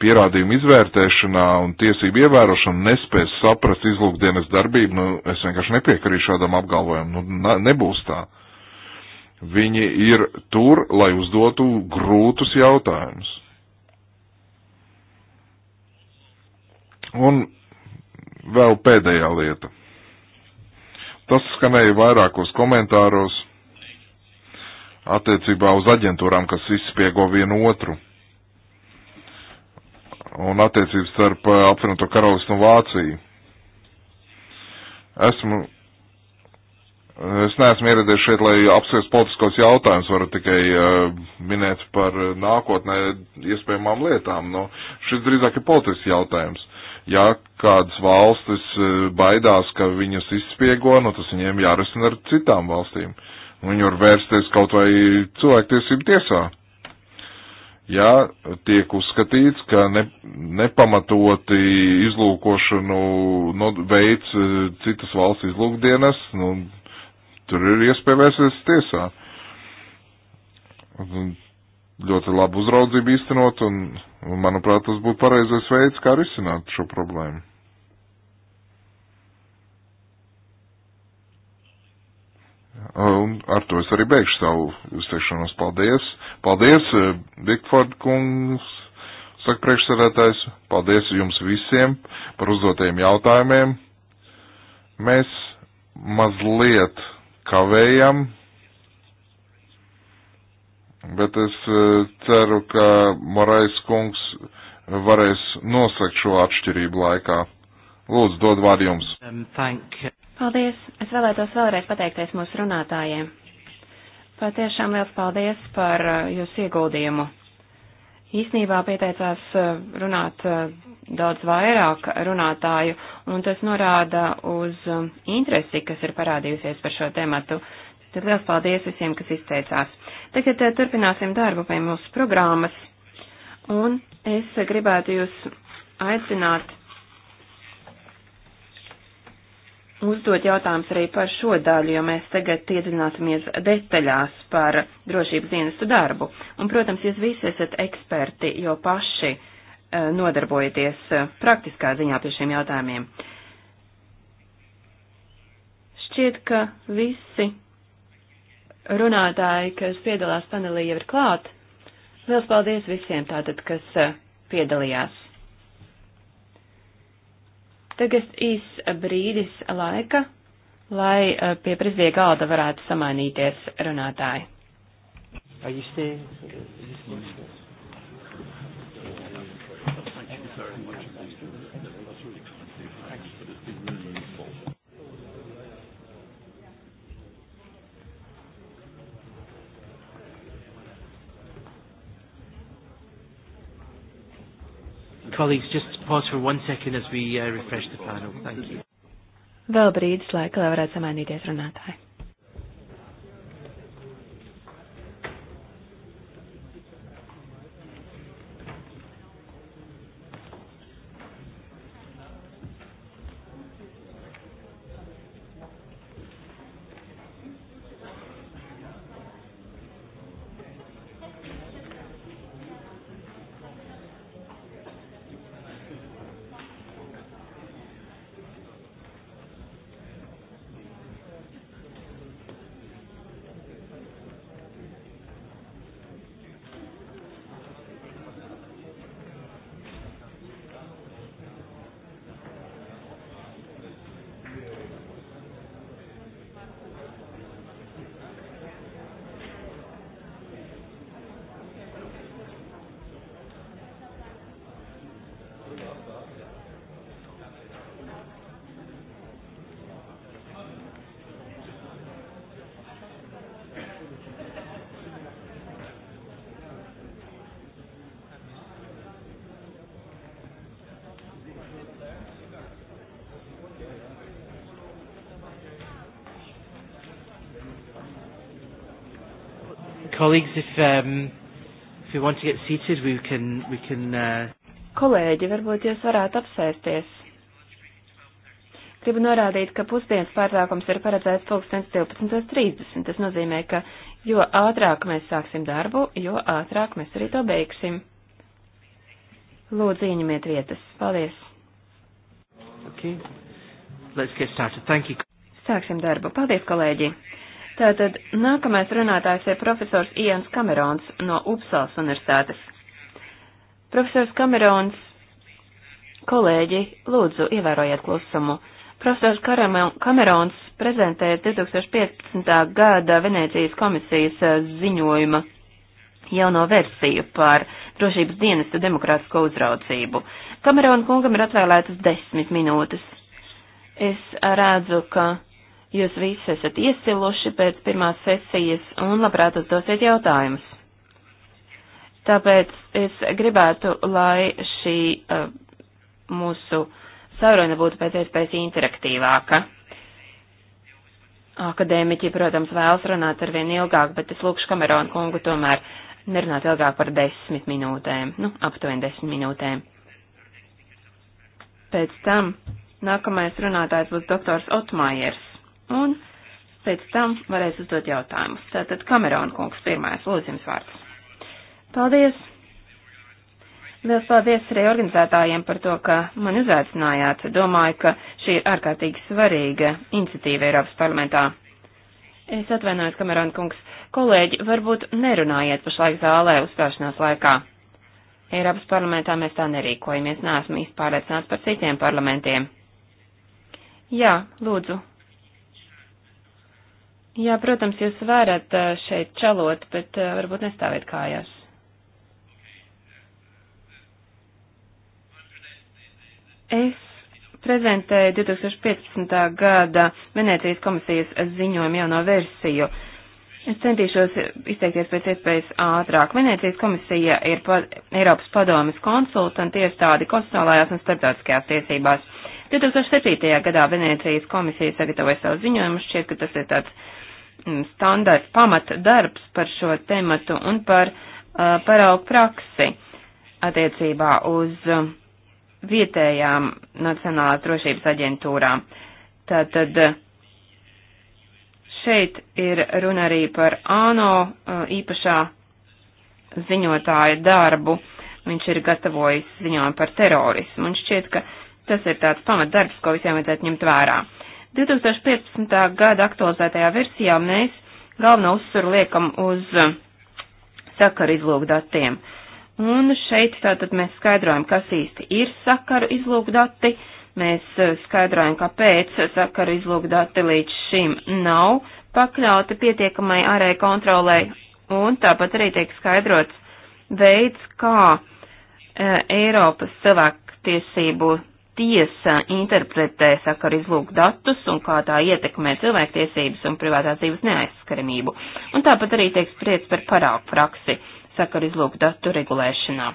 pierādījumu izvērtēšanā un tiesību ievērošana, nespēs saprast izlūkdienas darbību, nu, es vienkārši nepiekrīšu šādam apgalvojumam. Nu, nebūs tā. Viņi ir tur, lai uzdotu grūtus jautājumus. Un vēl pēdējā lieta. Tas skanēja vairākos komentāros attiecībā uz aģentūrām, kas izspiego vienu otru. Un attiecības starp eh, apvienoto karalistu un Vāciju. Esmu, es neesmu ieradies šeit, lai apsvērst politiskos jautājumus, varu tikai uh, minēt par nākotnē iespējamām lietām. Nu, šis drīzāk ir politisks jautājums ja kādas valstis eh, baidās, ka viņas izspiego, nu tas viņiem jārisina ar citām valstīm. Uh, Viņi var vērsties kaut vai cilvēktiesību tiesā. Ja tiek uzskatīts, ka ne, nepamatoti izlūkošanu no, nu, veids e, citas valsts izlūkdienas, nu, tur ir iespēja vērsties tiesā. Ļoti labu uzraudzību īstenot, un, manuprāt, tas būtu pareizais veids, kā risināt šo problēmu. Un ar to es arī beigšu savu uzteikšanos. Paldies! Paldies, eh, Bigford kungs, saka priekšsarētājs. Paldies jums visiem par uzdotajiem jautājumiem. Mēs mazliet kavējam, bet es eh, ceru, ka Morais kungs varēs noslēgt šo atšķirību laikā. Lūdzu, dod vārdu jums. Um, Paldies! Es vēlētos vēlreiz pateikties mūsu runātājiem. Patiešām liels paldies par uh, jūsu ieguldījumu. Īsnībā pieteicās uh, runāt uh, daudz vairāk runātāju, un tas norāda uz um, interesi, kas ir parādījusies par šo tematu. Tad liels paldies visiem, kas izteicās. Tagad turpināsim darbu pie mūsu programmas, un es gribētu jūs aicināt uzdot jautājumus arī par šo daļu, jo mēs tagad iedzināsimies detaļās par drošības dienestu darbu. Un, protams, jūs visi esat eksperti, jo paši uh, nodarbojaties uh, praktiskā ziņā pie šiem jautājumiem. Šķiet, ka visi runātāji, kas piedalās panelī, jau ir klāt. Liels paldies visiem tātad, kas uh, piedalījās. Tagad īs brīdis laika, lai eh, pie prezidija galda varētu samainīties runātāji. Are you staying? Colleagues, just pause for one second as we uh, refresh the panel. Thank you. Vēl brīdis, lai, lai varētu samainīties runātāji. colleagues, if um, if we want to get seated, we can we can uh, Kolēģi, varbūt jūs varētu apsēsties. Gribu norādīt, ka pusdienas pārtraukums ir paredzēts 12.30. Tas nozīmē, ka jo ātrāk mēs sāksim darbu, jo ātrāk mēs arī to beigsim. Lūdzu, ieņemiet vietas. Paldies! Okay. Let's get started. Thank you. Sāksim darbu. Paldies, kolēģi! Tātad nākamais runātājs ir profesors Ians Kamerons no Upsals universitātes. Profesors Kamerons, kolēģi, lūdzu, ievērojiet klusumu. Profesors Kamerons prezentē 2015. gada Venēcijas komisijas eh, ziņojuma jauno versiju par drošības dienesta demokrātisko uzraucību. Kamerona kungam ir atvēlētas desmit minūtes. Es redzu, ka jūs visi esat iesiluši pēc pirmās sesijas un labprāt uzdosiet jautājumus. Tāpēc es gribētu, lai šī uh, mūsu saruna būtu pēc iespējas interaktīvāka. Akadēmiķi, protams, vēlas runāt ar vien ilgāk, bet es lūkšu Kameronu kungu tomēr nerunāt ilgāk par desmit minūtēm, nu, aptuveni desmit minūtēm. Pēc tam nākamais runātājs būs doktors Otmājers, un pēc tam varēs uzdot jautājumus. Tātad Kamerona kungs pirmais, lūdzu jums vārds. Paldies! Liels paldies arī organizētājiem par to, ka mani uzaicinājāt. Domāju, ka šī ir ārkārtīgi svarīga iniciatīva Eiropas parlamentā. Es atvainojos, Kamerona kungs. Kolēģi, varbūt nerunājiet pašlaik zālē uzstāšanās laikā. Eiropas parlamentā mēs tā nerīkojamies, neesmu īsti pārliecināts par citiem parlamentiem. Jā, lūdzu. Jā, protams, jūs varat eh, šeit čalot, bet eh, varbūt nestāviet kājās. Es prezentēju 2015. gada Venēcijas komisijas ziņojumu jauno versiju. Es centīšos izteikties pēc iespējas ātrāk. Venēcijas komisija ir pa, Eiropas padomis konsultanti iestādi konstitucionālajās un starptautiskajās tiesībās. 2007. gadā Venēcijas komisija sagatavoja savu ziņojumu, šķiet, ka tas ir tāds mm, standarts pamata darbs par šo tematu un par uh, paraugu praksi attiecībā uz uh, vietējām Nacionālās drošības aģentūrām. Tātad eh, šeit ir runa arī par ANO eh, īpašā ziņotāja darbu. Viņš ir gatavojis ziņojumu par terorismu. Un šķiet, ka tas ir tāds pamatdarbs, ko visiem vajadzētu ņemt vērā. 2015. gada aktualizētajā versijā mēs galveno uzsvaru liekam uz eh, sakaru izlūkdatiem. datiem Un šeit tātad mēs skaidrojam, kas īsti ir sakaru izlūkdati, mēs e, skaidrojam, kāpēc sakaru izlūkdati līdz šim nav pakļauti pietiekamai ārēji kontrolē, un tāpat arī tiek skaidrots veids, kā e, Eiropas cilvēktiesību tiesa interpretē sakaru izlūk datus un kā tā ietekmē cilvēktiesības un privātās dzīves neaizskaramību. Un tāpat arī tiek spriedz par parāku praksi sakaru izlūku datu regulēšanā.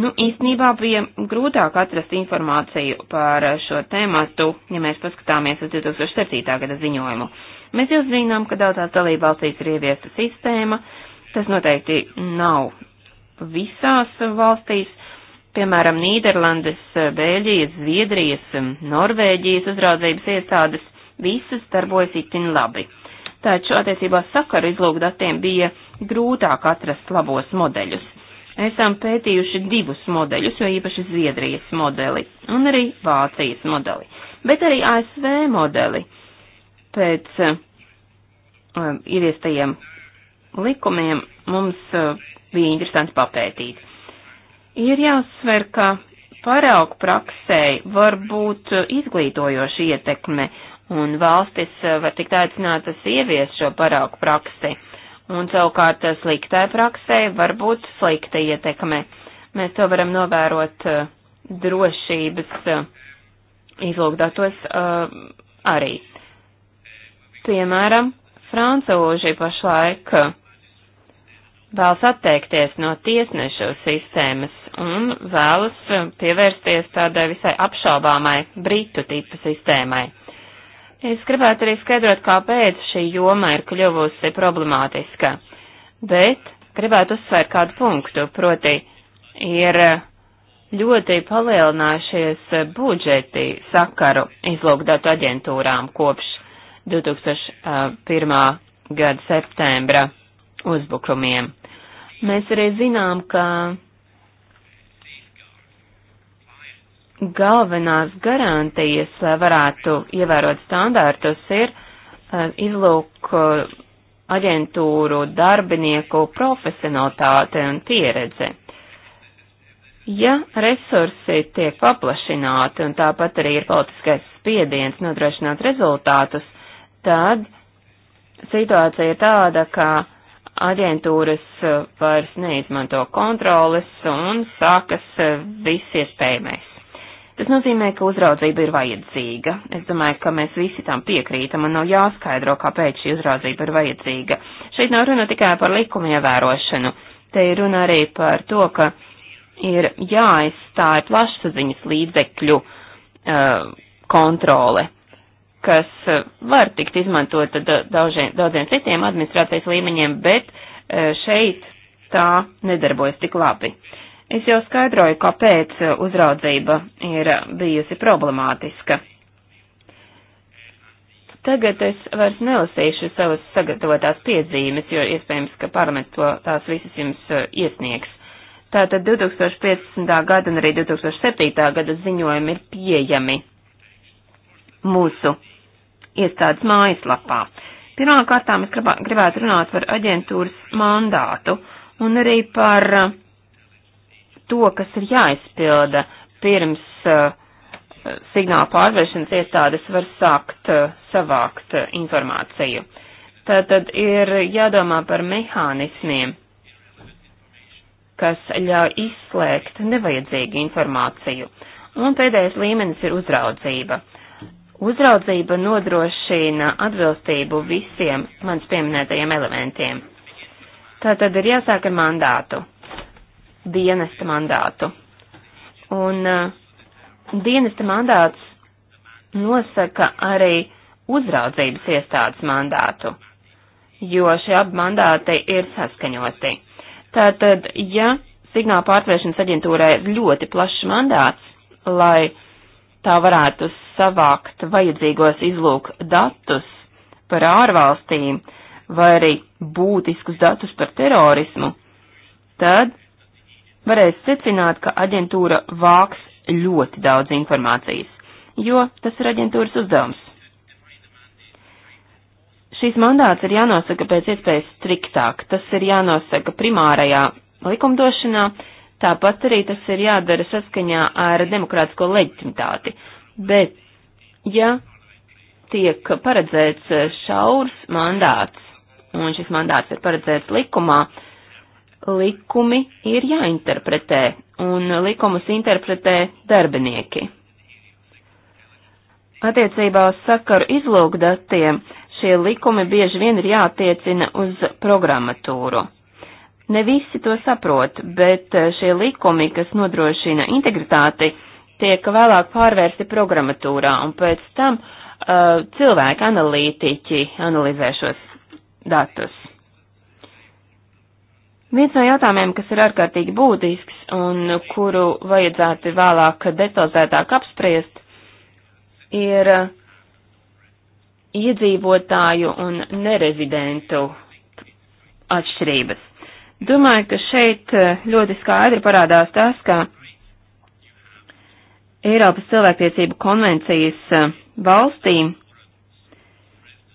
Nu, īstenībā bija grūtāk atrast informāciju par šo tēmatu, ja mēs paskatāmies uz 2007. gada ziņojumu. Mēs jau zinām, ka daudzās dalībvalstīs ir ieviesta sistēma, tas noteikti nav visās valstīs, piemēram, Nīderlandes, Bēļģijas, Zviedrijas, Norvēģijas uzraudzības iestādes, visas darbojas itin labi taču attiecībā sakaru izlūkdatiem bija grūtāk atrast labos modeļus. Esam pētījuši divus modeļus, jo īpaši Zviedrijas modeli un arī Vācijas modeli, bet arī ASV modeli pēc uh, ieviestajiem likumiem mums uh, bija interesanti papētīt. Ir jāuzsver, ka paraugu praksē var būt izglītojoša ietekme un valstis eh, var tikt aicinātas ievies šo paraugu praksi. Un savukārt eh, sliktai praksē var būt slikta ietekme. Mēs to varam novērot eh, drošības izlūkdatos arī. Piemēram, francūži pašlaik vēlas atteikties no tiesnešu sistēmas un vēlas pievērsties tādai visai apšaubāmai britu tipa sistēmai. Es gribētu arī skaidrot, kāpēc šī joma ir kļuvusi problemātiska, bet gribētu uzsvērt kādu punktu, proti ir ļoti palielinājušies budžeti sakaru izlūkdatu aģentūrām kopš 2001. gada septembra uzbrukumiem. Mēs arī zinām, ka galvenās garantijas, lai eh, varētu ievērot standārtus, ir eh, izlūk eh, aģentūru darbinieku profesionalitāte un pieredze. Ja resursi tiek paplašināti un tāpat arī ir politiskais spiediens nodrošināt rezultātus, tad situācija ir tāda, ka aģentūras vairs neizmanto kontroles un sākas viss iespējamais. Tas nozīmē, ka uzraudzība ir vajadzīga. Es domāju, ka mēs visi tam piekrītam un nav jāskaidro, kāpēc šī uzraudzība ir vajadzīga. Šeit nav runa tikai par likumu ievērošanu. Te ir runa arī par to, ka ir jāaizstāja plašsaziņas līdzekļu uh, kontrole, kas uh, var tikt izmantot daudziem, daudziem citiem administrācijas līmeņiem, bet uh, šeit tā nedarbojas tik labi. Uh, Es jau skaidroju, kāpēc uzraudzība ir bijusi problemātiska. Tagad es vairs nelasīšu savas sagatavotās piedzīmes, jo iespējams, ka parlaments to tās visas jums eh, iesniegs. Tātad 2015. gada un arī 2007. gada ziņojumi ir pieejami mūsu iestādes mājaslapā. Pirmkārtām es gribētu runāt par aģentūras mandātu un arī par uh, to, kas ir jāizpilda pirms uh, signāla pārvēršanas iestādes var sākt uh, savākt uh, informāciju. Tātad ir jādomā par mehānismiem, kas ļauj izslēgt nevajadzīgu informāciju. Un pēdējais līmenis ir uzraudzība. Uzraudzība nodrošina atbilstību visiem mans pieminētajiem elementiem. Tātad ir jāsāk ar mandātu dienesta mandātu. Un uh, dienesta mandāts nosaka arī uzraudzības iestādes mandātu, jo šie abi mandāti ir saskaņoti. Tātad, ja signāla pārtvēršanas aģentūrai ir ļoti plašs mandāts, lai tā varētu savākt vajadzīgos izlūk datus par ārvalstīm vai arī būtiskus datus par terorismu, tad varēs secināt, ka aģentūra vāks ļoti daudz informācijas, jo tas ir aģentūras uzdevums. Šīs mandāts ir jānosaka pēc iespējas striktāk, tas ir jānosaka primārajā likumdošanā, tāpat arī tas ir jādara saskaņā ar demokrātisko leģitimitāti. Bet, ja tiek paredzēts šaurs mandāts, un šis mandāts ir paredzēts likumā, uh, likumi ir jāinterpretē, un likumus interpretē darbinieki. Attiecībā uz sakaru izlūkdatiem šie likumi bieži vien ir jātiecina uz programmatūru. Ne visi to saprot, bet šie likumi, kas nodrošina integritāti, tiek vēlāk pārvērsti programmatūrā, un pēc tam uh, cilvēki analītiķi analizē šos datus. Viens no jautājumiem, kas ir ārkārtīgi būtisks un kuru vajadzētu vēlāk detalizētāk apspriest, ir iedzīvotāju un nerezidentu atšķirības. Domāju, ka šeit ļoti skaidri parādās tas, ka Eiropas cilvēktiesību konvencijas valstīm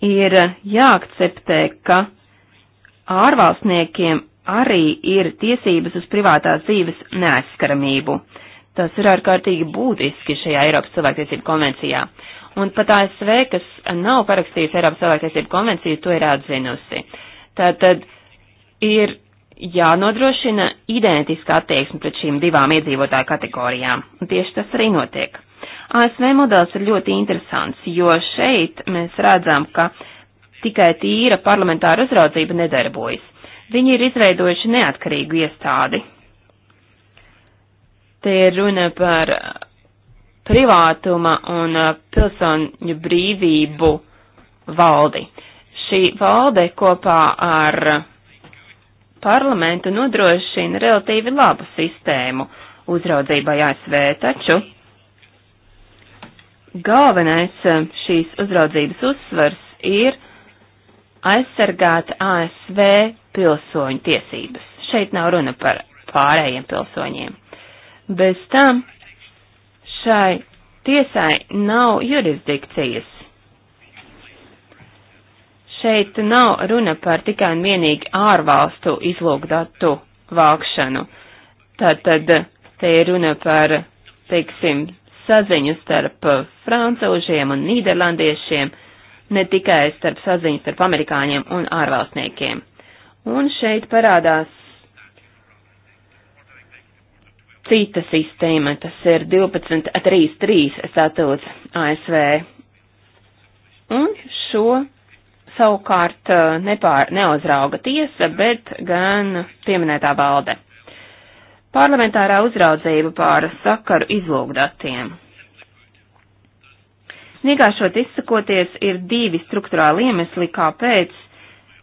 ir jāakceptē, ka ārvalstniekiem arī ir tiesības uz privātās dzīves neaizskaramību. Tas ir ārkārtīgi būtiski šajā Eiropas cilvēktiesību konvencijā. Un pat ASV, kas nav parakstījusi Eiropas cilvēktiesību konvenciju, to ir atzinusi. Tātad ir jānodrošina identiska attieksme pret šīm divām iedzīvotāju kategorijām. Un tieši tas arī notiek. ASV modelis ir ļoti interesants, jo šeit mēs redzam, ka tikai tīra parlamentāra uzraudzība nedarbojas. Viņi ir izveidojuši neatkarīgu iestādi. Te ir runa par privātuma un uh, pilsoņu brīvību valdi. Šī valde kopā ar parlamentu nodrošina relatīvi labu sistēmu uzraudzībai ASV, taču galvenais uh, šīs uzraudzības uzsvars ir aizsargāt ASV pilsoņu tiesības. Šeit nav runa par pārējiem pilsoņiem. Bez tam šai tiesai nav jurisdikcijas. Šeit nav runa par tikai un vienīgi ārvalstu izlūgdatu vākšanu. Tātad te ir runa par, teiksim, saziņu starp francūžiem un nīderlandiešiem, ne tikai starp saziņu starp amerikāņiem un ārvalstniekiem. Un šeit parādās cita sistēma, tas ir 12.3.3 statūts ASV. Un šo savukārt eh, nepār, neuzrauga tiesa, bet gan pieminētā valde. Parlamentārā uzraudzība pār sakaru izlūkdatiem. Vienkāršot izsakoties, ir divi struktūrāli iemesli, kāpēc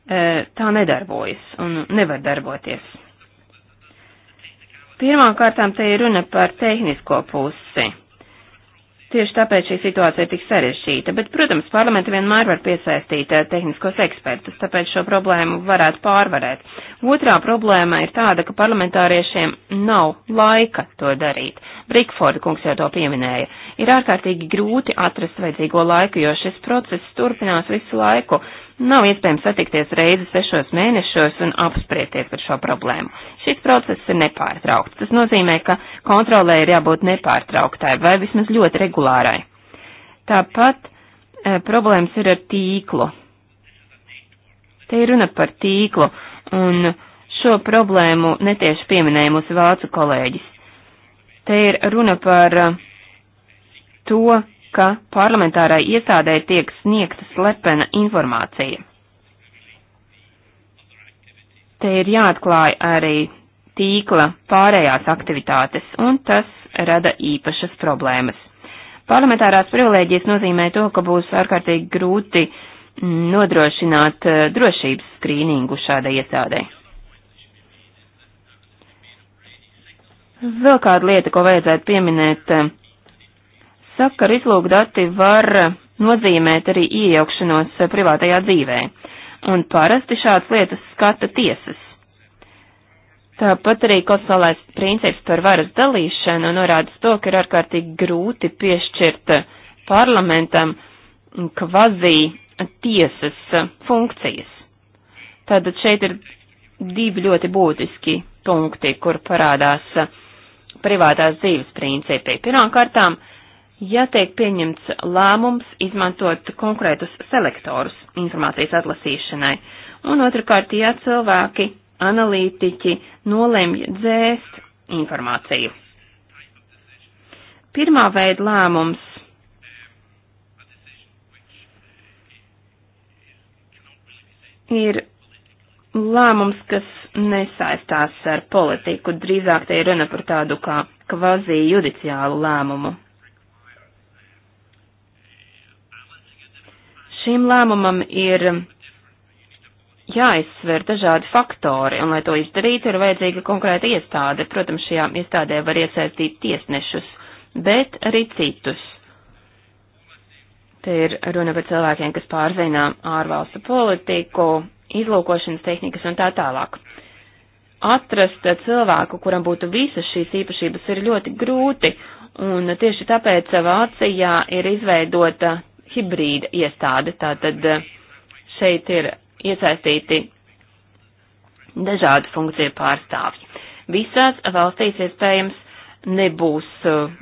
E, tā nedarbojas un nevar darboties. Pirmkārtām te ir runa par tehnisko pusi. Tieši tāpēc šī situācija ir tik sarežģīta, bet, protams, parlamenti vienmēr var piesaistīt e, tehniskos ekspertus, tāpēc šo problēmu varētu pārvarēt. Otrā problēma ir tāda, ka parlamentāriešiem nav laika to darīt. Brikforda kungs jau to pieminēja. Ir ārkārtīgi grūti atrast vajadzīgo laiku, jo šis process turpinās visu laiku. Nav iespējams satikties reizi sešos mēnešos un apspriesties par šo problēmu. Šis process ir nepārtraukts. Tas nozīmē, ka kontrolē ir jābūt nepārtrauktai vai vismaz ļoti regulārai. Tāpat e, problēmas ir ar tīklu. Te ir runa par tīklu, un šo problēmu netieši pieminēja mūsu vācu kolēģis. Te ir runa par to, ka parlamentārai iestādē tiek sniegta slepena informācija. Te ir jāatklāj arī tīkla pārējās aktivitātes, un tas rada īpašas problēmas. Parlamentārās privilēģijas nozīmē to, ka būs ārkārtīgi grūti nodrošināt eh, drošības skrīningu šādai iestādē. Vēl kāda lieta, ko vajadzētu pieminēt, eh, Sakar izlūkdati var nozīmēt arī iejaukšanos privātajā dzīvē, un parasti šādas lietas skata tiesas. Tāpat arī konsolais princips par varas dalīšanu norāda to, ka ir ārkārtīgi grūti piešķirt parlamentam kvazī tiesas funkcijas. Tātad šeit ir divi ļoti būtiski punkti, kur parādās privātās dzīves principi. Pirmkārtām, ja tiek pieņemts lēmums izmantot konkrētus selektorus informācijas atlasīšanai, un otrkārt, ja cilvēki, analītiķi nolemj dzēst informāciju. Pirmā veida lēmums ir lēmums, kas nesaistās ar politiku, drīzāk te ir runa par tādu kā kvazi judiciālu lēmumu. Šim lēmumam ir jāizsver dažādi faktori, un, lai to izdarītu, ir vajadzīga konkrēta iestāde. Protams, šajā iestādē var iesaistīt tiesnešus, bet arī citus. Te ir runa par cilvēkiem, kas pārzina ārvalstu politiku, izlūkošanas tehnikas un tā tālāk. Atrast cilvēku, kuram būtu visas šīs īpašības, ir ļoti grūti, un tieši tāpēc Vācijā ir izveidota hibrīda iestāde, tātad eh, šeit ir iesaistīti dažādu funkciju pārstāvji. Visās valstīs iespējams nebūs eh,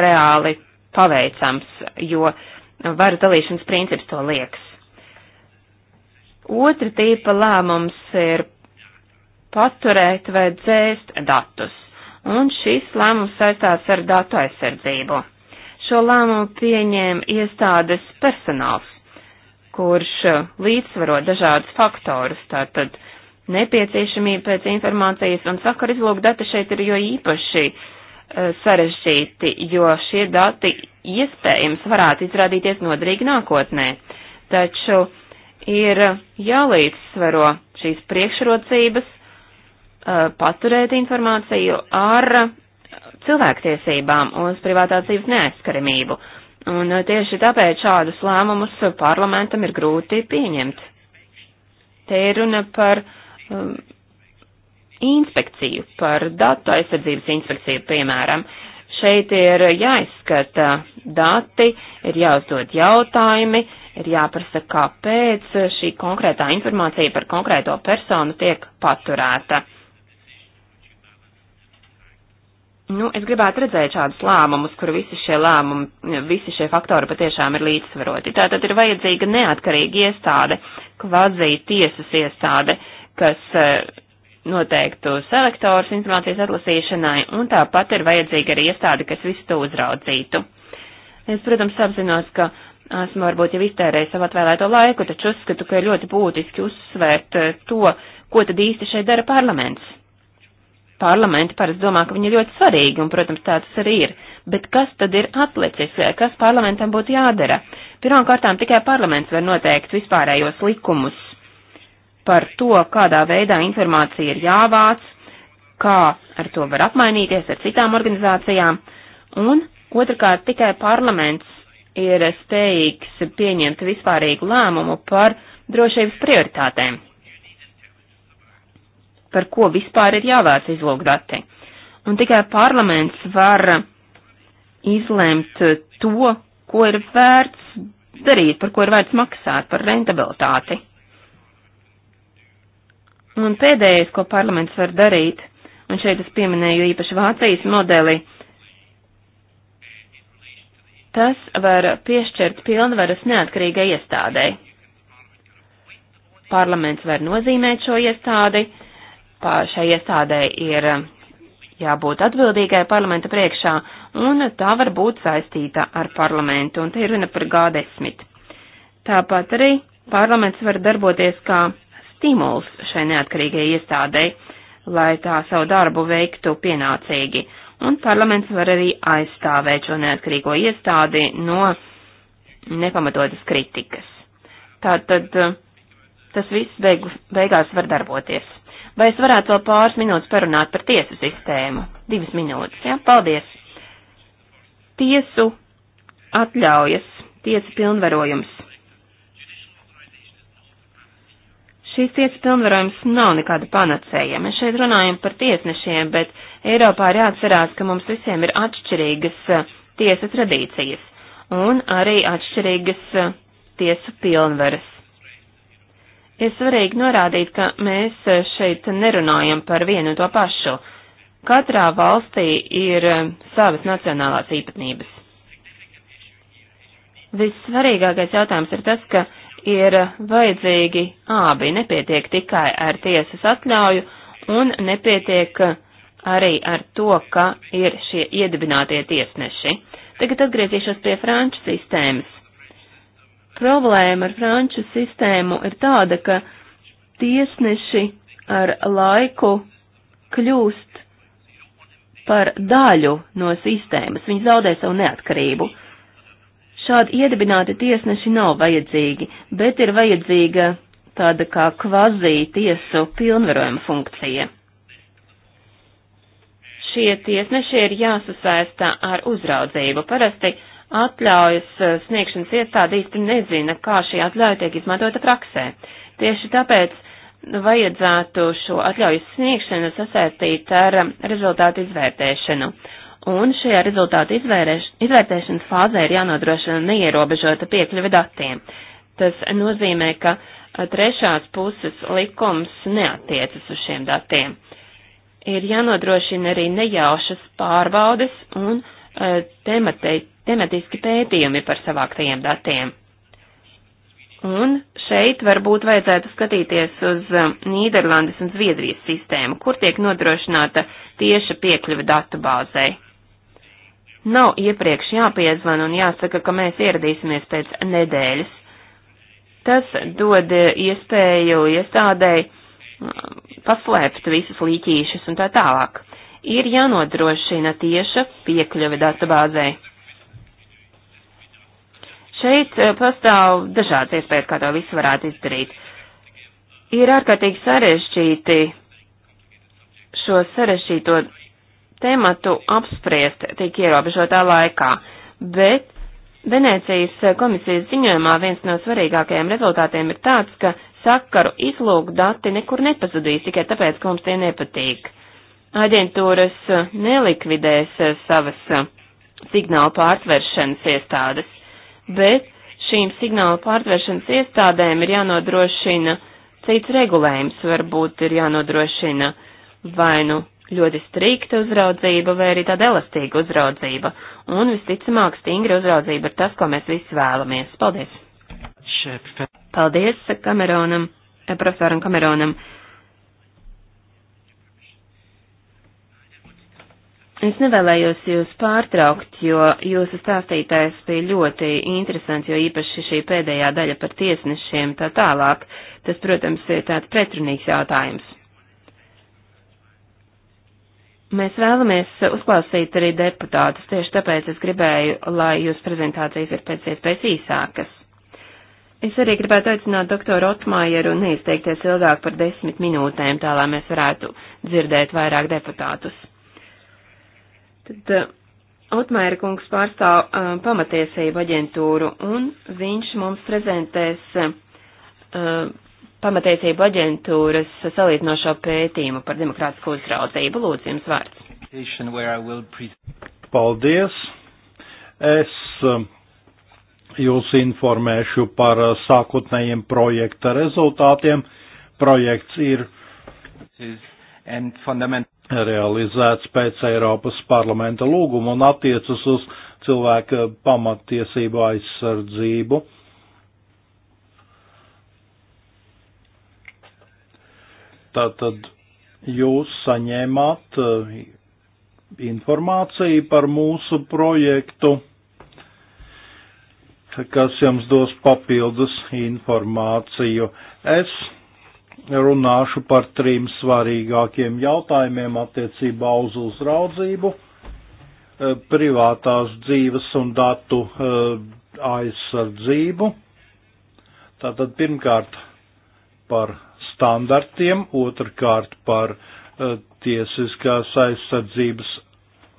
reāli paveicams, jo varu dalīšanas princips to liekas. Otra tīpa lēmums ir paturēt vai dzēst datus, un šis lēmums saistās ar datu aizsardzību. Šo lēmumu pieņēma iestādes personāls, kurš uh, līdzsvaro dažādus faktorus, tātad nepieciešamība pēc informācijas un sakaru izlūk dati šeit ir jo īpaši uh, sarežģīti, jo šie dati iespējams varētu izrādīties noderīgi nākotnē. Taču ir jālīdzsvaro šīs priekšrocības, uh, paturēt informāciju ar cilvēktiesībām, uz privātās dzīves neaizskaramību. Un eh, tieši tāpēc šādus lēmumus parlamentam ir grūti pieņemt. Te ir runa par um, inspekciju, par datu aizsardzības inspekciju, piemēram. Šeit ir jāizskata dati, ir jāuzdod jautājumi, ir jāprasa, kāpēc šī konkrētā informācija par konkrēto personu tiek paturēta. Uh, Nu, es gribētu redzēt šādus lēmumus, kur visi šie lēmumi, visi šie faktori patiešām ir līdzsvaroti. Tātad ir vajadzīga neatkarīga iestāde, kvadzī tiesas iestāde, kas e, noteiktu selektors informācijas atlasīšanai, un tāpat ir vajadzīga arī iestāde, kas visu to uzraudzītu. Es, protams, apzinos, ka esmu varbūt jau iztērējis savu atvēlēto laiku, taču uzskatu, ka ir ļoti būtiski uzsvērt e, to, ko tad īsti šeit dara parlaments parlamenti parasti domā, ka viņi ir ļoti svarīgi, un, protams, tā tas arī ir. Bet kas tad ir atlicis, kas parlamentam būtu jādara? Pirmkārtām tikai parlaments var noteikt vispārējos likumus par to, kādā veidā informācija ir jāvāc, kā ar to var apmainīties ar citām organizācijām, un otrkārt tikai parlaments ir spējīgs pieņemt vispārīgu lēmumu par drošības prioritātēm par ko vispār ir jāvāc izlūkdati. Un tikai parlaments var izlemt to, ko ir vērts darīt, par ko ir vērts maksāt, par rentabilitāti. Un pēdējais, ko parlaments var darīt, un šeit es pieminēju īpaši Vācijas modeli, tas var piešķirt pilnvaras neatkarīgai iestādei. Parlaments var nozīmēt šo iestādi, šai iestādē ir um, jābūt atbildīgai parlamenta priekšā, un tā var būt saistīta ar parlamentu, un te ir runa par G10. Tāpat arī parlaments var darboties kā stimuls šai neatkarīgai iestādei, lai tā savu darbu veiktu pienācīgi, un parlaments var arī aizstāvēt šo neatkarīgo iestādi no nepamatotas kritikas. Tātad um, tas viss beigu, beigās var darboties. Vai es varētu vēl pāris minūtes parunāt par tiesu sistēmu? Divas minūtes, jā, ja? paldies. Tiesu atļaujas, tiesu pilnvarojums. Šīs tiesas pilnvarojums nav nekāda panacēja. Mēs šeit runājam par tiesnešiem, bet Eiropā ir jāatcerās, ka mums visiem ir atšķirīgas eh, tiesa tradīcijas un arī atšķirīgas eh, tiesu pilnvaras. Ir svarīgi norādīt, ka mēs šeit nerunājam par vienu un to pašu. Katrā valstī ir eh, savas nacionālās īpatnības. Vissvarīgākais jautājums ir tas, ka ir vajadzīgi abi, nepietiek tikai ar tiesas atļauju un nepietiek arī ar to, ka ir šie iedibinātie tiesneši. Tagad atgriezīšos pie franču sistēmas. Problēma ar franču sistēmu ir tāda, ka tiesneši ar laiku kļūst par daļu no sistēmas, viņi zaudē savu neatkarību. Šādi iedibināti tiesneši nav vajadzīgi, bet ir vajadzīga tāda kā kvazī tiesu pilnvarojuma funkcija. Šie tiesneši ir jāsasaista ar uzraudzību. Parasti uh, atļaujas eh, sniegšanas iestāde īsti nezina, kā šī atļauja tiek izmantota praksē. Tieši tāpēc vajadzētu šo atļaujas sniegšanu sasaistīt ar eh, rezultātu izvērtēšanu. Un šajā rezultātu izvērtēšanas fāzē ir jānodrošina neierobežota piekļuve datiem. Tas nozīmē, ka eh, trešās puses likums neatiecas uz šiem datiem. Ir jānodrošina arī nejaušas pārbaudes un tematei tematiski pētījumi par savāktajiem datiem. Un šeit varbūt vajadzētu skatīties uz um, Nīderlandes un Zviedrijas sistēmu, kur tiek nodrošināta tieša piekļuva datu bāzei. Nav iepriekš jāpiezvan un jāsaka, ka mēs ieradīsimies pēc nedēļas. Tas dod uh, iespēju iestādēji um, paslēpt visus līķīšus un tā tālāk. Ir jānodrošina tieša piekļuve datubāzei. Šeit eh, pastāv dažādas iespējas, kā to visu varētu izdarīt. Ir ārkārtīgi sarežģīti šo sarežģīto tematu apspriest tik ierobežotā laikā, bet Venēcijas komisijas ziņojumā viens no svarīgākajiem rezultātiem ir tāds, ka sakaru izlūku dati nekur nepazudīs tikai tāpēc, ka mums tie nepatīk. Aģentūras nelikvidēs savas signāla pārtveršanas iestādes bet šīm signālu pārtvēršanas iestādēm ir jānodrošina cits regulējums, varbūt ir jānodrošina vai nu ļoti strikta uzraudzība vai arī tāda elastīga uzraudzība. Un visticamāk, stingra uzraudzība ir tas, ko mēs visi vēlamies. Paldies! Paldies Kameronam, eh, profesoram Kameronam. Es nevēlējos jūs pārtraukt, jo jūsu stāstītājs bija ļoti interesants, jo īpaši šī pēdējā daļa par tiesnešiem tā tālāk. Tas, protams, ir tāds pretrunīgs jautājums. Mēs vēlamies uzklausīt arī deputātus, tieši tāpēc es gribēju, lai jūsu prezentācijas ir pēc iespējas īsākas. Es arī gribētu aicināt doktoru Otmājeru neizteikties ilgāk par desmit minūtēm, tā lai mēs varētu dzirdēt vairāk deputātus. Tad eh, Otmēra kungs pārstāv uh, pamatiesību aģentūru, un viņš mums prezentēs uh, pamatiesību aģentūras salīdzinošo pētījumu par demokrātisko uzraudzību. Lūdzu, jums vārds. Paldies! Es jūs informēšu par sākotnējiem projekta rezultātiem. Projekts ir realizēts pēc Eiropas parlamenta lūguma un attiecas uz cilvēka pamatiesību aizsardzību. Tātad jūs saņēmāt uh, informāciju par mūsu projektu, kas jums dos papildus informāciju. Es runāšu par trim svarīgākiem jautājumiem attiecībā uz uzraudzību, e, privātās dzīves un datu e, aizsardzību. Tātad pirmkārt par standartiem, otrkārt par e, tiesiskās aizsardzības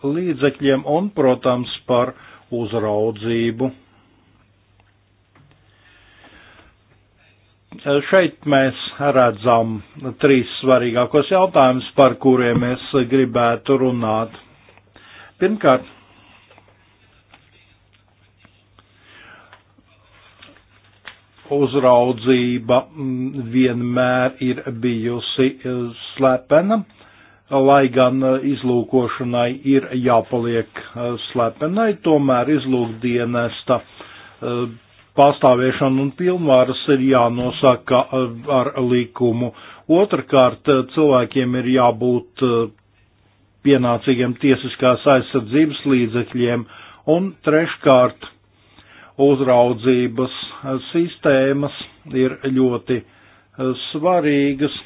līdzekļiem un, protams, par uzraudzību. Eh, šeit mēs redzam trīs svarīgākos jautājumus, par kuriem es gribētu runāt. Pirmkārt, uzraudzība mm, vienmēr ir bijusi eh, slepena, lai gan eh, izlūkošanai ir jāpaliek slepenai, tomēr izlūkdienesta pastāvēšana un pilnvaras ir jānosaka ar likumu. Otrakārt, cilvēkiem ir jābūt eh, pienācīgiem tiesiskās aizsardzības līdzekļiem, un treškārt, uzraudzības sistēmas ir ļoti eh, svarīgas.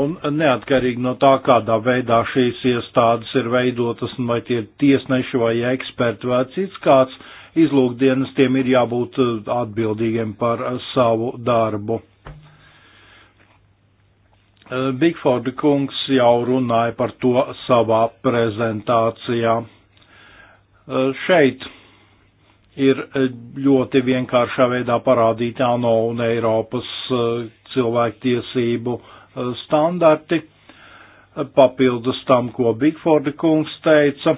Un neatkarīgi no tā, kādā veidā šīs iestādes ir veidotas, vai tie ir tiesneši vai eksperti vai cits kāds, uh, izlūkdienestiem ir jābūt eh, atbildīgiem par eh, savu darbu. Eh, Bigforda kungs jau runāja par to savā prezentācijā. Šeit ir ļoti vienkāršā veidā parādīta ANO un Eiropas cilvēktiesību standarti, papildus tam, ko Bigforda kungs teica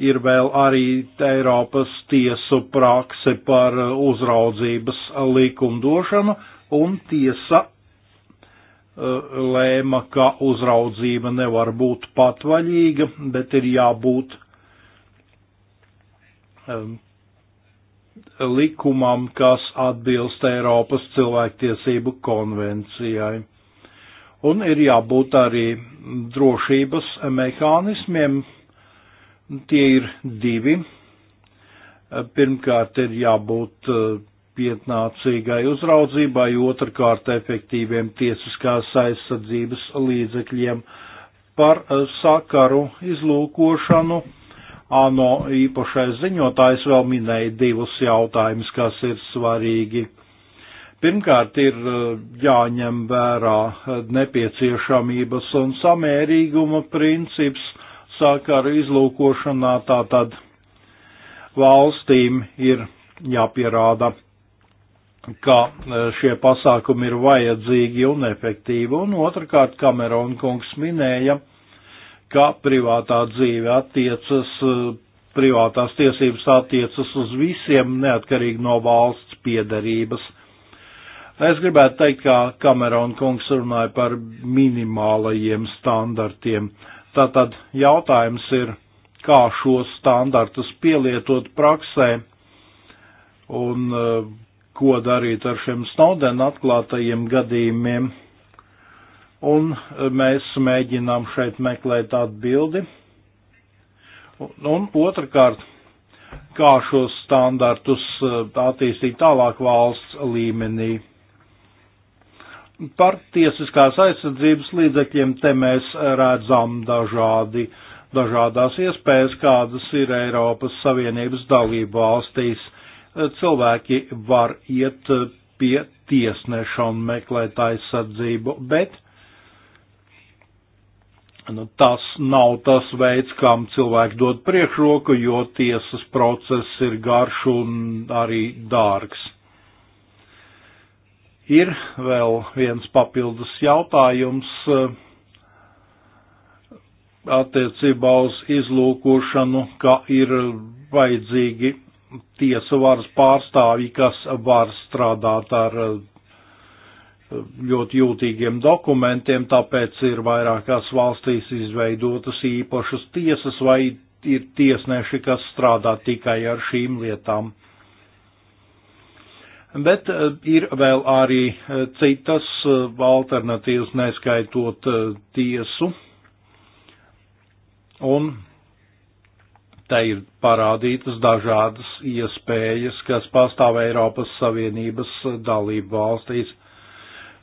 ir vēl arī Eiropas tiesu prakse par uh, uzraudzības likumdošanu, un tiesa uh, lēma, ka uzraudzība nevar būt patvaļīga, bet ir jābūt um, likumam, kas atbilst Eiropas cilvēktiesību konvencijai. Un ir jābūt arī drošības mehānismiem, Tie ir divi. Pirmkārt, ir jābūt uh, pietnācīgai uzraudzībai, otrkārt efektīviem tiesiskās aizsardzības līdzekļiem par uh, sakaru izlūkošanu. ANO īpašais ziņotājs vēl minēja divus jautājumus, kas ir svarīgi. Pirmkārt, ir uh, jāņem vērā nepieciešamības un samērīguma princips sākaru izlūkošanā, tātad valstīm ir jāpierāda, ka e, šie pasākumi ir vajadzīgi un efektīvi, un otrkārt Kamerona kungs minēja, ka privātā dzīve attiecas, e, privātās tiesības attiecas uz visiem, neatkarīgi no valsts piedarības. Es gribētu teikt, ka Kamerona kungs runāja par minimālajiem standartiem. Uh, Tātad jautājums ir, kā šos standartus pielietot praksē un e, ko darīt ar šiem Snowden atklātajiem gadījumiem. Un e, mēs mēģinām šeit meklēt atbildi. Un, un otrkārt, kā šos standartus e, attīstīt tālāk valsts līmenī. Par tiesiskās aizsardzības līdzekļiem te mēs redzam dažādi, dažādās iespējas, kādas ir Eiropas Savienības dalību valstīs. Cilvēki var iet pie tiesneša un meklēt aizsardzību, bet nu, tas nav tas veids, kam cilvēki dod priekšroku, jo tiesas process ir garš un arī dārgs. Ir vēl viens papildus jautājums eh, attiecībā uz izlūkošanu, ka ir vajadzīgi tiesu varas pārstāvji, kas var strādāt ar eh, ļoti jūtīgiem dokumentiem, tāpēc ir vairākās valstīs izveidotas īpašas tiesas vai ir tiesneši, kas strādā tikai ar šīm lietām bet eh, ir vēl arī eh, citas eh, alternatīvas, neskaitot tiesu. Un te ir parādītas dažādas iespējas, kas pastāv Eiropas Savienības dalību valstīs.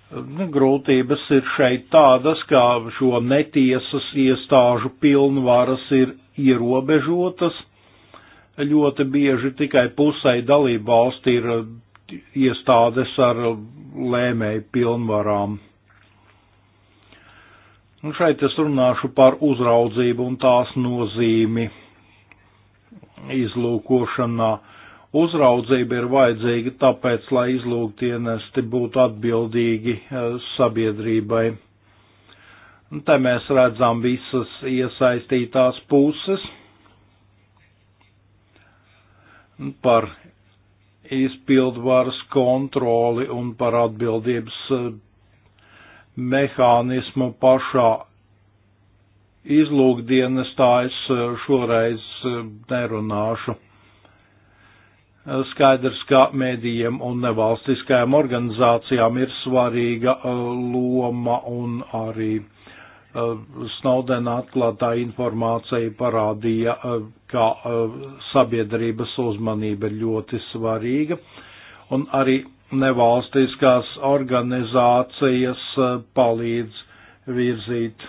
Nu, grūtības ir šeit tādas, ka šo netiesas iestāžu pilnvaras ir ierobežotas. Ļoti bieži tikai pusai dalību valsti ir iestādes ar lēmēju pilnvarām. Un šeit es runāšu par uzraudzību un tās nozīmi izlūkošanā. Uzraudzība ir vajadzīga tāpēc, lai izlūkdienesti būtu atbildīgi eh, sabiedrībai. Un te mēs redzam visas iesaistītās puses par izpildvaras kontroli un par atbildības eh, mehānismu pašā izlūkdienestā es eh, šoreiz eh, nerunāšu. Skaidrs, ka mēdījiem un nevalstiskajām organizācijām ir svarīga loma un arī uh, Eh, Snowdena atklātā informācija parādīja, eh, ka eh, sabiedrības uzmanība ir ļoti svarīga, un arī nevalstiskās organizācijas palīdz virzīt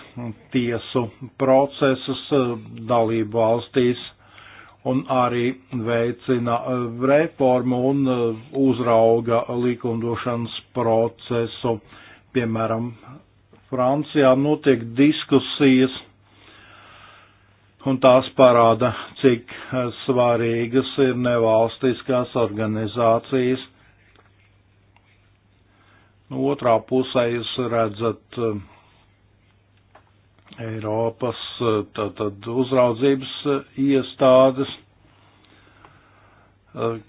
tiesu procesus dalību valstīs un arī veicina reformu un uzrauga likumdošanas procesu, piemēram, Francijā notiek diskusijas, un tās parāda, cik eh, svarīgas ir nevalstiskās organizācijas. Nu, otrā pusē jūs redzat eh, Eiropas eh, tātad, uzraudzības iestādes,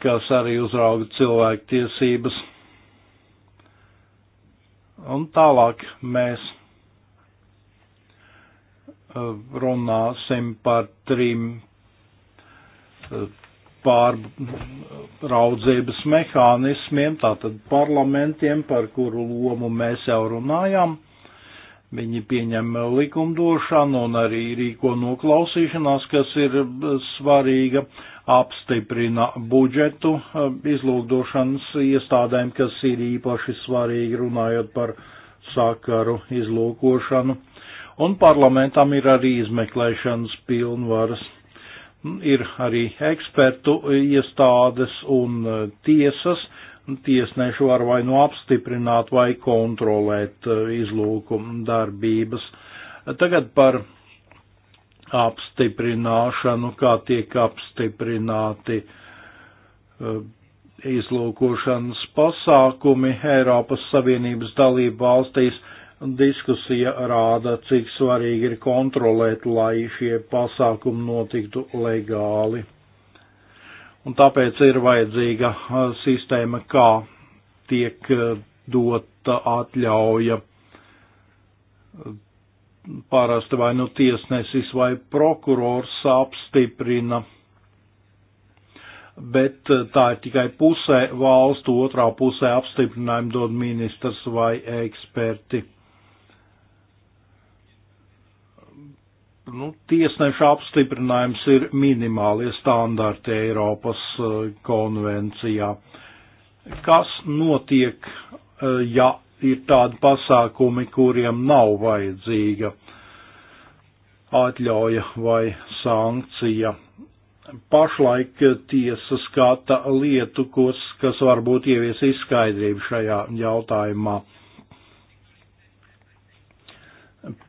kas arī uzrauga cilvēku tiesības Un tālāk mēs eh, runāsim par trim eh, pārraudzības mehānismiem, tātad parlamentiem, par kuru lomu mēs jau runājām. Viņi pieņem likumdošanu un arī rīko noklausīšanās, kas ir eh, svarīga, apstiprina budžetu eh, izlūkdošanas iestādēm, kas ir īpaši svarīgi runājot par sakaru izlūkošanu. Un parlamentam ir arī izmeklēšanas pilnvaras. Mm, ir arī ekspertu iestādes un eh, tiesas. Tiesneši var vai nu apstiprināt vai kontrolēt eh, izlūku darbības. Tagad par apstiprināšanu, kā tiek apstiprināti eh, izlūkošanas pasākumi Eiropas Savienības dalību valstīs. Diskusija rāda, cik svarīgi ir kontrolēt, lai šie pasākumi notiktu legāli. Un tāpēc ir vajadzīga eh, sistēma, kā tiek eh, dota atļauja parasti vai nu tiesnesis vai prokurors apstiprina, bet eh, tā ir tikai pusē valstu, otrā pusē apstiprinājumu dod ministrs vai eksperti. Nu, tiesneša apstiprinājums ir minimālie standarti Eiropas eh, konvencijā. Kas notiek, eh, ja ir tādi pasākumi, kuriem nav vajadzīga atļauja vai sankcija. Pašlaik tiesa skata lietu, kas, kas varbūt ievies izskaidrību šajā jautājumā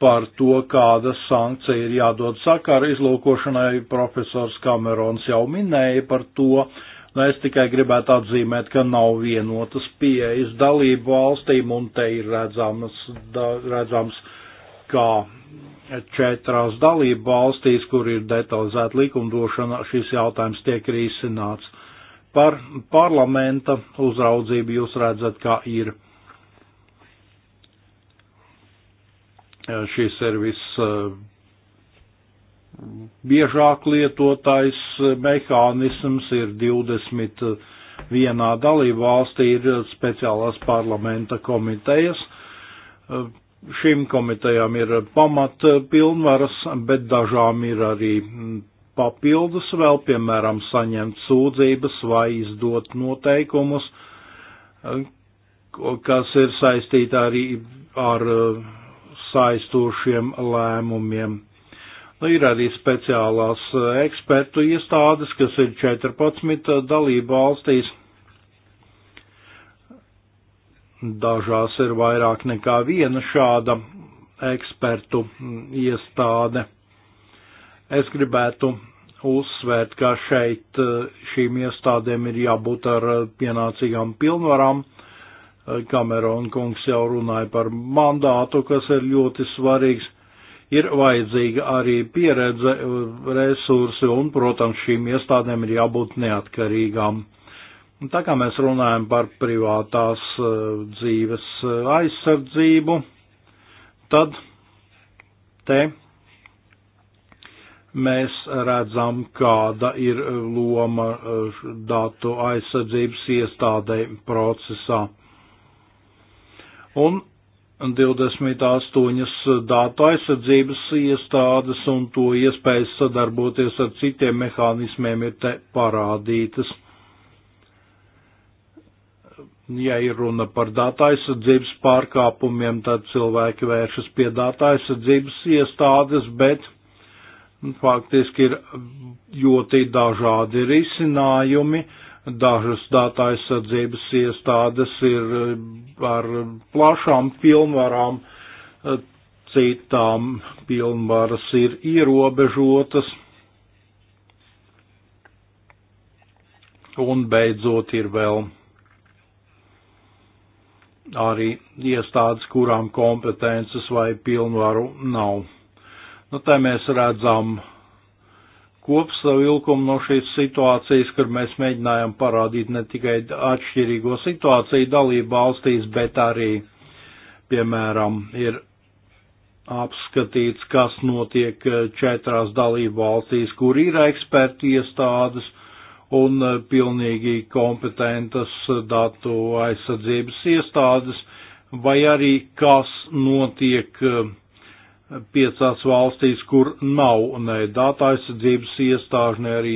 par to, kāda sankcija ir jādod sakara izlūkošanai. Profesors Kamerons jau minēja par to, Nu, es tikai gribētu atzīmēt, ka nav vienotas pieejas dalību valstīm, un te ir redzams, da, redzams kā četrās dalību valstīs, kur ir detalizēta likumdošana, šis jautājums tiek risināts. Par parlamenta uzraudzību jūs redzat, kā ir. Eh, šis ir viss eh, biežāk lietotais mehānisms ir 21 dalību valstī ir speciālās parlamenta komitejas. Šīm komitejām ir pamat pilnvaras, bet dažām ir arī papildus vēl, piemēram, saņemt sūdzības vai izdot noteikumus, kas ir saistīti arī ar saistošiem lēmumiem Nu, ir arī speciālās eh, ekspertu iestādes, kas ir 14 eh, dalību valstīs. Dažās ir vairāk nekā viena šāda ekspertu mm, iestāde. Es gribētu uzsvērt, ka šeit eh, šīm iestādēm ir jābūt ar pienācīgām pilnvarām. Kamerona kungs jau runāja par mandātu, kas ir ļoti svarīgs ir vajadzīga arī pieredze, uh, resursi un, protams, šīm iestādēm ir jābūt neatkarīgām. Un tā kā mēs runājam par privātās uh, dzīves uh, aizsardzību, tad te mēs redzam, kāda ir loma datu aizsardzības iestādei procesā. Un 28 datu aizsardzības iestādes un to iespējas sadarboties ar citiem mehānismiem ir te parādītas. Ja ir runa par datu aizsardzības pārkāpumiem, tad cilvēki vēršas pie datu aizsardzības iestādes, bet faktiski ir ļoti dažādi risinājumi. Uh, Dažas datu aizsardzības iestādes ir eh, ar plašām pilnvarām, eh, citām pilnvaras ir ierobežotas. Un beidzot ir vēl arī iestādes, kurām kompetences vai pilnvaru nav. Nu, te mēs redzam kopsavilkumu no šīs situācijas, kur mēs mēģinājām parādīt ne tikai atšķirīgo situāciju dalību valstīs, bet arī, piemēram, ir apskatīts, kas notiek eh, četrās dalību valstīs, kur ir eksperti iestādes un eh, pilnīgi kompetentas eh, datu aizsardzības iestādes, vai arī kas notiek uh, piecās valstīs, kur nav ne datu aizsardzības iestāžu, ne arī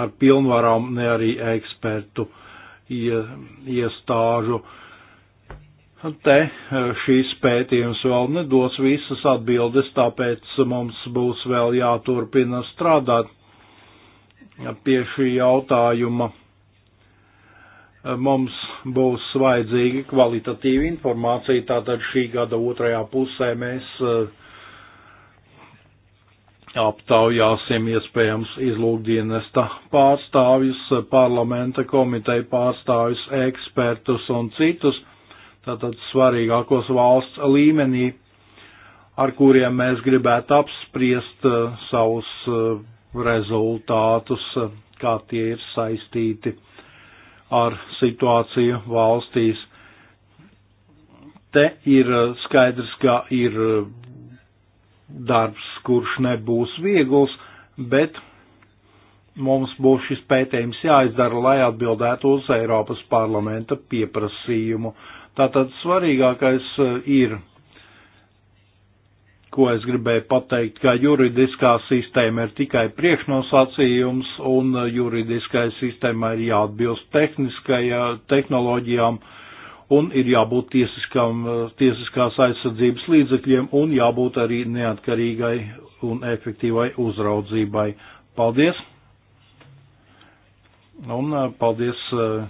ar pilnvarām, ne arī ekspertu iestāžu. Te e, šīs pētījums vēl nedos visas atbildes, tāpēc mums būs vēl jāturpina strādāt pie šī jautājuma. E, mums būs vajadzīga kvalitatīva informācija, tātad šī gada otrajā pusē mēs uh, aptaujāsim iespējams izlūkdienesta pārstāvjus, parlamenta komiteja pārstāvjus, ekspertus un citus, tātad svarīgākos valsts līmenī, ar kuriem mēs gribētu apspriest uh, savus uh, rezultātus, uh, kā tie ir saistīti ar situāciju valstīs. Te ir skaidrs, ka ir darbs, kurš nebūs viegls, bet mums būs šis pētījums jāizdara, lai atbildētu uz Eiropas parlamenta pieprasījumu. Tātad svarīgākais eh, ir, ko es gribēju pateikt, ka juridiskā sistēma ir tikai priekšnosacījums un eh, juridiskai sistēmai ir jāatbilst tehniskajām tehnoloģijām un ir jābūt tiesiskām, eh, tiesiskās aizsardzības līdzekļiem un jābūt arī neatkarīgai un efektīvai uzraudzībai. Paldies! Un eh, paldies eh,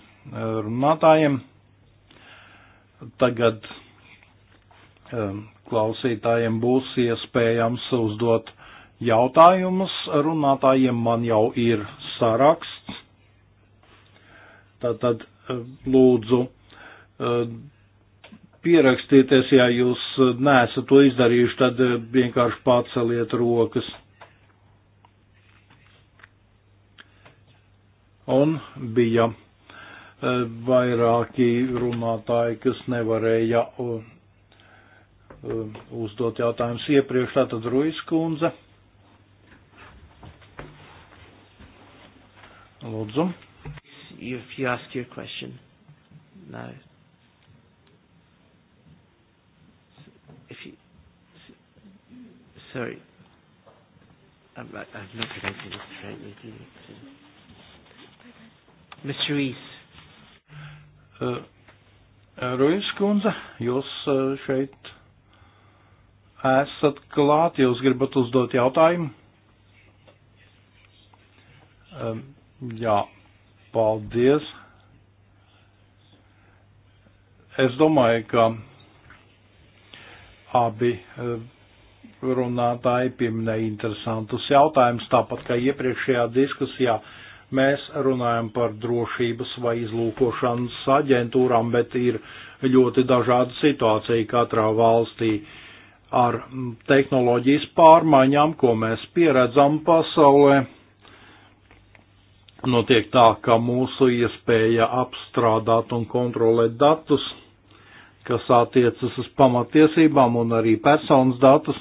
runātājiem. Tagad klausītājiem būs iespējams uzdot jautājumus. Runātājiem man jau ir saraksts. Tātad lūdzu Eh, pierakstīties, ja jūs eh, nesat to izdarījuši, tad eh, vienkārši paceliet rokas. Un bija vairāki runātāji, kas nevarēja uzdot jautājumus iepriekš, tātad Rujas kundze. Lūdzu. If you ask your question now. Sorry. I'm, um, I, I'm not pronouncing this correctly, do you? Mr. Rees. Uh, uh Rujas kundze, jūs uh, šeit esat klāt, jūs gribat uzdot jautājumu? Um, jā, paldies. Es domāju, ka abi uh, runātāji pieminēja interesantus jautājumus, tāpat kā iepriekšējā diskusijā mēs runājam par drošības vai izlūkošanas aģentūrām, bet ir ļoti dažāda situācija katrā valstī ar tehnoloģijas pārmaiņām, ko mēs pieredzam pasaulē. Notiek tā, ka mūsu iespēja apstrādāt un kontrolēt datus, kas attiecas uz pamatiesībām un arī personas datus,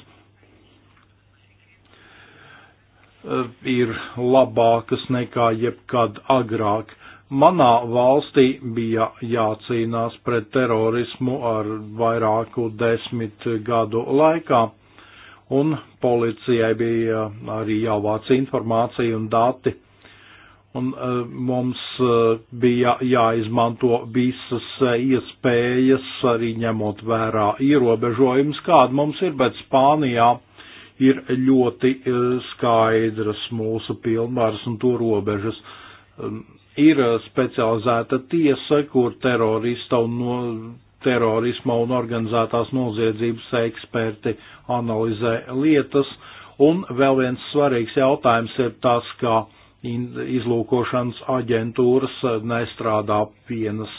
Eh, ir labākas nekā jebkad agrāk. Manā valstī bija jācīnās pret terorismu ar vairāku desmit gadu laikā, un policijai bija arī jāvāc informācija un dati, un eh, mums eh, bija jāizmanto visas iespējas, arī ņemot vērā ierobežojums, kāda mums ir, bet Spānijā ir ļoti e, skaidras mūsu pilnvaras un to robežas. Ir e, specializēta tiesa, kur terorista un no, terorisma un organizētās noziedzības eksperti analizē lietas, un vēl viens svarīgs jautājums ir tas, ka izlūkošanas aģentūras e, nestrādā vienas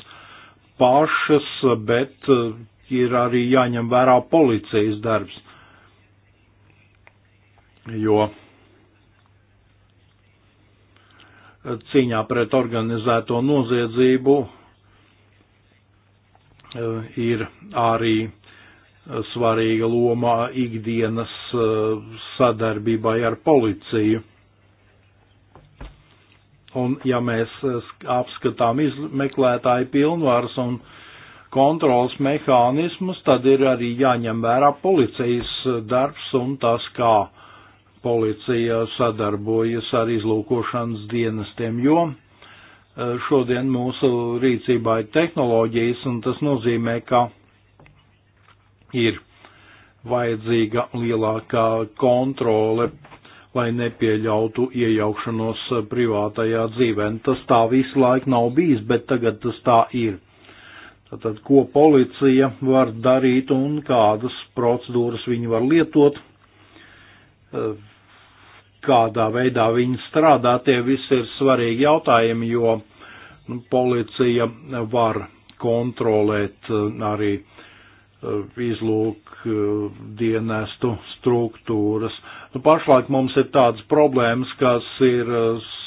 pašas, bet ir arī jāņem vērā policijas darbs jo cīņā pret organizēto noziedzību eh, ir arī eh, svarīga loma ikdienas eh, sadarbībai ar policiju. Un ja mēs apskatām izmeklētāju pilnvaras un kontrols mehānismus, tad ir arī jāņem vērā policijas darbs un tas, kā policija sadarbojas ar izlūkošanas dienestiem, jo e, šodien mūsu rīcībā ir tehnoloģijas, un tas nozīmē, ka ir vajadzīga lielākā kontrole, lai nepieļautu iejaukšanos privātajā dzīvē. Un tas tā visu laiku nav bijis, bet tagad tas tā ir. Tātad, ko policija var darīt un kādas procedūras viņi var lietot, e, kādā veidā viņi strādā, tie visi ir svarīgi jautājumi, jo nu, policija var kontrolēt eh, arī eh, izlūk eh, dienestu struktūras. Nu, pašlaik mums ir tādas problēmas, kas ir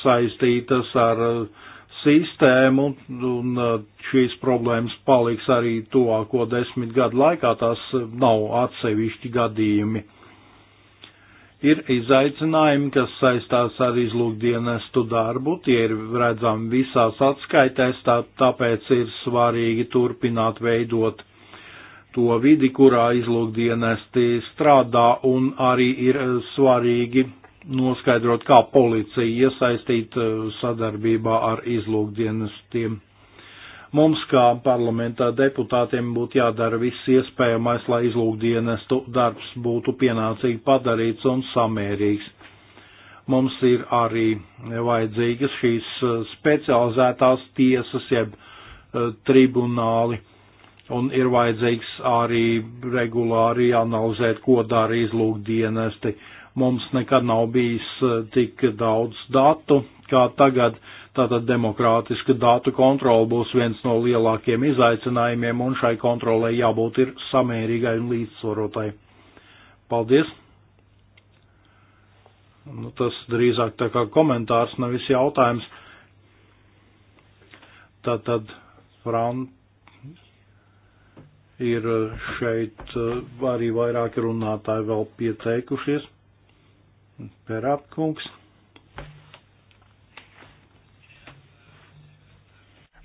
saistītas ar sistēmu, un šīs problēmas paliks arī tuvāko desmit gadu laikā, tās nav atsevišķi gadījumi. Ir izaicinājumi, kas saistās ar izlūkdienestu darbu, tie ir redzami visās atskaitēs, tā, tāpēc ir svarīgi turpināt veidot to vidi, kurā izlūkdienesti strādā, un arī ir eh, svarīgi noskaidrot, kā policija iesaistīt eh, sadarbībā ar izlūkdienestiem. Mums, kā parlamentā deputātiem, būtu jādara viss iespējamais, lai izlūkdienestu darbs būtu pienācīgi padarīts un samērīgs. Mums ir arī vajadzīgas šīs eh, specializētās tiesas, jeb eh, tribunāli, un ir vajadzīgs arī regulāri analizēt, ko dara izlūkdienesti. Mums nekad nav bijis eh, tik daudz datu, kā tagad Tātad demokrātiska datu kontrola būs viens no lielākiem izaicinājumiem, un šai kontrolē jābūt ir samērīgai un līdzsvarotai. Paldies! Nu, tas drīzāk tā kā komentārs, nevis jautājums. Tātad, Fran, ir šeit eh, arī vairāki runātāji vēl pieteikušies. Perāpkungs.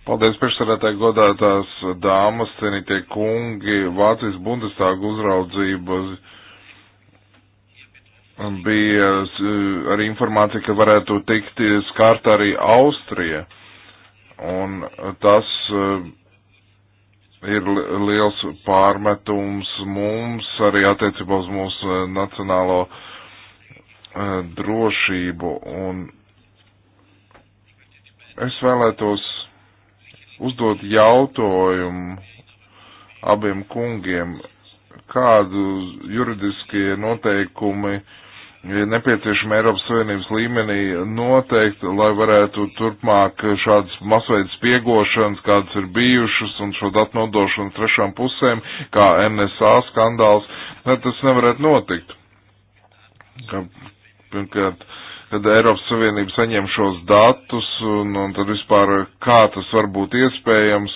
Paldies, priekšsarētāji, godātās dāmas, cienītie kungi. Vācijas Bundestāga uzraudzība bija eh, arī informācija, ka varētu tikt skārt arī Austrija. Un tas eh, ir liels pārmetums mums arī attiecībā uz mūsu eh, nacionālo drošību. Un es vēlētos uzdot jautājumu abiem kungiem, kādu juridiskie noteikumi ir nepieciešami Eiropas Savienības līmenī noteikt, lai varētu turpmāk šādas masveidas piegošanas, kādas ir bijušas, un šo datu nodošanu trešām pusēm, kā NSA skandāls, ne, tas nevarētu notikt. Pirmkārt, uh, kad Eiropas Savienība saņem šos datus, un, un tad vispār kā tas var būt iespējams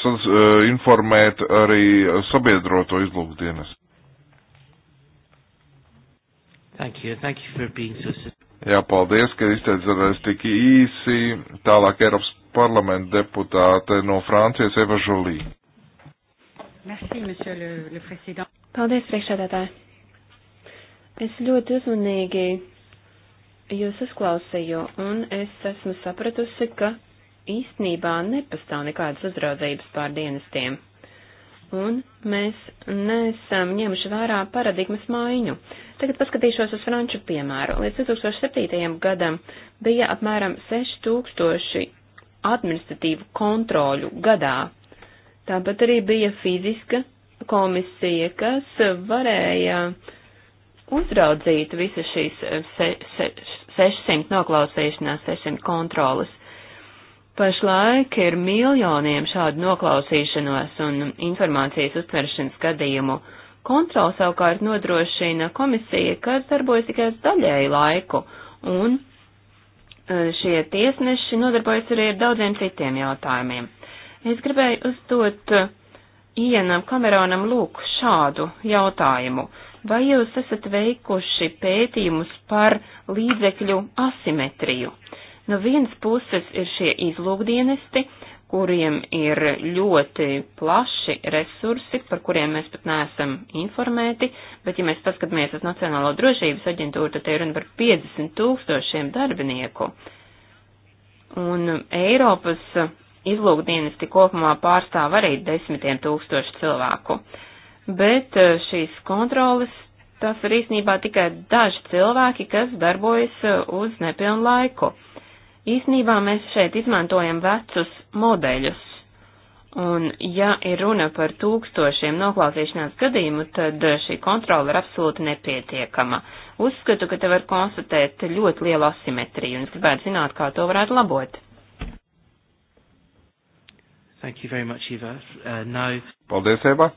sas, e, informēt arī sabiedroto izlūkdienas. Thank you. Thank you for being so Jā, paldies, ka izteicāties tik īsi. Tālāk Eiropas parlamenta deputāte no Francijas Eva Žolī. Merci, monsieur le, le président. Paldies, priekšsēdētāji. Es ļoti uzmanīgi jūs uzklausīju, un es esmu sapratusi, ka īstenībā nepastāv nekādas uzraudzības pār dienestiem. Un mēs neesam ņemuši vērā paradigmas mājiņu. Tagad paskatīšos uz franču piemēru. Līdz 2007. gadam bija apmēram 6000 administratīvu kontroļu gadā. Tāpat arī bija fiziska komisija, kas varēja uh, uzraudzīt visas šīs 600 eh, noklausīšanās, 600 kontrolas. Pašlaik ir miljoniem šādu noklausīšanos un informācijas uztveršanas gadījumu. Kontrola savukārt nodrošina komisija, kas darbojas tikai uz daļēju laiku, un eh, šie tiesneši nodarbojas arī ar daudziem citiem jautājumiem. Es gribēju uzdot eh, Ienam Kameronam lūk šādu jautājumu. Vai jūs esat veikuši pētījumus par līdzekļu asimetriju? No vienas puses ir šie izlūkdienesti, kuriem ir ļoti plaši resursi, par kuriem mēs pat neesam informēti, bet ja mēs paskatāmies uz Nacionālo drošības aģentūru, tad te ir runa par 50 tūkstošiem darbinieku. Un Eiropas izlūkdienesti kopumā pārstāv arī desmitiem tūkstošu cilvēku. Uh, bet eh, šīs kontrolas tas ir īsnībā tikai daži cilvēki, kas darbojas eh, uz nepilnu laiku. Īsnībā mēs šeit izmantojam vecus modeļus, un ja ir runa par tūkstošiem noklausīšanās gadījumu, tad eh, šī kontrola ir absolūti nepietiekama. Uzskatu, ka te var konstatēt ļoti lielu asimetriju, un es gribētu zināt, kā to varētu labot. Thank you very much, Eva. Uh, now... Paldies, Eva.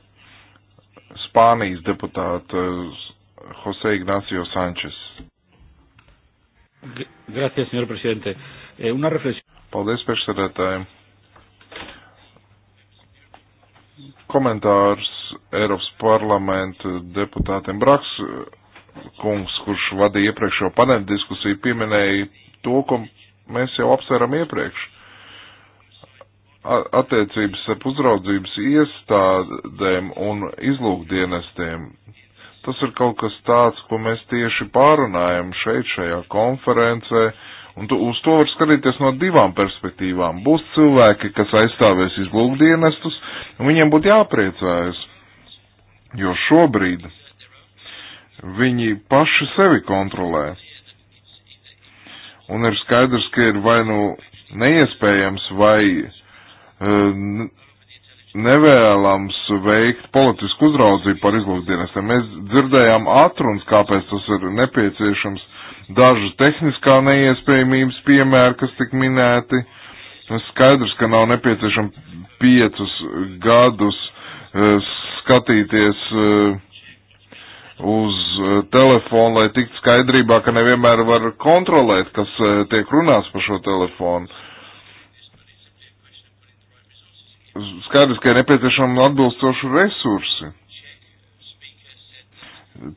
Spānijas deputāta Jose Ignacio Sančes. Gracias, señor presidente. Eh, una reflexión. Paldies, priekšsēdētāji. Komentārs Eiropas parlamenta deputātiem Braks eh, kungs, kurš vadīja iepriekšējo paneļu diskusiju, pieminēja to, ko mēs jau apsveram iepriekš attiecības ar uzraudzības iestādēm un izlūkdienestiem. Tas ir kaut kas tāds, ko mēs tieši pārunājam šeit, šajā konferencē, un tu, uz to var skatīties no divām perspektīvām. Būs cilvēki, kas aizstāvēs izlūkdienestus, un viņiem būtu jāpriecājas, jo šobrīd viņi paši sevi kontrolē. Un ir skaidrs, ka ir vai nu neiespējams vai Ehm, nevēlams veikt politisku uzraudzību par izlūkdienestiem. Mēs dzirdējām atrunas, kāpēc tas ir nepieciešams, dažu tehniskā neiespējamības piemēru, kas tik minēti. Skaidrs, ka nav nepieciešama piecus gadus eh, skatīties eh, uz eh, telefonu, lai tiktu skaidrībā, ka nevienmēr var kontrolēt, kas tiek runāts pa šo telefonu. skaidrs, ka ir nepieciešama atbilstoša resursi.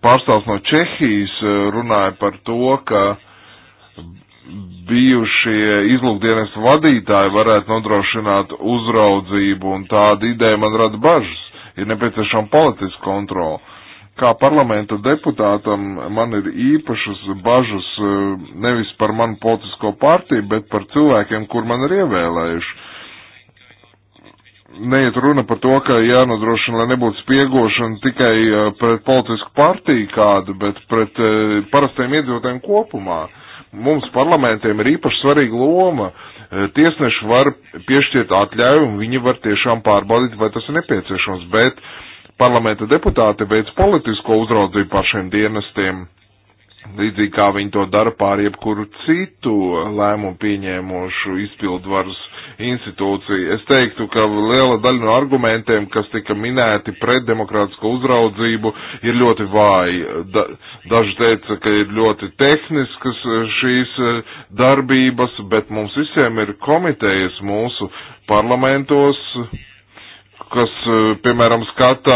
Pārstāvs no Čehijas eh, runāja par to, ka bijušie izlūkdienas vadītāji varētu nodrošināt uzraudzību, un tāda ideja man rada bažas. Ir nepieciešama politiska kontrola. Kā parlamenta deputātam man ir īpašas bažas eh, nevis par manu politisko partiju, bet par cilvēkiem, kur man ir ievēlējuši neiet runa par to, ka jānodrošina, lai nebūtu spiegošana tikai pret politisku partiju kādu, bet pret parastiem iedzīvotājiem kopumā. Mums parlamentiem ir īpaši svarīga loma. Tiesneši var piešķirt atļauju un viņi var tiešām pārbaudīt, vai tas ir nepieciešams, bet parlamenta deputāti veic politisko uzraudzību par šiem dienestiem, līdzīgi kā viņi to dara pār jebkuru citu lēmumu pieņēmošu izpildvaras uh, institūcija. Es teiktu, ka liela daļa no argumentiem, kas tika minēti pret demokrātisko uzraudzību, ir ļoti vāji. Da, daži teica, ka ir ļoti tehniskas šīs eh, darbības, bet mums visiem ir komitejas mūsu parlamentos kas, eh, piemēram, skata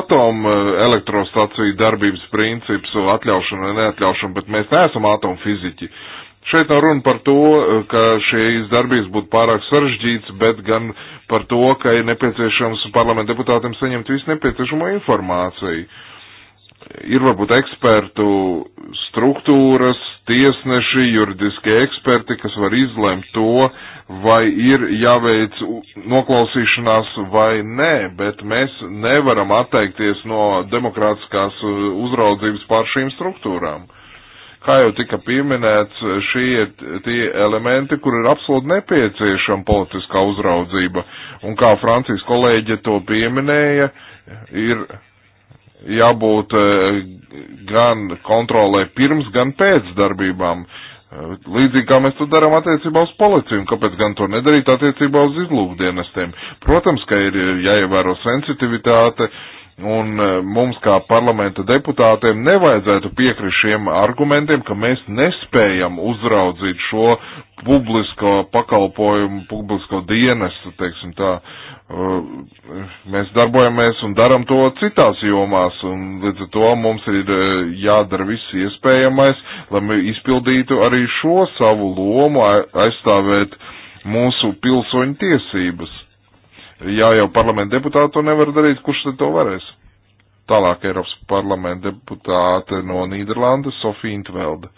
ātomu eh, elektrostaciju darbības principus, atļaušanu vai neatļaušanu, bet mēs neesam ātomu fiziķi. Uh, Šeit nav runa par to, ka šīs darbības būtu pārāk sarežģīts, bet gan par to, ka ir nepieciešams parlamentu deputātiem saņemt visu nepieciešamo informāciju. Ir varbūt ekspertu struktūras, tiesneši, juridiskie eksperti, kas var izlemt to, vai ir jāveic noklausīšanās vai nē, bet mēs nevaram atteikties no demokrātiskās uh, uzraudzības pār šīm struktūrām Kā jau tika pieminēts, šie ir tie elementi, kur ir absolūti nepieciešama politiskā uzraudzība. Un kā Francijas kolēģe to pieminēja, ir jābūt e, gan kontrolē pirms, gan pēc darbībām. E, līdzīgi kā mēs to darām attiecībā uz policiju, un kāpēc gan to nedarīt attiecībā uz izlūkdienestiem. Protams, ka ir jāievēro sensitivitāte, uh, Un e, mums kā parlamenta deputātiem nevajadzētu piekrist šiem argumentiem, ka mēs nespējam uzraudzīt šo publisko pakalpojumu, publisko dienestu, teiksim tā. E, mēs darbojamies un daram to citās jomās, un līdz ar to mums ir e, jādara viss iespējamais, lai izpildītu arī šo savu lomu, aizstāvēt mūsu pilsoņu tiesības ja jau parlamenta deputāti to nevar darīt, kurš tad to varēs? Tālāk Eiropas parlamenta deputāte no Nīderlandes, Sofija Intvelde.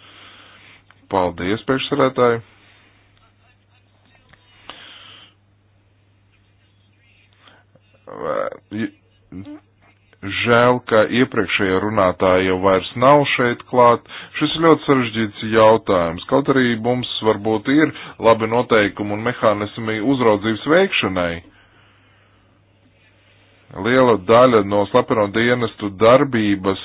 Paldies, priekšsarētāji! Žēl, ka iepriekšējā runātāja jau vairs nav šeit klāt. Šis ir ļoti sarežģīts jautājums. Kaut arī mums varbūt ir labi noteikumi un mehānismi uzraudzības veikšanai liela daļa no slepeno dienestu darbības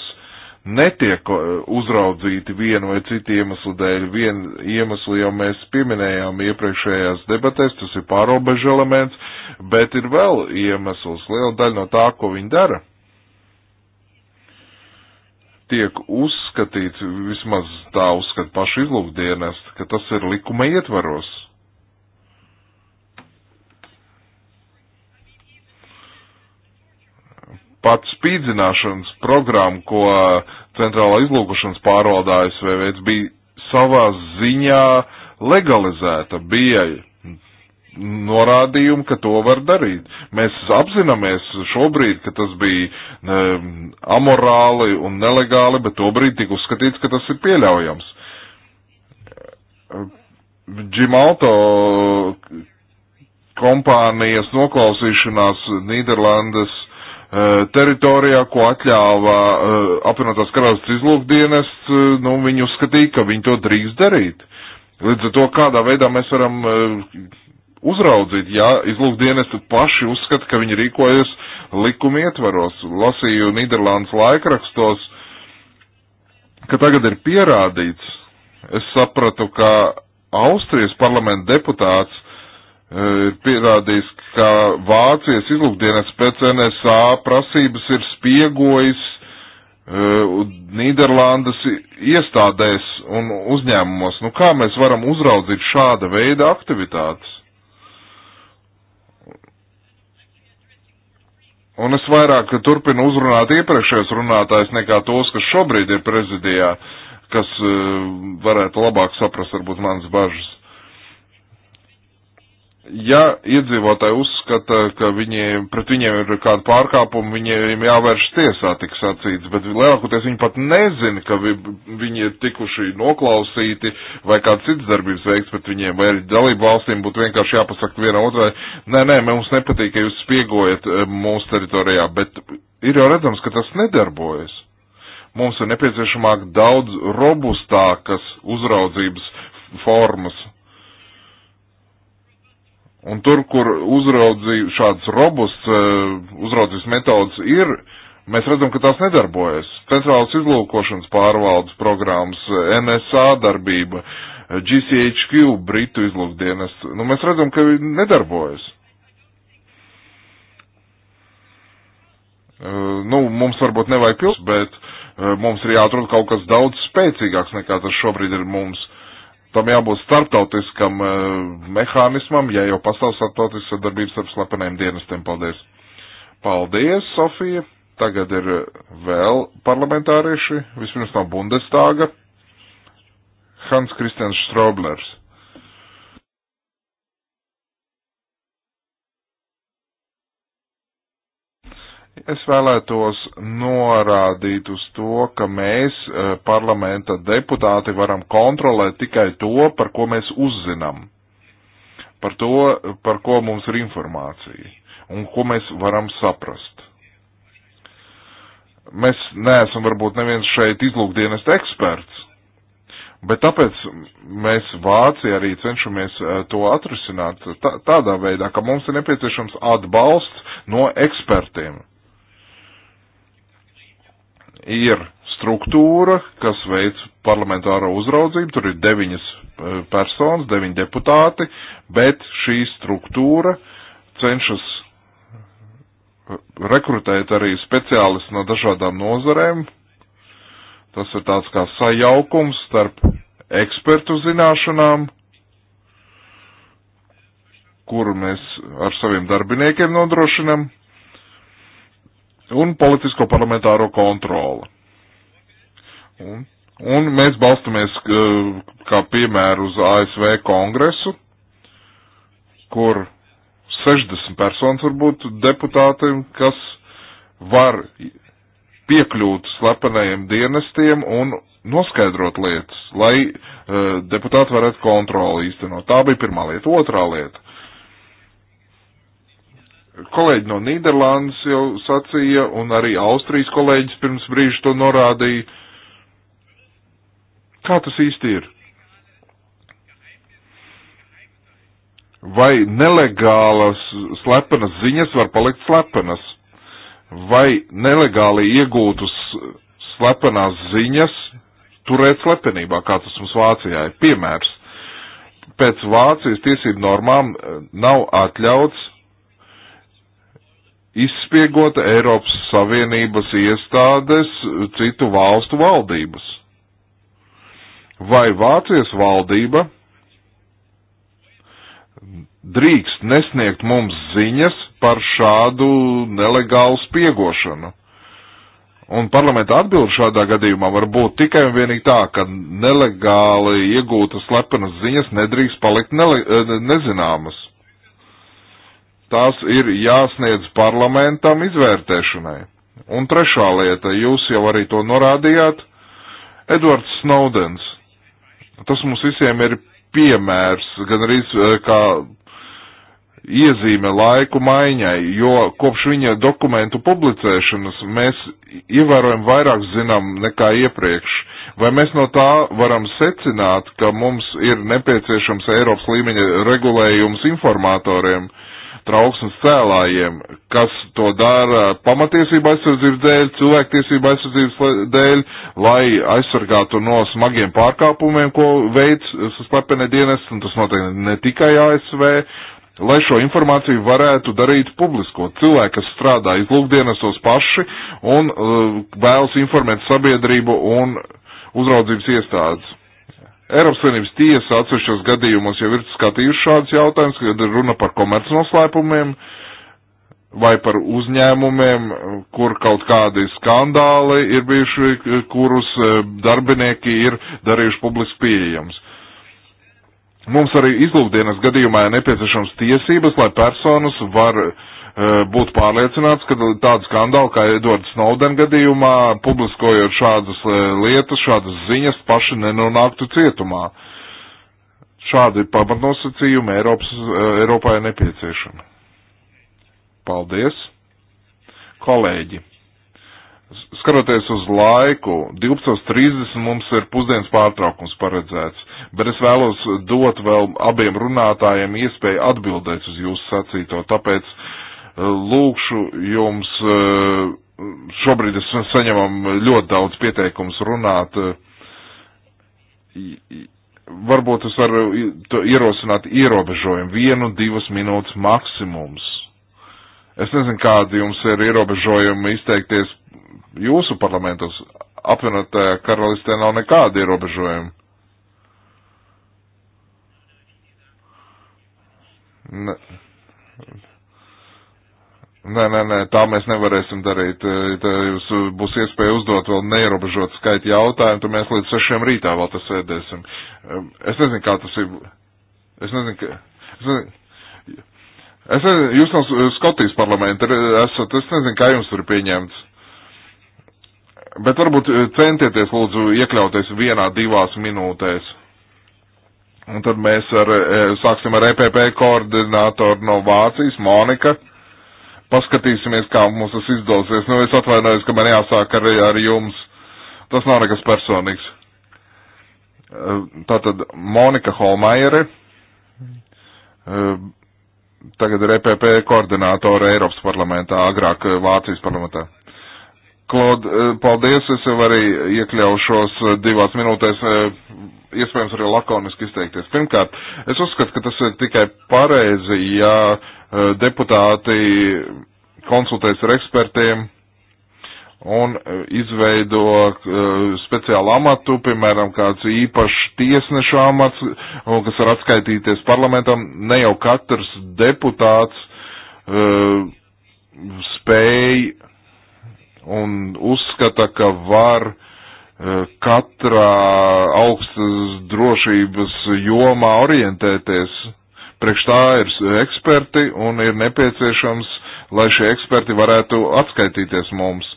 netiek uh, uzraudzīti vienu vai citu iemeslu dēļ. Vienu iemeslu jau mēs pieminējām iepriekšējās debatēs, tas ir pārobežu elements, bet ir vēl iemesls, liela daļa no tā, ko viņi dara tiek uzskatīts, vismaz tā uzskata paši izlūkdienas, ka tas ir likuma ietvaros. pat spīdzināšanas programma, ko centrālā izlūkošanas pārvaldā ASV veids, bija savā ziņā legalizēta, bija norādījumi, ka to var darīt. Mēs apzināmies šobrīd, ka tas bija ne, amorāli un nelegāli, bet tobrīd tika uzskatīts, ka tas ir pieļaujams. Džimalto kompānijas noklausīšanās Nīderlandes Eh, teritorijā, ko atļāva eh, apvienotās karalists izlūkdienas, eh, nu, viņi uzskatīja, ka viņi to drīkst darīt. Līdz ar to, kādā veidā mēs varam uzraudzīt, ja izlūkdienas paši uzskata, ka viņi rīkojas likuma ietvaros. Lasīju Nīderlandes laikrakstos, ka tagad ir pierādīts, es sapratu, ka Austrijas parlamenta deputāts ir e, pierādījis, ka Vācijas izlūkdienas pēc NSA prasības ir spiegojis e, Nīderlandes iestādēs un uzņēmumos. Nu, kā mēs varam uzraudzīt šāda veida aktivitātes? Un es vairāk turpinu uzrunāt iepriekšējos runātājs nekā tos, kas šobrīd ir prezidijā, kas e, varētu labāk saprast varbūt manas bažas ja iedzīvotāji uzskata, ka viņiem, pret viņiem ir kāda pārkāpuma, viņiem jāvērš tiesā, tik sacīts, bet lielākoties viņi pat nezina, ka vi, viņi ir tikuši noklausīti vai kāds cits darbības veikts pret viņiem, vai arī dalību valstīm būtu vienkārši jāpasaka viena otrai, nē, nē, mums nepatīk, ka jūs spiegojat eh, mūsu teritorijā, bet ir jau redzams, ka tas nedarbojas. Mums ir nepieciešamāk daudz robustākas uzraudzības formas Un tur, kur uzraudzīja šādas robusts eh, uzraudzības metodas ir, mēs redzam, ka tās nedarbojas. Centrālas izlūkošanas pārvaldes programmas, NSA darbība, GCHQ, Britu izlūkdienas, nu mēs redzam, ka nedarbojas. Eh, nu, mums varbūt nevajag pils, bet eh, mums ir jāatrod kaut kas daudz spēcīgāks nekā tas šobrīd ir mums tam jābūt starptautiskam uh, mehānismam, ja jau pastāv starptautiskā sadarbības ar slepeniem dienestiem. Paldies! Paldies, Sofija! Tagad ir vēl parlamentārieši, vispirms no Bundestāga, Hans Kristians Štroblers. Es vēlētos norādīt uz to, ka mēs, eh, parlamenta deputāti, varam kontrolēt tikai to, par ko mēs uzzinām, par to, par ko mums ir informācija un ko mēs varam saprast. Mēs neesam varbūt neviens šeit izlūkdienas eksperts, Bet tāpēc mēs Vācija arī cenšamies eh, to atrisināt tādā veidā, ka mums ir nepieciešams atbalsts no ekspertiem ir struktūra, kas veic parlamentāro uzraudzību, tur ir deviņas eh, personas, deviņi deputāti, bet šī struktūra cenšas eh, rekrutēt arī speciālistu no dažādām nozarēm. Tas ir tāds kā sajaukums starp ekspertu zināšanām, kuru mēs ar saviem darbiniekiem nodrošinam, un politisko parlamentāro kontroli. Un, un mēs balstamies kā piemēru uz ASV kongresu, kur 60 personas varbūt deputāti, kas var piekļūt slepenajiem dienestiem un noskaidrot lietas, lai uh, deputāti varētu kontroli īstenot. Tā bija pirmā lieta. Otrā lieta kolēģi no Nīderlandes jau sacīja, un arī Austrijas kolēģis pirms brīža to norādīja. Kā tas īsti ir? Vai nelegālas slepenas ziņas var palikt slepenas? Vai nelegāli iegūtas slepenās ziņas turēt slepenībā, kā tas mums Vācijā ir? Piemērs. Pēc Vācijas tiesību normām eh, nav atļauts izspiegot Eiropas Savienības iestādes citu valstu valdības. Vai Vācijas valdība drīkst nesniegt mums ziņas par šādu nelegālu spiegošanu? Un parlamenta atbildi šādā gadījumā var būt tikai un vienīgi tā, ka nelegāli iegūtas slepenas ziņas nedrīkst palikt nele, eh, nezināmas tās ir jāsniedz parlamentam izvērtēšanai. Un trešā lieta, jūs jau arī to norādījāt, Edvards Snowdens. Tas mums visiem ir piemērs, gan arī eh, kā iezīme laiku maiņai, jo kopš viņa dokumentu publicēšanas mēs ievērojam vairāk zinām nekā iepriekš. Vai mēs no tā varam secināt, ka mums ir nepieciešams Eiropas līmeņa regulējums informatoriem? Uh, trauksmes cēlājiem, kas to dara pamatiesība aizsardzības dēļ, cilvēktiesība aizsardzības dēļ, lai aizsargātu no smagiem pārkāpumiem, ko veids slepenie dienas, un tas noteikti ne tikai ASV, lai šo informāciju varētu darīt publisko. Cilvēki, kas strādā izlūkdienestos paši un uh, vēlas informēt sabiedrību un uzraudzības iestādes. Eiropas Savienības tiesa atsevišķos gadījumos jau ir skatījusi šādus jautājumus, kad runa par komercnoslēpumiem vai par uzņēmumiem, kur kaut kādi skandāli ir bijuši, kurus e, darbinieki ir darījuši publiski pieejams. Mums arī izlūkdienas gadījumā ir nepieciešams tiesības, lai personas var uh, Eh, būt pārliecināts, ka tāda skandāla kā Edvards Snowden gadījumā, publiskojot šādas eh, lietas, šādas ziņas, paši nenonāktu cietumā. Šādi pamatnosacījumi Eiropas, eh, Eiropai ir nepieciešami. Paldies, kolēģi! Skatoties uz laiku, 12.30 mums ir pusdienas pārtraukums paredzēts, bet es vēlos dot vēl abiem runātājiem iespēju atbildēt uz jūsu sacīto, tāpēc uh, lūkšu jums, eh, šobrīd es saņemam ļoti daudz pieteikums runāt, varbūt es varu ierosināt ierobežojumu, vienu, divas minūtes maksimums. Es nezinu, kādi jums ir ierobežojumi izteikties jūsu parlamentos. Apvienotajā karalistē nav nekāda ierobežojuma. Ne. Nē, nē, nē, tā mēs nevarēsim darīt. Eh, tā jūs eh, būs iespēja uzdot vēl neierobežot skaitu jautājumu, tad mēs līdz sešiem rītā vēl tas sēdēsim. Eh, es nezinu, kā tas ir. Es nezinu, ka. Es nezinu, es nezinu jūs no Skotijas parlamenta esat, es nezinu, kā jums tur ir pieņemts. Bet varbūt centieties lūdzu iekļauties vienā, divās minūtēs. Un tad mēs ar, sāksim ar EPP koordinātoru no Vācijas, Monika. Paskatīsimies, kā mums tas izdosies. Nu, es atvainojos, ka man jāsāk arī ar jums. Tas nav nekas personīgs. Tātad Monika Holmaiere, tagad ir EPP koordinātore Eiropas parlamentā, agrāk Vācijas parlamentā. Klod, paldies, es jau arī iekļaušos divās minūtēs iespējams arī lakoniski izteikties. Pirmkārt, es uzskatu, ka tas ir tikai pareizi, ja eh, deputāti konsultēs ar ekspertiem un eh, izveido eh, speciālu amatu, piemēram, kāds īpašs tiesnešu amats, kas var atskaitīties parlamentam. Ne jau katrs deputāts uh, spēj un uzskata, ka var katrā augstas drošības jomā orientēties. Priekš tā ir eksperti un ir nepieciešams, lai šie eksperti varētu atskaitīties mums.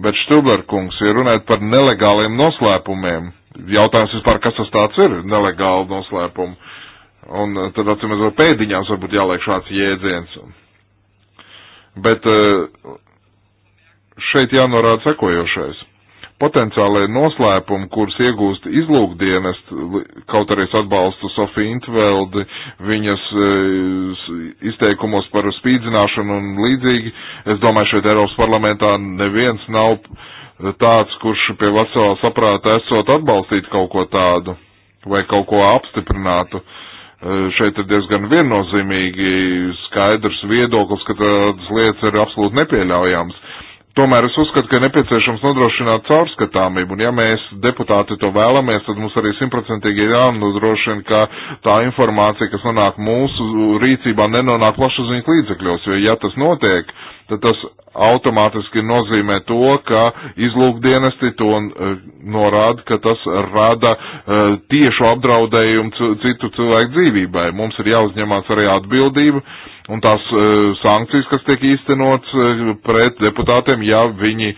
Bet Štublerkungs ir runājot par nelegāliem noslēpumiem. Jautājums vispār, kas tas tāds ir, nelegāli noslēpumi. Un eh, tad, atcīmēs, var pēdiņās varbūt jāliek šāds jēdziens. Bet eh, šeit jānorāda sekojošais Potenciālai noslēpumi, kurus iegūst izlūkdienas, kaut arī es atbalstu Sofiju Intveldi, viņas e, izteikumos par spīdzināšanu un līdzīgi, es domāju, šeit Eiropas parlamentā neviens nav tāds, kurš pie veselā saprāta esot atbalstīt kaut ko tādu vai kaut ko apstiprinātu. E, šeit ir diezgan viennozīmīgi skaidrs viedoklis, ka tādas lietas ir absolūti nepieļaujams. Tomēr es uzskatu, ka nepieciešams nodrošināt caurskatāmību, un ja mēs deputāti to vēlamies, tad mums arī simtprocentīgi jānodrošina, ka tā informācija, kas nonāk mūsu rīcībā, nenonāk plašsaziņas līdzekļos, jo ja tas notiek, uh, tad tas automātiski nozīmē to, ka izlūkdienesti to eh, norāda, ka tas rada eh, tiešu apdraudējumu citu cilvēku dzīvībai. Mums ir jāuzņemās arī atbildība un tās eh, sankcijas, kas tiek īstenots pret deputātiem, ja viņi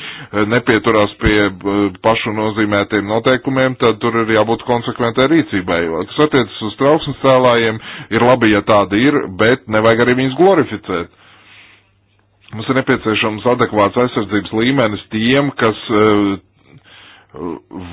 nepieturās pie pašu nozīmētiem noteikumiem, tad tur ir jābūt konsekventai rīcībai. Kas attiecas uz trauksmes cēlājiem, ir labi, ja tāda ir, bet nevajag arī viņus glorificēt Mums ir nepieciešams adekvāts aizsardzības līmenis tiem, kas eh,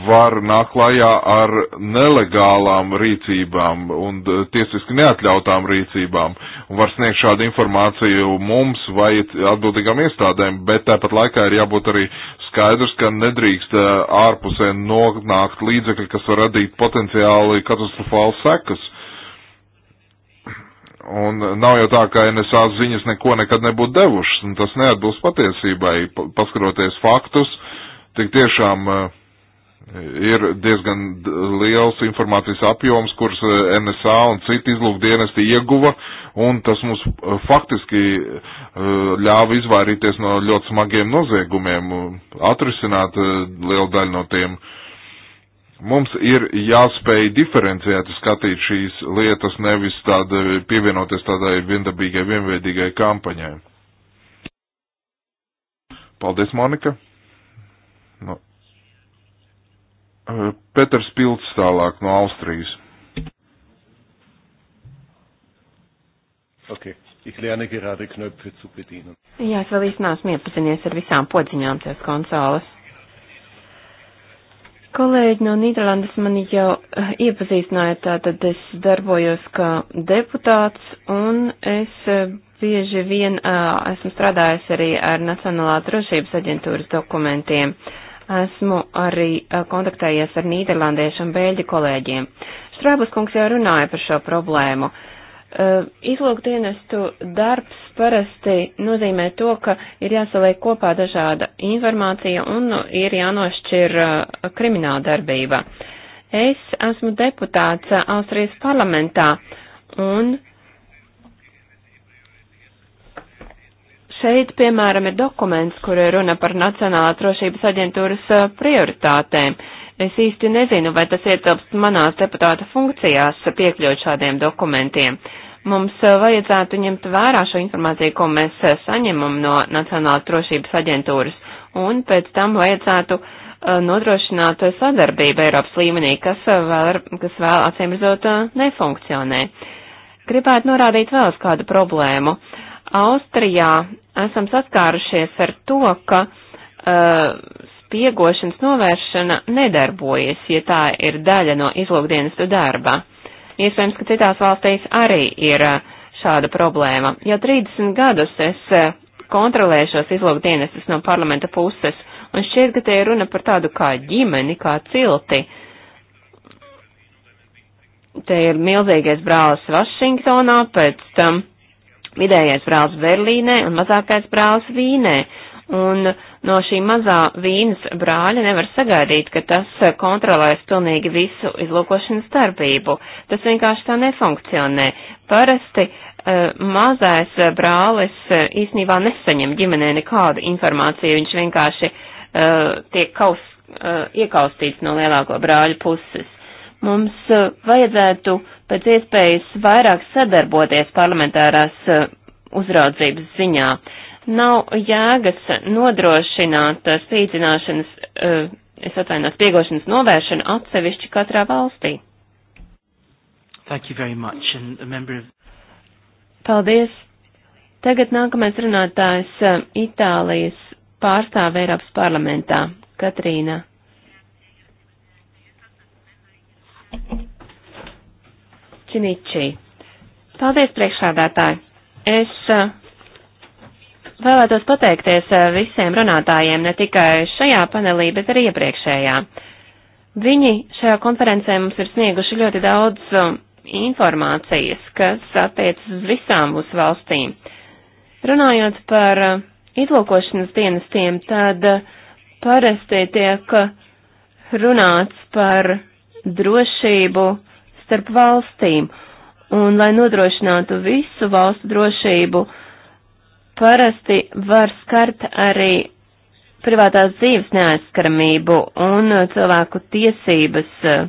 var nākt klajā ar nelegālām rīcībām un eh, tiesiski neatļautām rīcībām un var sniegt šādu informāciju mums vai atbildīgām iestādēm, bet tāpat laikā ir jābūt arī skaidrs, ka nedrīkst eh, ārpusē nonākt līdzekļi, kas var radīt potenciāli katastrofāli sekas. Un nav jau tā, ka NSA ziņas neko nekad nebūtu devušas, un tas neatbilst patiesībai, paskaroties faktus, tik tiešām eh, ir diezgan liels informācijas apjoms, kuras eh, NSA un citi izlūkdienesti ieguva, un tas mums eh, faktiski ļāva izvairīties no ļoti smagiem noziegumiem, atrisināt lielu daļu no tiem. Uh, Mums ir jāspēj diferenciēt skatīt šīs lietas, nevis tāda, eh, pievienoties tādai viendabīgai, vienveidīgai kampaņai. Paldies, Monika. No. Nu. Eh, Peters Pilts tālāk no Austrijas. Okay. Ich lerne gerade Knöpfe zu bedienen. Jā, es vēl īsti neesmu iepazinies ar visām podziņām tās konsoles. Kolēģi no Nīderlandes mani jau eh, iepazīstināja, tātad es darbojos kā deputāts un es eh, bieži vien uh, esmu strādājis arī ar Nacionālā drošības aģentūras dokumentiem. Esmu arī uh, kontaktējies ar nīderlandiešu un bēļu kolēģiem. Štrābas kungs jau runāja par šo problēmu. Uh, Uh, izlūkdienestu darbs parasti nozīmē to, ka ir jāsaliek kopā dažāda informācija un ir jānošķir uh, krimināla darbība. Es esmu deputāts uh, Austrijas parlamentā un šeit, piemēram, ir dokuments, kur ir runa par Nacionālā drošības aģentūras prioritātēm. Es īsti nezinu, vai tas ietilpst manās deputāta funkcijās piekļūt šādiem dokumentiem. Uh, Mums eh, vajadzētu ņemt vērā šo informāciju, ko mēs eh, saņemam no Nacionāla drošības aģentūras, un pēc tam vajadzētu eh, nodrošināt sadarbību Eiropas līmenī, kas vēl, kas vēl acīm redzot nefunkcionē. Gribētu norādīt vēl uz kādu problēmu. Austrijā esam saskārušies ar to, ka uh, spiegošanas novēršana nedarbojas, ja tā ir daļa no izlūkdienestu darba. Iespējams, ka citās valstīs arī ir šāda problēma. Jau 30 gadus es kontrolēju šos izlūk dienestus no parlamenta puses, un šķiet, ka te ir runa par tādu kā ģimeni, kā cilti. Te ir milzīgais brālis Vašingtonā, pēc tam vidējais brālis Berlīnē un mazākais brālis Vīnē. Uh, Un no šī mazā vīnas brāļa nevar sagaidīt, ka tas kontrolēs pilnīgi visu izlūkošanas darbību. Tas vienkārši tā nefunkcionē. Parasti uh, mazais brālis eh, īsnībā nesaņem ģimenē nekādu informāciju, viņš vienkārši uh, tiek kaus, uh, iekaustīts no lielāko brāļa puses. Mums vajadzētu pēc iespējas vairāk sadarboties parlamentārās uzraudzības ziņā. Uh, Nav jēgas nodrošināt eh, spīdzināšanas, eh, es atvainojos, spiegošanas novēršanu atsevišķi katrā valstī. Thank you very much. And a member of... Paldies. Tagad nākamais runātājs eh, Itālijas pārstāve Eiropas parlamentā, Katrīna. Činičī. Paldies, priekšādātāji. Es uh, vēlētos pateikties eh, visiem runātājiem, ne tikai šajā panelī, bet arī iepriekšējā. Viņi šajā konferencē mums ir snieguši ļoti daudz um, informācijas, kas attiecas uz visām mūsu valstīm. Runājot par uh, izlūkošanas dienestiem, tad uh, parasti tiek runāts par drošību starp valstīm, un lai nodrošinātu visu valstu drošību, uh, parasti var skart arī privātās dzīves neaizskaramību un uh, cilvēku tiesības uh,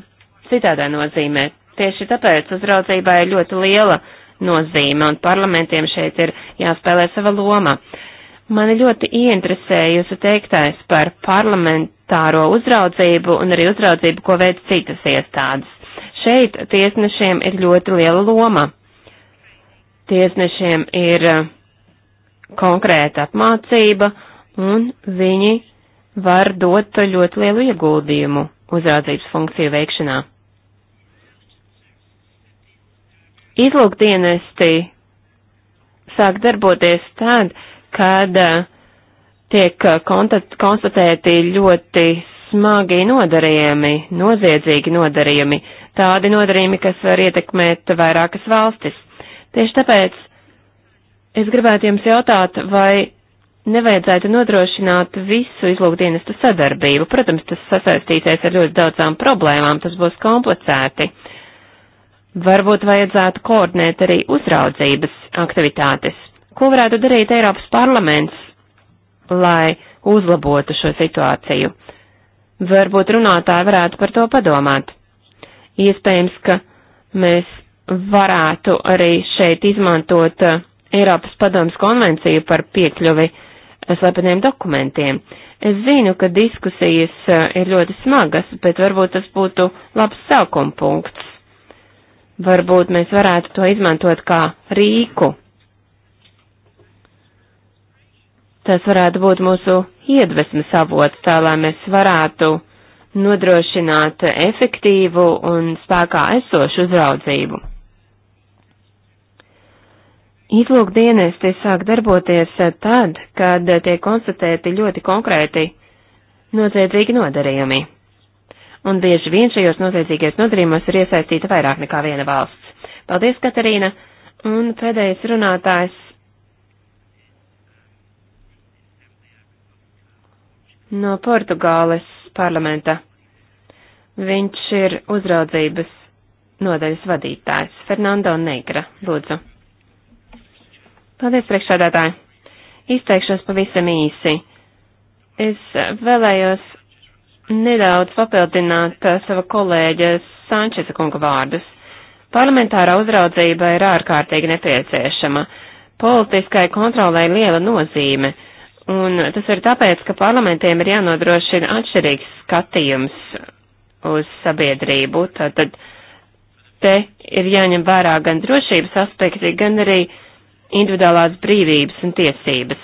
citādā nozīmē. Tieši tāpēc uzraudzībai ir ļoti liela nozīme un parlamentiem šeit ir jāspēlē sava loma. Mani ļoti ieinteresē jūsu teiktais par parlamentāro uzraudzību un arī uzraudzību, ko veids citas iestādes. Šeit tiesnešiem ir ļoti liela loma. Tiesnešiem ir uh, konkrēta apmācība, un viņi var dot ļoti lielu ieguldījumu uzraudzības funkciju veikšanā. Izlūkdienesti sāk darboties tad, kad eh, tiek eh, konstatēti ļoti smagi nodarījumi, noziedzīgi nodarījumi, tādi nodarījumi, kas var ietekmēt vairākas valstis. Tieši tāpēc Es gribētu jums jautāt, vai nevajadzētu nodrošināt visu izlūkdienestu sadarbību. Protams, tas sasaistīsies ar ļoti daudzām problēmām, tas būs komplicēti. Varbūt vajadzētu koordinēt arī uzraudzības aktivitātes. Ko varētu darīt Eiropas parlaments, lai uzlabotu šo situāciju? Varbūt runātāji varētu par to padomāt. Iespējams, ka mēs varētu arī šeit izmantot uh, Eiropas padomas konvenciju par piekļuvi eh, slepeniem dokumentiem. Es zinu, ka diskusijas eh, ir ļoti smagas, bet varbūt tas būtu labs sākuma punkts. Varbūt mēs varētu to izmantot kā rīku. Tas varētu būt mūsu iedvesmas avots, tā lai mēs varētu nodrošināt efektīvu un spēkā esošu uzraudzību. Izlūk dienesti sāk darboties eh, tad, kad eh, tiek konstatēti ļoti konkrēti noziedzīgi nodarījumi. Un bieži vien šajos noziedzīgajos nodarījumos ir iesaistīta vairāk nekā viena valsts. Paldies, Katarīna! Un pēdējais runātājs no Portugāles parlamenta. Viņš ir uzraudzības nodaļas vadītājs Fernando Negra. Lūdzu! Paldies, priekšsādātāji. Izteikšos pavisam īsi. Es vēlējos nedaudz papildināt uh, sava kolēģa Sančesa kunga vārdus. Parlamentārā uzraudzība ir ārkārtīgi nepieciešama. Politiskai kontrolē ir liela nozīme, un tas ir tāpēc, ka parlamentiem ir jānodrošina atšķirīgs skatījums uz sabiedrību. Tātad te ir jāņem vērā gan drošības aspekti, gan arī uh, individuālās brīvības un tiesības.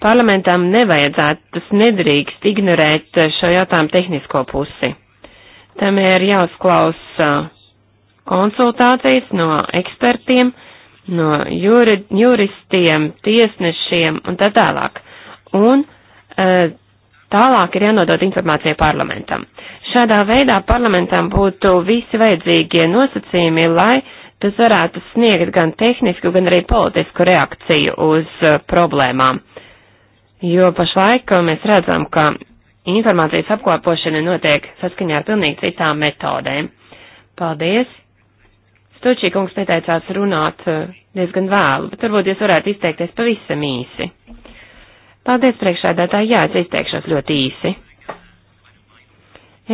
Parlamentam nevajadzētu, tas nedrīkst ignorēt šo jautājumu tehnisko pusi. Tam ir jāuzklausa konsultācijas no ekspertiem, no juri, juristiem, tiesnešiem un tā tālāk. Un e, tālāk ir jānodot informācija parlamentam. Šādā veidā parlamentam būtu visi vajadzīgie nosacījumi, lai uh, Tas varētu sniegt gan tehnisku, gan arī politisku reakciju uz uh, problēmām. Jo pašlaik uh, mēs redzam, ka informācijas apkopošana notiek saskaņā ar pilnīgi citām metodēm. Paldies! Stočī kungs pieteicās runāt uh, diezgan vēlu, bet varbūt jūs varētu izteikties pavisam īsi. Paldies, priekšādātāji, jā, es izteikšos ļoti īsi.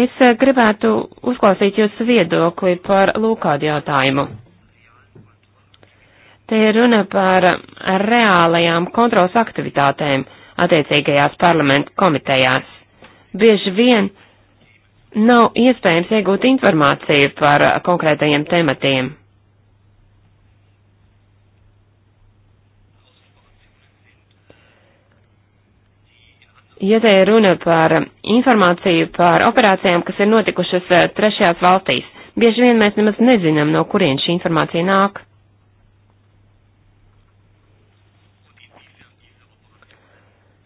Es gribētu uzklausīt jūsu viedokli par lūkādu jautājumu. Te ir runa par reālajām kontrols aktivitātēm attiecīgajās parlamentu komitejās. Bieži vien nav iespējams iegūt informāciju par konkrētajiem tematiem. Ja te ir runa par informāciju par operācijām, kas ir notikušas trešajās valstīs, bieži vien mēs nemaz nezinām, no kurien šī informācija nāk.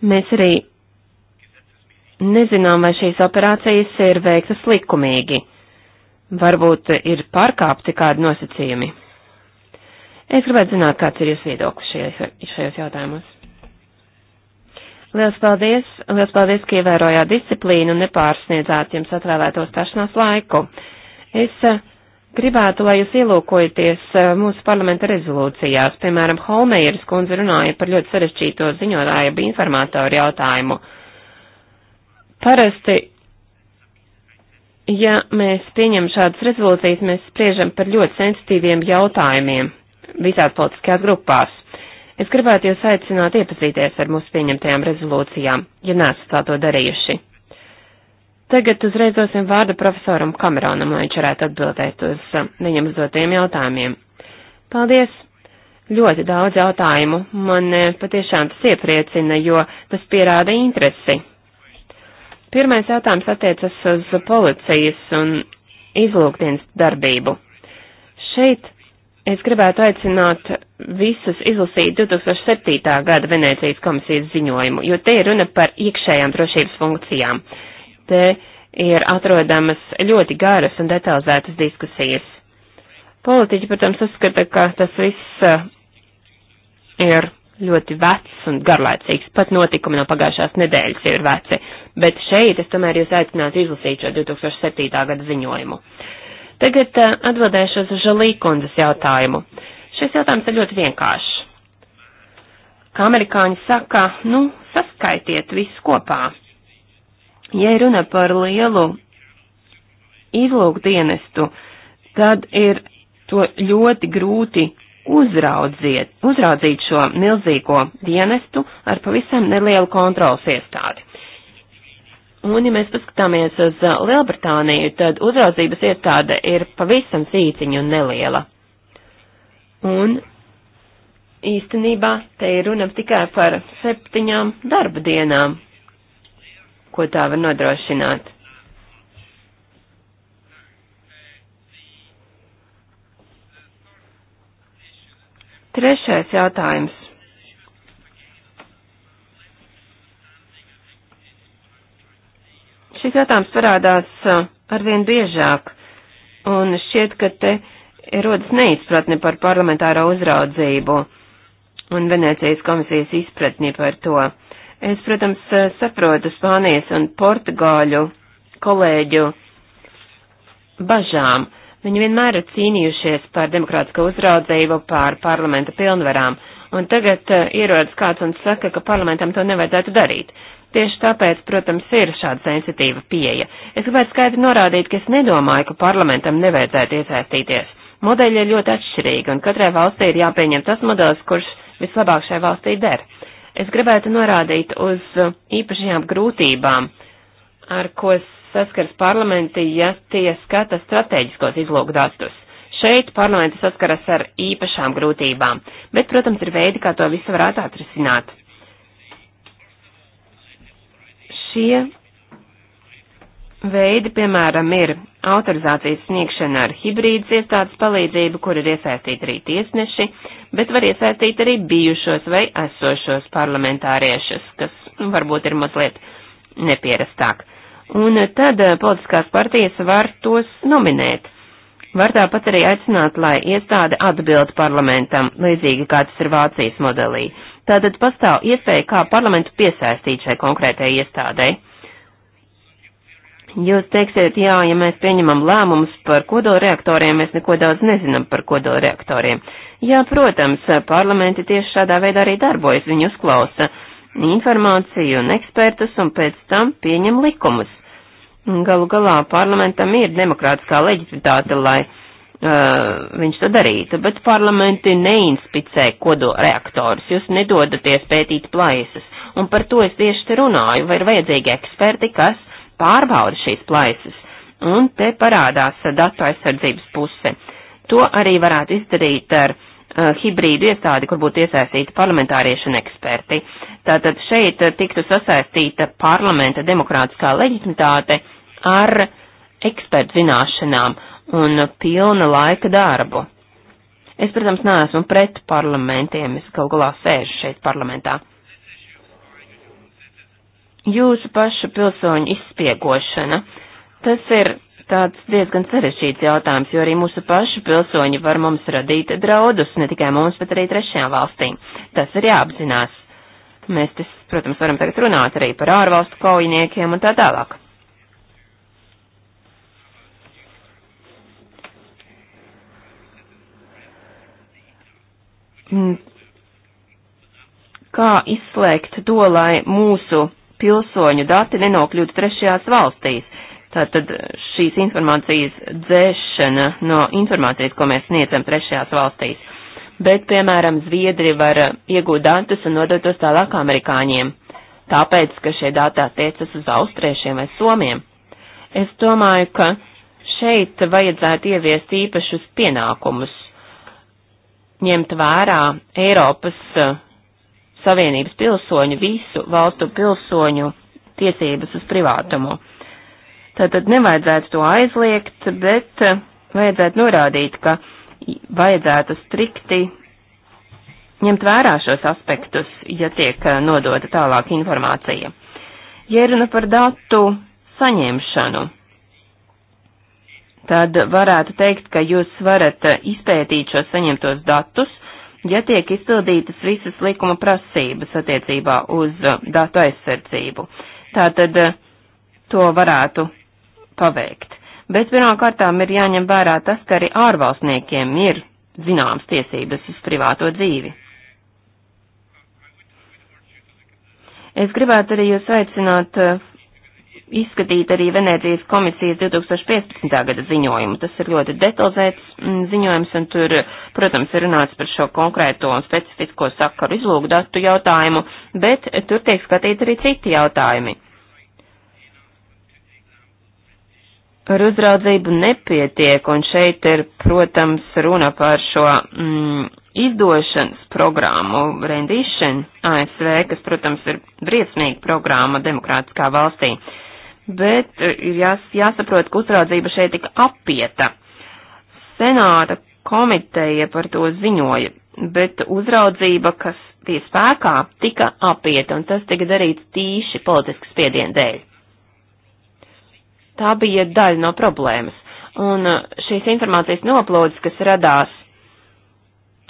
Mēs arī nezinām, vai šīs operācijas ir veiktas likumīgi. Varbūt ir pārkāpti kādi nosacījumi. Es gribētu zināt, kāds ir jūsu viedoklis šajos jautājumos. Liels paldies! Liels paldies, ka ievērojāt disciplīnu un nepārsniedzāt jums atvēlēto stašanās laiku. Es uh, Gribētu, lai jūs ielūkojaties eh, mūsu parlamenta rezolūcijās. Piemēram, Holmeieris kundze runāja par ļoti sarežģīto ziņotāju bija informātoru jautājumu. Parasti, ja mēs pieņem šādas rezolūcijas, mēs spriežam par ļoti sensitīviem jautājumiem visās politiskajās grupās. Es gribētu jūs aicināt iepazīties ar mūsu pieņemtajām rezolūcijām, ja nesat tā to darījuši. Tagad uzreiz dosim vārdu profesoram Kameronam, lai viņš varētu atbildēt uz um, viņam uzdotiem jautājumiem. Paldies! Ļoti daudz jautājumu. Man eh, patiešām tas iepriecina, jo tas pierāda interesi. Pirmais jautājums attiecas uz policijas un izlūkdienas darbību. Šeit es gribētu aicināt visus izlasīt 2007. gada Venēcijas komisijas ziņojumu, jo te ir runa par iekšējām drošības funkcijām. Uh, te ir atrodamas ļoti garas un detalizētas diskusijas. Politiķi, protams, uzskata, ka tas viss uh, ir ļoti vecs un garlaicīgs, pat notikumi no pagājušās nedēļas ir veci, bet šeit es tomēr jūs aicinātu izlasīt šo 2007. gada ziņojumu. Tagad uh, atbildēšu uz Žalīkundas jautājumu. Šis jautājums ir ļoti vienkāršs. Kā amerikāņi saka, nu, saskaitiet visu kopā. Ja runa par lielu izlūkdienestu, tad ir to ļoti grūti uzraudziet, uzraudzīt šo milzīgo dienestu ar pavisam nelielu kontrols iestādi. Un, ja mēs paskatāmies uz uh, Lielbritāniju, tad uzraudzības iestāde ir pavisam sīciņa un neliela. Un īstenībā te ir runa tikai par septiņām darba dienām ko tā var nodrošināt. Trešais jautājums. Šis jautājums parādās uh, arvien biežāk, un šķiet, ka te rodas neizpratne par parlamentāro uzraudzību un Venecijas komisijas izpratni par to. Es, protams, eh, saprotu Spānijas un Portugāļu kolēģu bažām. Viņi vienmēr ir cīnījušies par demokrātisko uzraudzību, par parlamenta pilnvarām, un tagad eh, ierodas kāds un saka, ka parlamentam to nevajadzētu darīt. Tieši tāpēc, protams, ir šāda sensitīva pieeja. Es gribētu skaidri norādīt, ka es nedomāju, ka parlamentam nevajadzētu iesaistīties. Modeļi ir ļoti atšķirīgi, un katrai valstī ir jāpieņem tas modelis, kurš vislabāk šai valstī der. Es gribētu norādīt uz īpašajām grūtībām, ar ko saskars parlamenti, ja tie skata strateģiskos izlūkdatus. Šeit parlamenti saskaras ar īpašām grūtībām, bet, protams, ir veidi, kā to visu varētu atrisināt. Šie veidi, piemēram, ir autorizācijas sniegšana ar hibrīdas iestādes palīdzību, kur ir iesaistīti arī tiesneši, bet var iesaistīt arī bijušos vai esošos parlamentāriešus, kas nu, varbūt ir mazliet nepierastāk. Un tad eh, politiskās partijas var tos nominēt. Var tāpat arī aicināt, lai iestāde atbild parlamentam, līdzīgi kā tas ir Vācijas modelī. Tātad pastāv iespēja, kā parlamentu piesaistīt šai konkrētajai iestādei. Jūs teiksiet, jā, ja mēs pieņemam lēmumus par kodolreaktoriem, mēs neko daudz nezinām par kodolreaktoriem. Jā, protams, parlamenti tieši šādā veidā arī darbojas, viņi uzklausa informāciju un ekspertus un pēc tam pieņem likumus. Galu galā parlamentam ir demokrātiskā leģitimitāte, lai uh, viņš to darītu, bet parlamenti neinspicē kodolreaktorus, jūs nedodaties pētīt plaisas, un par to es tieši te runāju, vai ir vajadzīgi eksperti, kas pārbauda šīs plaisas, un te parādās datu aizsardzības puse. To arī varētu izdarīt ar uh, hibrīdu iestādi, kur būtu iesaistīti parlamentārieši un eksperti. Tātad šeit uh, tiktu sasaistīta parlamenta demokrātiskā leģitimitāte ar ekspertu zināšanām un pilna laika darbu. Es, protams, neesmu pret parlamentiem, es galu galā sēžu šeit parlamentā jūsu pašu pilsoņu izspiegošana. Tas ir tāds diezgan sarežģīts jautājums, jo arī mūsu pašu pilsoņi var mums radīt draudus, ne tikai mums, bet arī trešajām valstīm. Tas ir jāapzinās. Mēs, tas, protams, varam tagad runāt arī par ārvalstu kaujiniekiem un tā tālāk. Mm. Kā izslēgt to, lai mūsu pilsoņu dati nenokļūtu trešajās valstīs. Tātad šīs informācijas dzēšana no informācijas, ko mēs sniedzam trešajās valstīs. Bet, piemēram, Zviedri var iegūt datus un nodot tos tālāk amerikāņiem, tāpēc, ka šie dati attiecas uz austriešiem vai somiem. Es domāju, ka šeit vajadzētu ieviest īpašus pienākumus, ņemt vērā Eiropas Savienības pilsoņu, visu valstu pilsoņu tiesības uz privātumu. Tātad nevajadzētu to aizliegt, bet eh, vajadzētu norādīt, ka vajadzētu strikti ņemt vērā šos aspektus, ja tiek eh, nodota tālāk informācija. Ja runa par datu saņemšanu, tad varētu teikt, ka jūs varat eh, izpētīt šos saņemtos datus ja tiek izpildītas visas likuma prasības attiecībā uz uh, datu aizsardzību. Tātad uh, to varētu paveikt. Bet pirmām kārtām ir jāņem vērā tas, ka arī ārvalstniekiem ir zināmas tiesības uz privāto dzīvi. Es gribētu arī jūs aicināt uh, izskatīt arī Venēcijas komisijas 2015. gada ziņojumu. Tas ir ļoti detalizēts mm, ziņojums, un tur, protams, ir runāts par šo konkrēto un specifisko sakaru izlūgdatu jautājumu, bet tur tiek skatīt arī citi jautājumi. Ar uzraudzību nepietiek, un šeit ir, protams, runa par šo mm, izdošanas programmu Rendition ASV, kas, protams, ir briesmīga programma demokrātiskā valstī. Uh, bet eh, ir jās, jāsaprot, ka uzraudzība šeit tika apieta. Senāta komiteja par to ziņoja, bet uzraudzība, kas tie spēkā, tika apieta, un tas tika darīts tīši politiski spiedienu dēļ. Tā bija daļa no problēmas, un eh, šīs informācijas noplūdes, kas radās,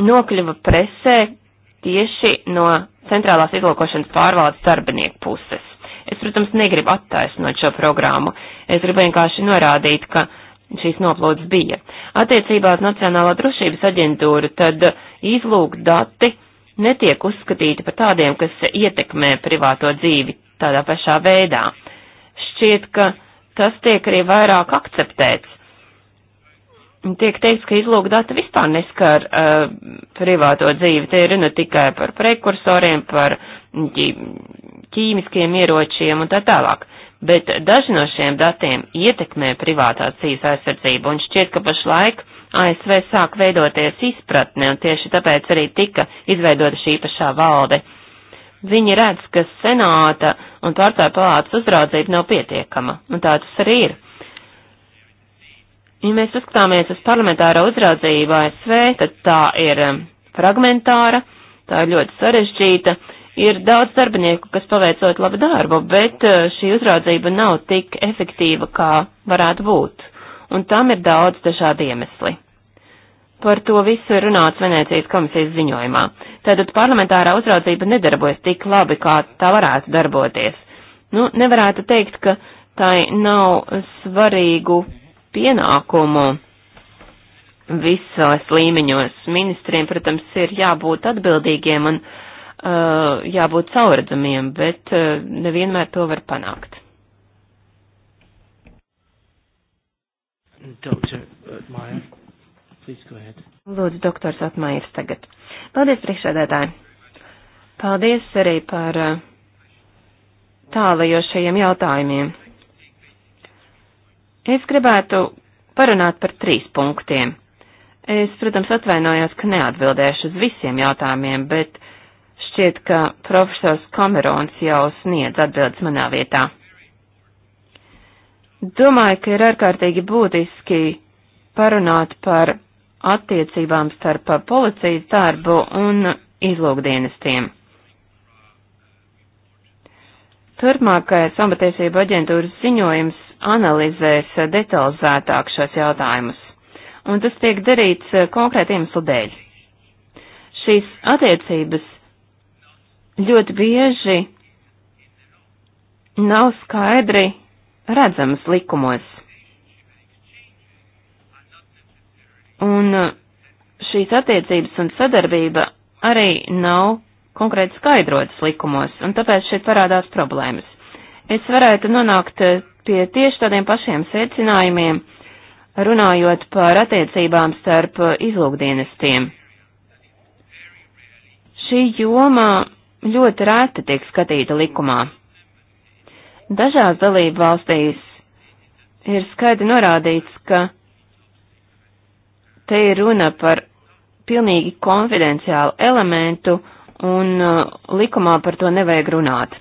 nokļuva presē tieši no centrālās izlūkošanas pārvaldes darbinieku puses. Es, protams, negribu attaisnot šo programmu. Es gribu vienkārši norādīt, ka šīs noplūdes bija. Attiecībā uz Nacionālo drošības aģentūru tad izlūk dati netiek uzskatīti par tādiem, kas ietekmē privāto dzīvi tādā pašā veidā. Šķiet, ka tas tiek arī vairāk akceptēts. Tiek teikts, ka izlūk dati vispār neskar uh, privāto dzīvi, te ir runa tikai par prekursoriem, par ģi, ķīmiskiem ieročiem un tā tālāk. Bet daži no šiem datiem ietekmē privātās dzīves aizsardzību, un šķiet, ka pašlaik ASV sāk veidoties izpratne, un tieši tāpēc arī tika izveidota šī pašā valde. Viņi redz, ka senāta un pārstāvja palātas uzraudzība nav pietiekama, un tā tas arī ir. Ja mēs uzskatāmies uz parlamentāro uzraudzību ASV, tad tā ir fragmentāra, tā ir ļoti sarežģīta, Ir daudz darbinieku, kas paveicot labu darbu, bet eh, šī uzraudzība nav tik efektīva, kā varētu būt, un tam ir daudz dažādi iemesli. Par to visu ir runāts Venecijas komisijas ziņojumā. Tātad parlamentārā uzraudzība nedarbojas tik labi, kā tā varētu darboties. Nu, nevarētu teikt, ka tai nav svarīgu pienākumu visos līmeņos. Ministriem, protams, ir jābūt atbildīgiem un uh, Eh, jābūt caurredzamiem, bet eh, nevienmēr to var panākt. Dr. Atmajer, eh, please go ahead. Lūdzu, doktors Atmajers tagad. Paldies, priekšsēdētāji. Paldies arī par tālajošajiem jautājumiem. Es gribētu parunāt par trīs punktiem. Es, protams, atvainojos, ka neatbildēšu uz visiem jautājumiem, bet Šķiet, ka profesors Kamerons jau sniedz atbildes manā vietā. Domāju, ka ir ārkārtīgi būtiski parunāt par attiecībām starp policijas darbu un izlūkdienestiem. Turpmākais ambatiesība aģentūras ziņojums analizēs detalizētāk šos jautājumus, un tas tiek darīts konkrēti iemeslu dēļ. Šīs attiecības ļoti bieži nav skaidri redzamas likumos. Un uh, šīs attiecības un sadarbība arī nav konkrēti skaidrotas likumos, un tāpēc šeit parādās problēmas. Es varētu nonākt uh, pie tieši tādiem pašiem secinājumiem, runājot par attiecībām starp uh, izlūkdienestiem. Šī joma ļoti reti tiek skatīta likumā. Dažās dalību valstīs ir skaidri norādīts, ka te ir runa par pilnīgi konfidenciālu elementu un uh, likumā par to nevajag runāt.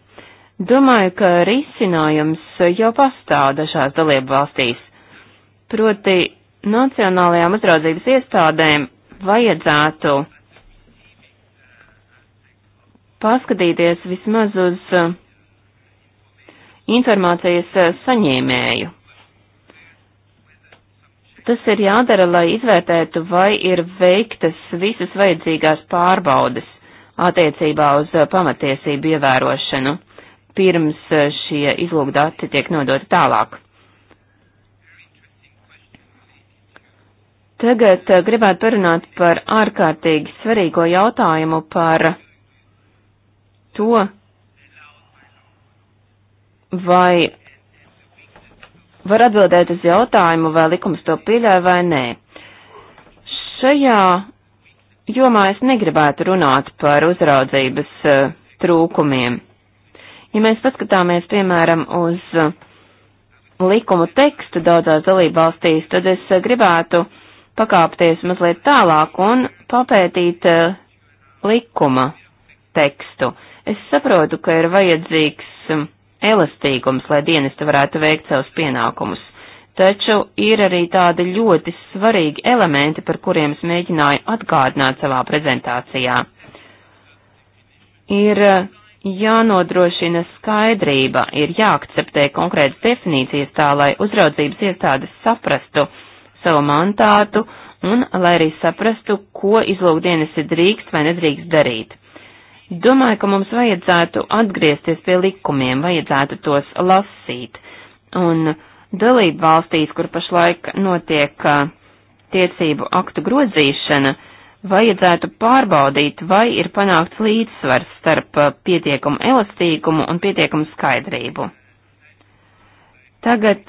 Domāju, ka risinājums jau pastāv dažās dalību valstīs. Proti, nacionālajām uzraudzības iestādēm vajadzētu paskatīties vismaz uz eh, informācijas eh, saņēmēju. Tas ir jādara, lai izvērtētu, vai ir veiktas visas vajadzīgās pārbaudes attiecībā uz eh, pamatiesību ievērošanu, pirms šie izlūgdati tiek nodoti tālāk. Tagad gribētu parunāt par ārkārtīgi svarīgo jautājumu par to, vai var atbildēt uz jautājumu, vai likums to pieļauj vai nē. Šajā jomā es negribētu runāt par uzraudzības uh, trūkumiem. Ja mēs paskatāmies, piemēram, uz uh, likumu tekstu daudzās dalībvalstīs, tad es uh, gribētu pakāpties mazliet tālāk un papētīt eh, likuma tekstu. Uh, Es saprotu, ka ir vajadzīgs um, elastīgums, lai dienesti varētu veikt savus pienākumus, taču ir arī tādi ļoti svarīgi elementi, par kuriem es mēģināju atgādināt savā prezentācijā. Ir uh, jānodrošina skaidrība, ir jāakceptē konkrētas definīcijas tā, lai uzraudzības iestādes saprastu savu mantātu un lai arī saprastu, ko izlūkdienesti drīkst vai nedrīkst darīt. Domāju, ka mums vajadzētu atgriezties pie likumiem, vajadzētu tos lasīt. Un dalību valstīs, kur pašlaik notiek tiesību aktu grozīšana, vajadzētu pārbaudīt, vai ir panākts līdzsvars starp pietiekumu elastīgumu un pietiekumu skaidrību. Tagad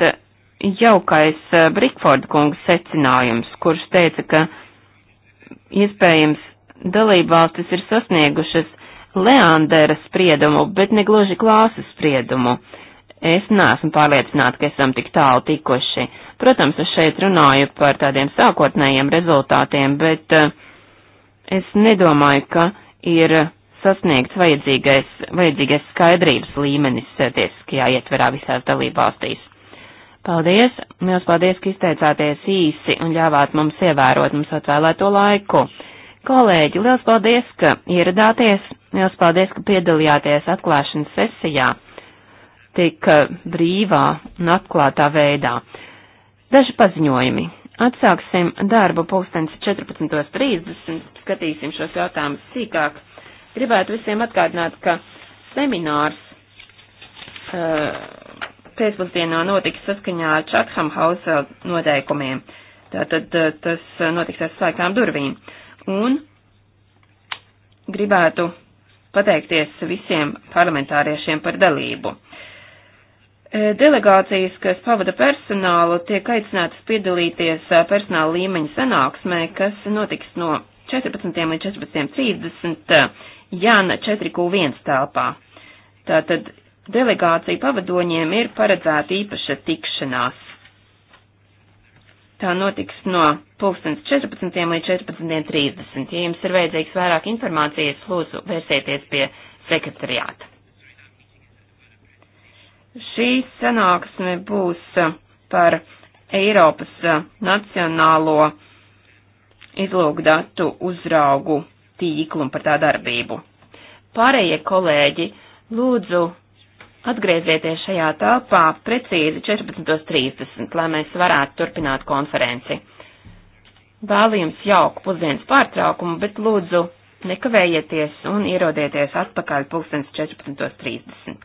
jaukais Brikforda kungas secinājums, kurš teica, ka iespējams dalībvalstis ir sasniegušas Leandera spriedumu, bet ne gluži klāsas spriedumu. Es neesmu pārliecināta, ka esam tik tālu tikuši. Protams, es šeit runāju par tādiem sākotnējiem rezultātiem, bet eh, es nedomāju, ka ir sasniegts vajadzīgais, vajadzīgais skaidrības līmenis tiesiskajā ietverā visās dalībvalstīs. Paldies! Mēs paldies, ka izteicāties īsi un ļāvāt mums ievērot mums atvēlēto laiku. Kolēģi, liels paldies, ka ieradāties! Liels paldies, ka piedalījāties atklāšanas sesijā tik eh, brīvā un atklātā veidā. Daži paziņojumi. Atsāksim darbu pulkstens 14.30, skatīsim šos jautājumus sīkāk. Gribētu visiem atgādināt, ka seminārs uh, pēcpusdienā notiks saskaņā ar Chatham House eh, noteikumiem. Tātad tas notiks ar slēgtām durvīm. Un gribētu pateikties visiem parlamentāriešiem par dalību. E, delegācijas, kas pavada personālu, tiek aicinātas piedalīties e, personāla līmeņa sanāksmē, kas notiks no 14. līdz 14.30 Jāna 4Q1 telpā. Tātad delegāciju pavadoņiem ir paredzēta īpaša tikšanās. Tā notiks no 14. līdz 14.30. Ja jums ir vajadzīgs vairāk informācijas, lūdzu vērsieties pie sekretariāta. Šī sanāksme būs par Eiropas nacionālo izlūgdatu uzraugu tīklu un par tā darbību. Pārējie kolēģi, lūdzu Atgriezieties šajā telpā precīzi 14.30, lai mēs varētu turpināt konferenci. Vēlu jums jauku pusdienas pārtraukumu, bet lūdzu nekavējieties un ierodieties atpakaļ 14.30.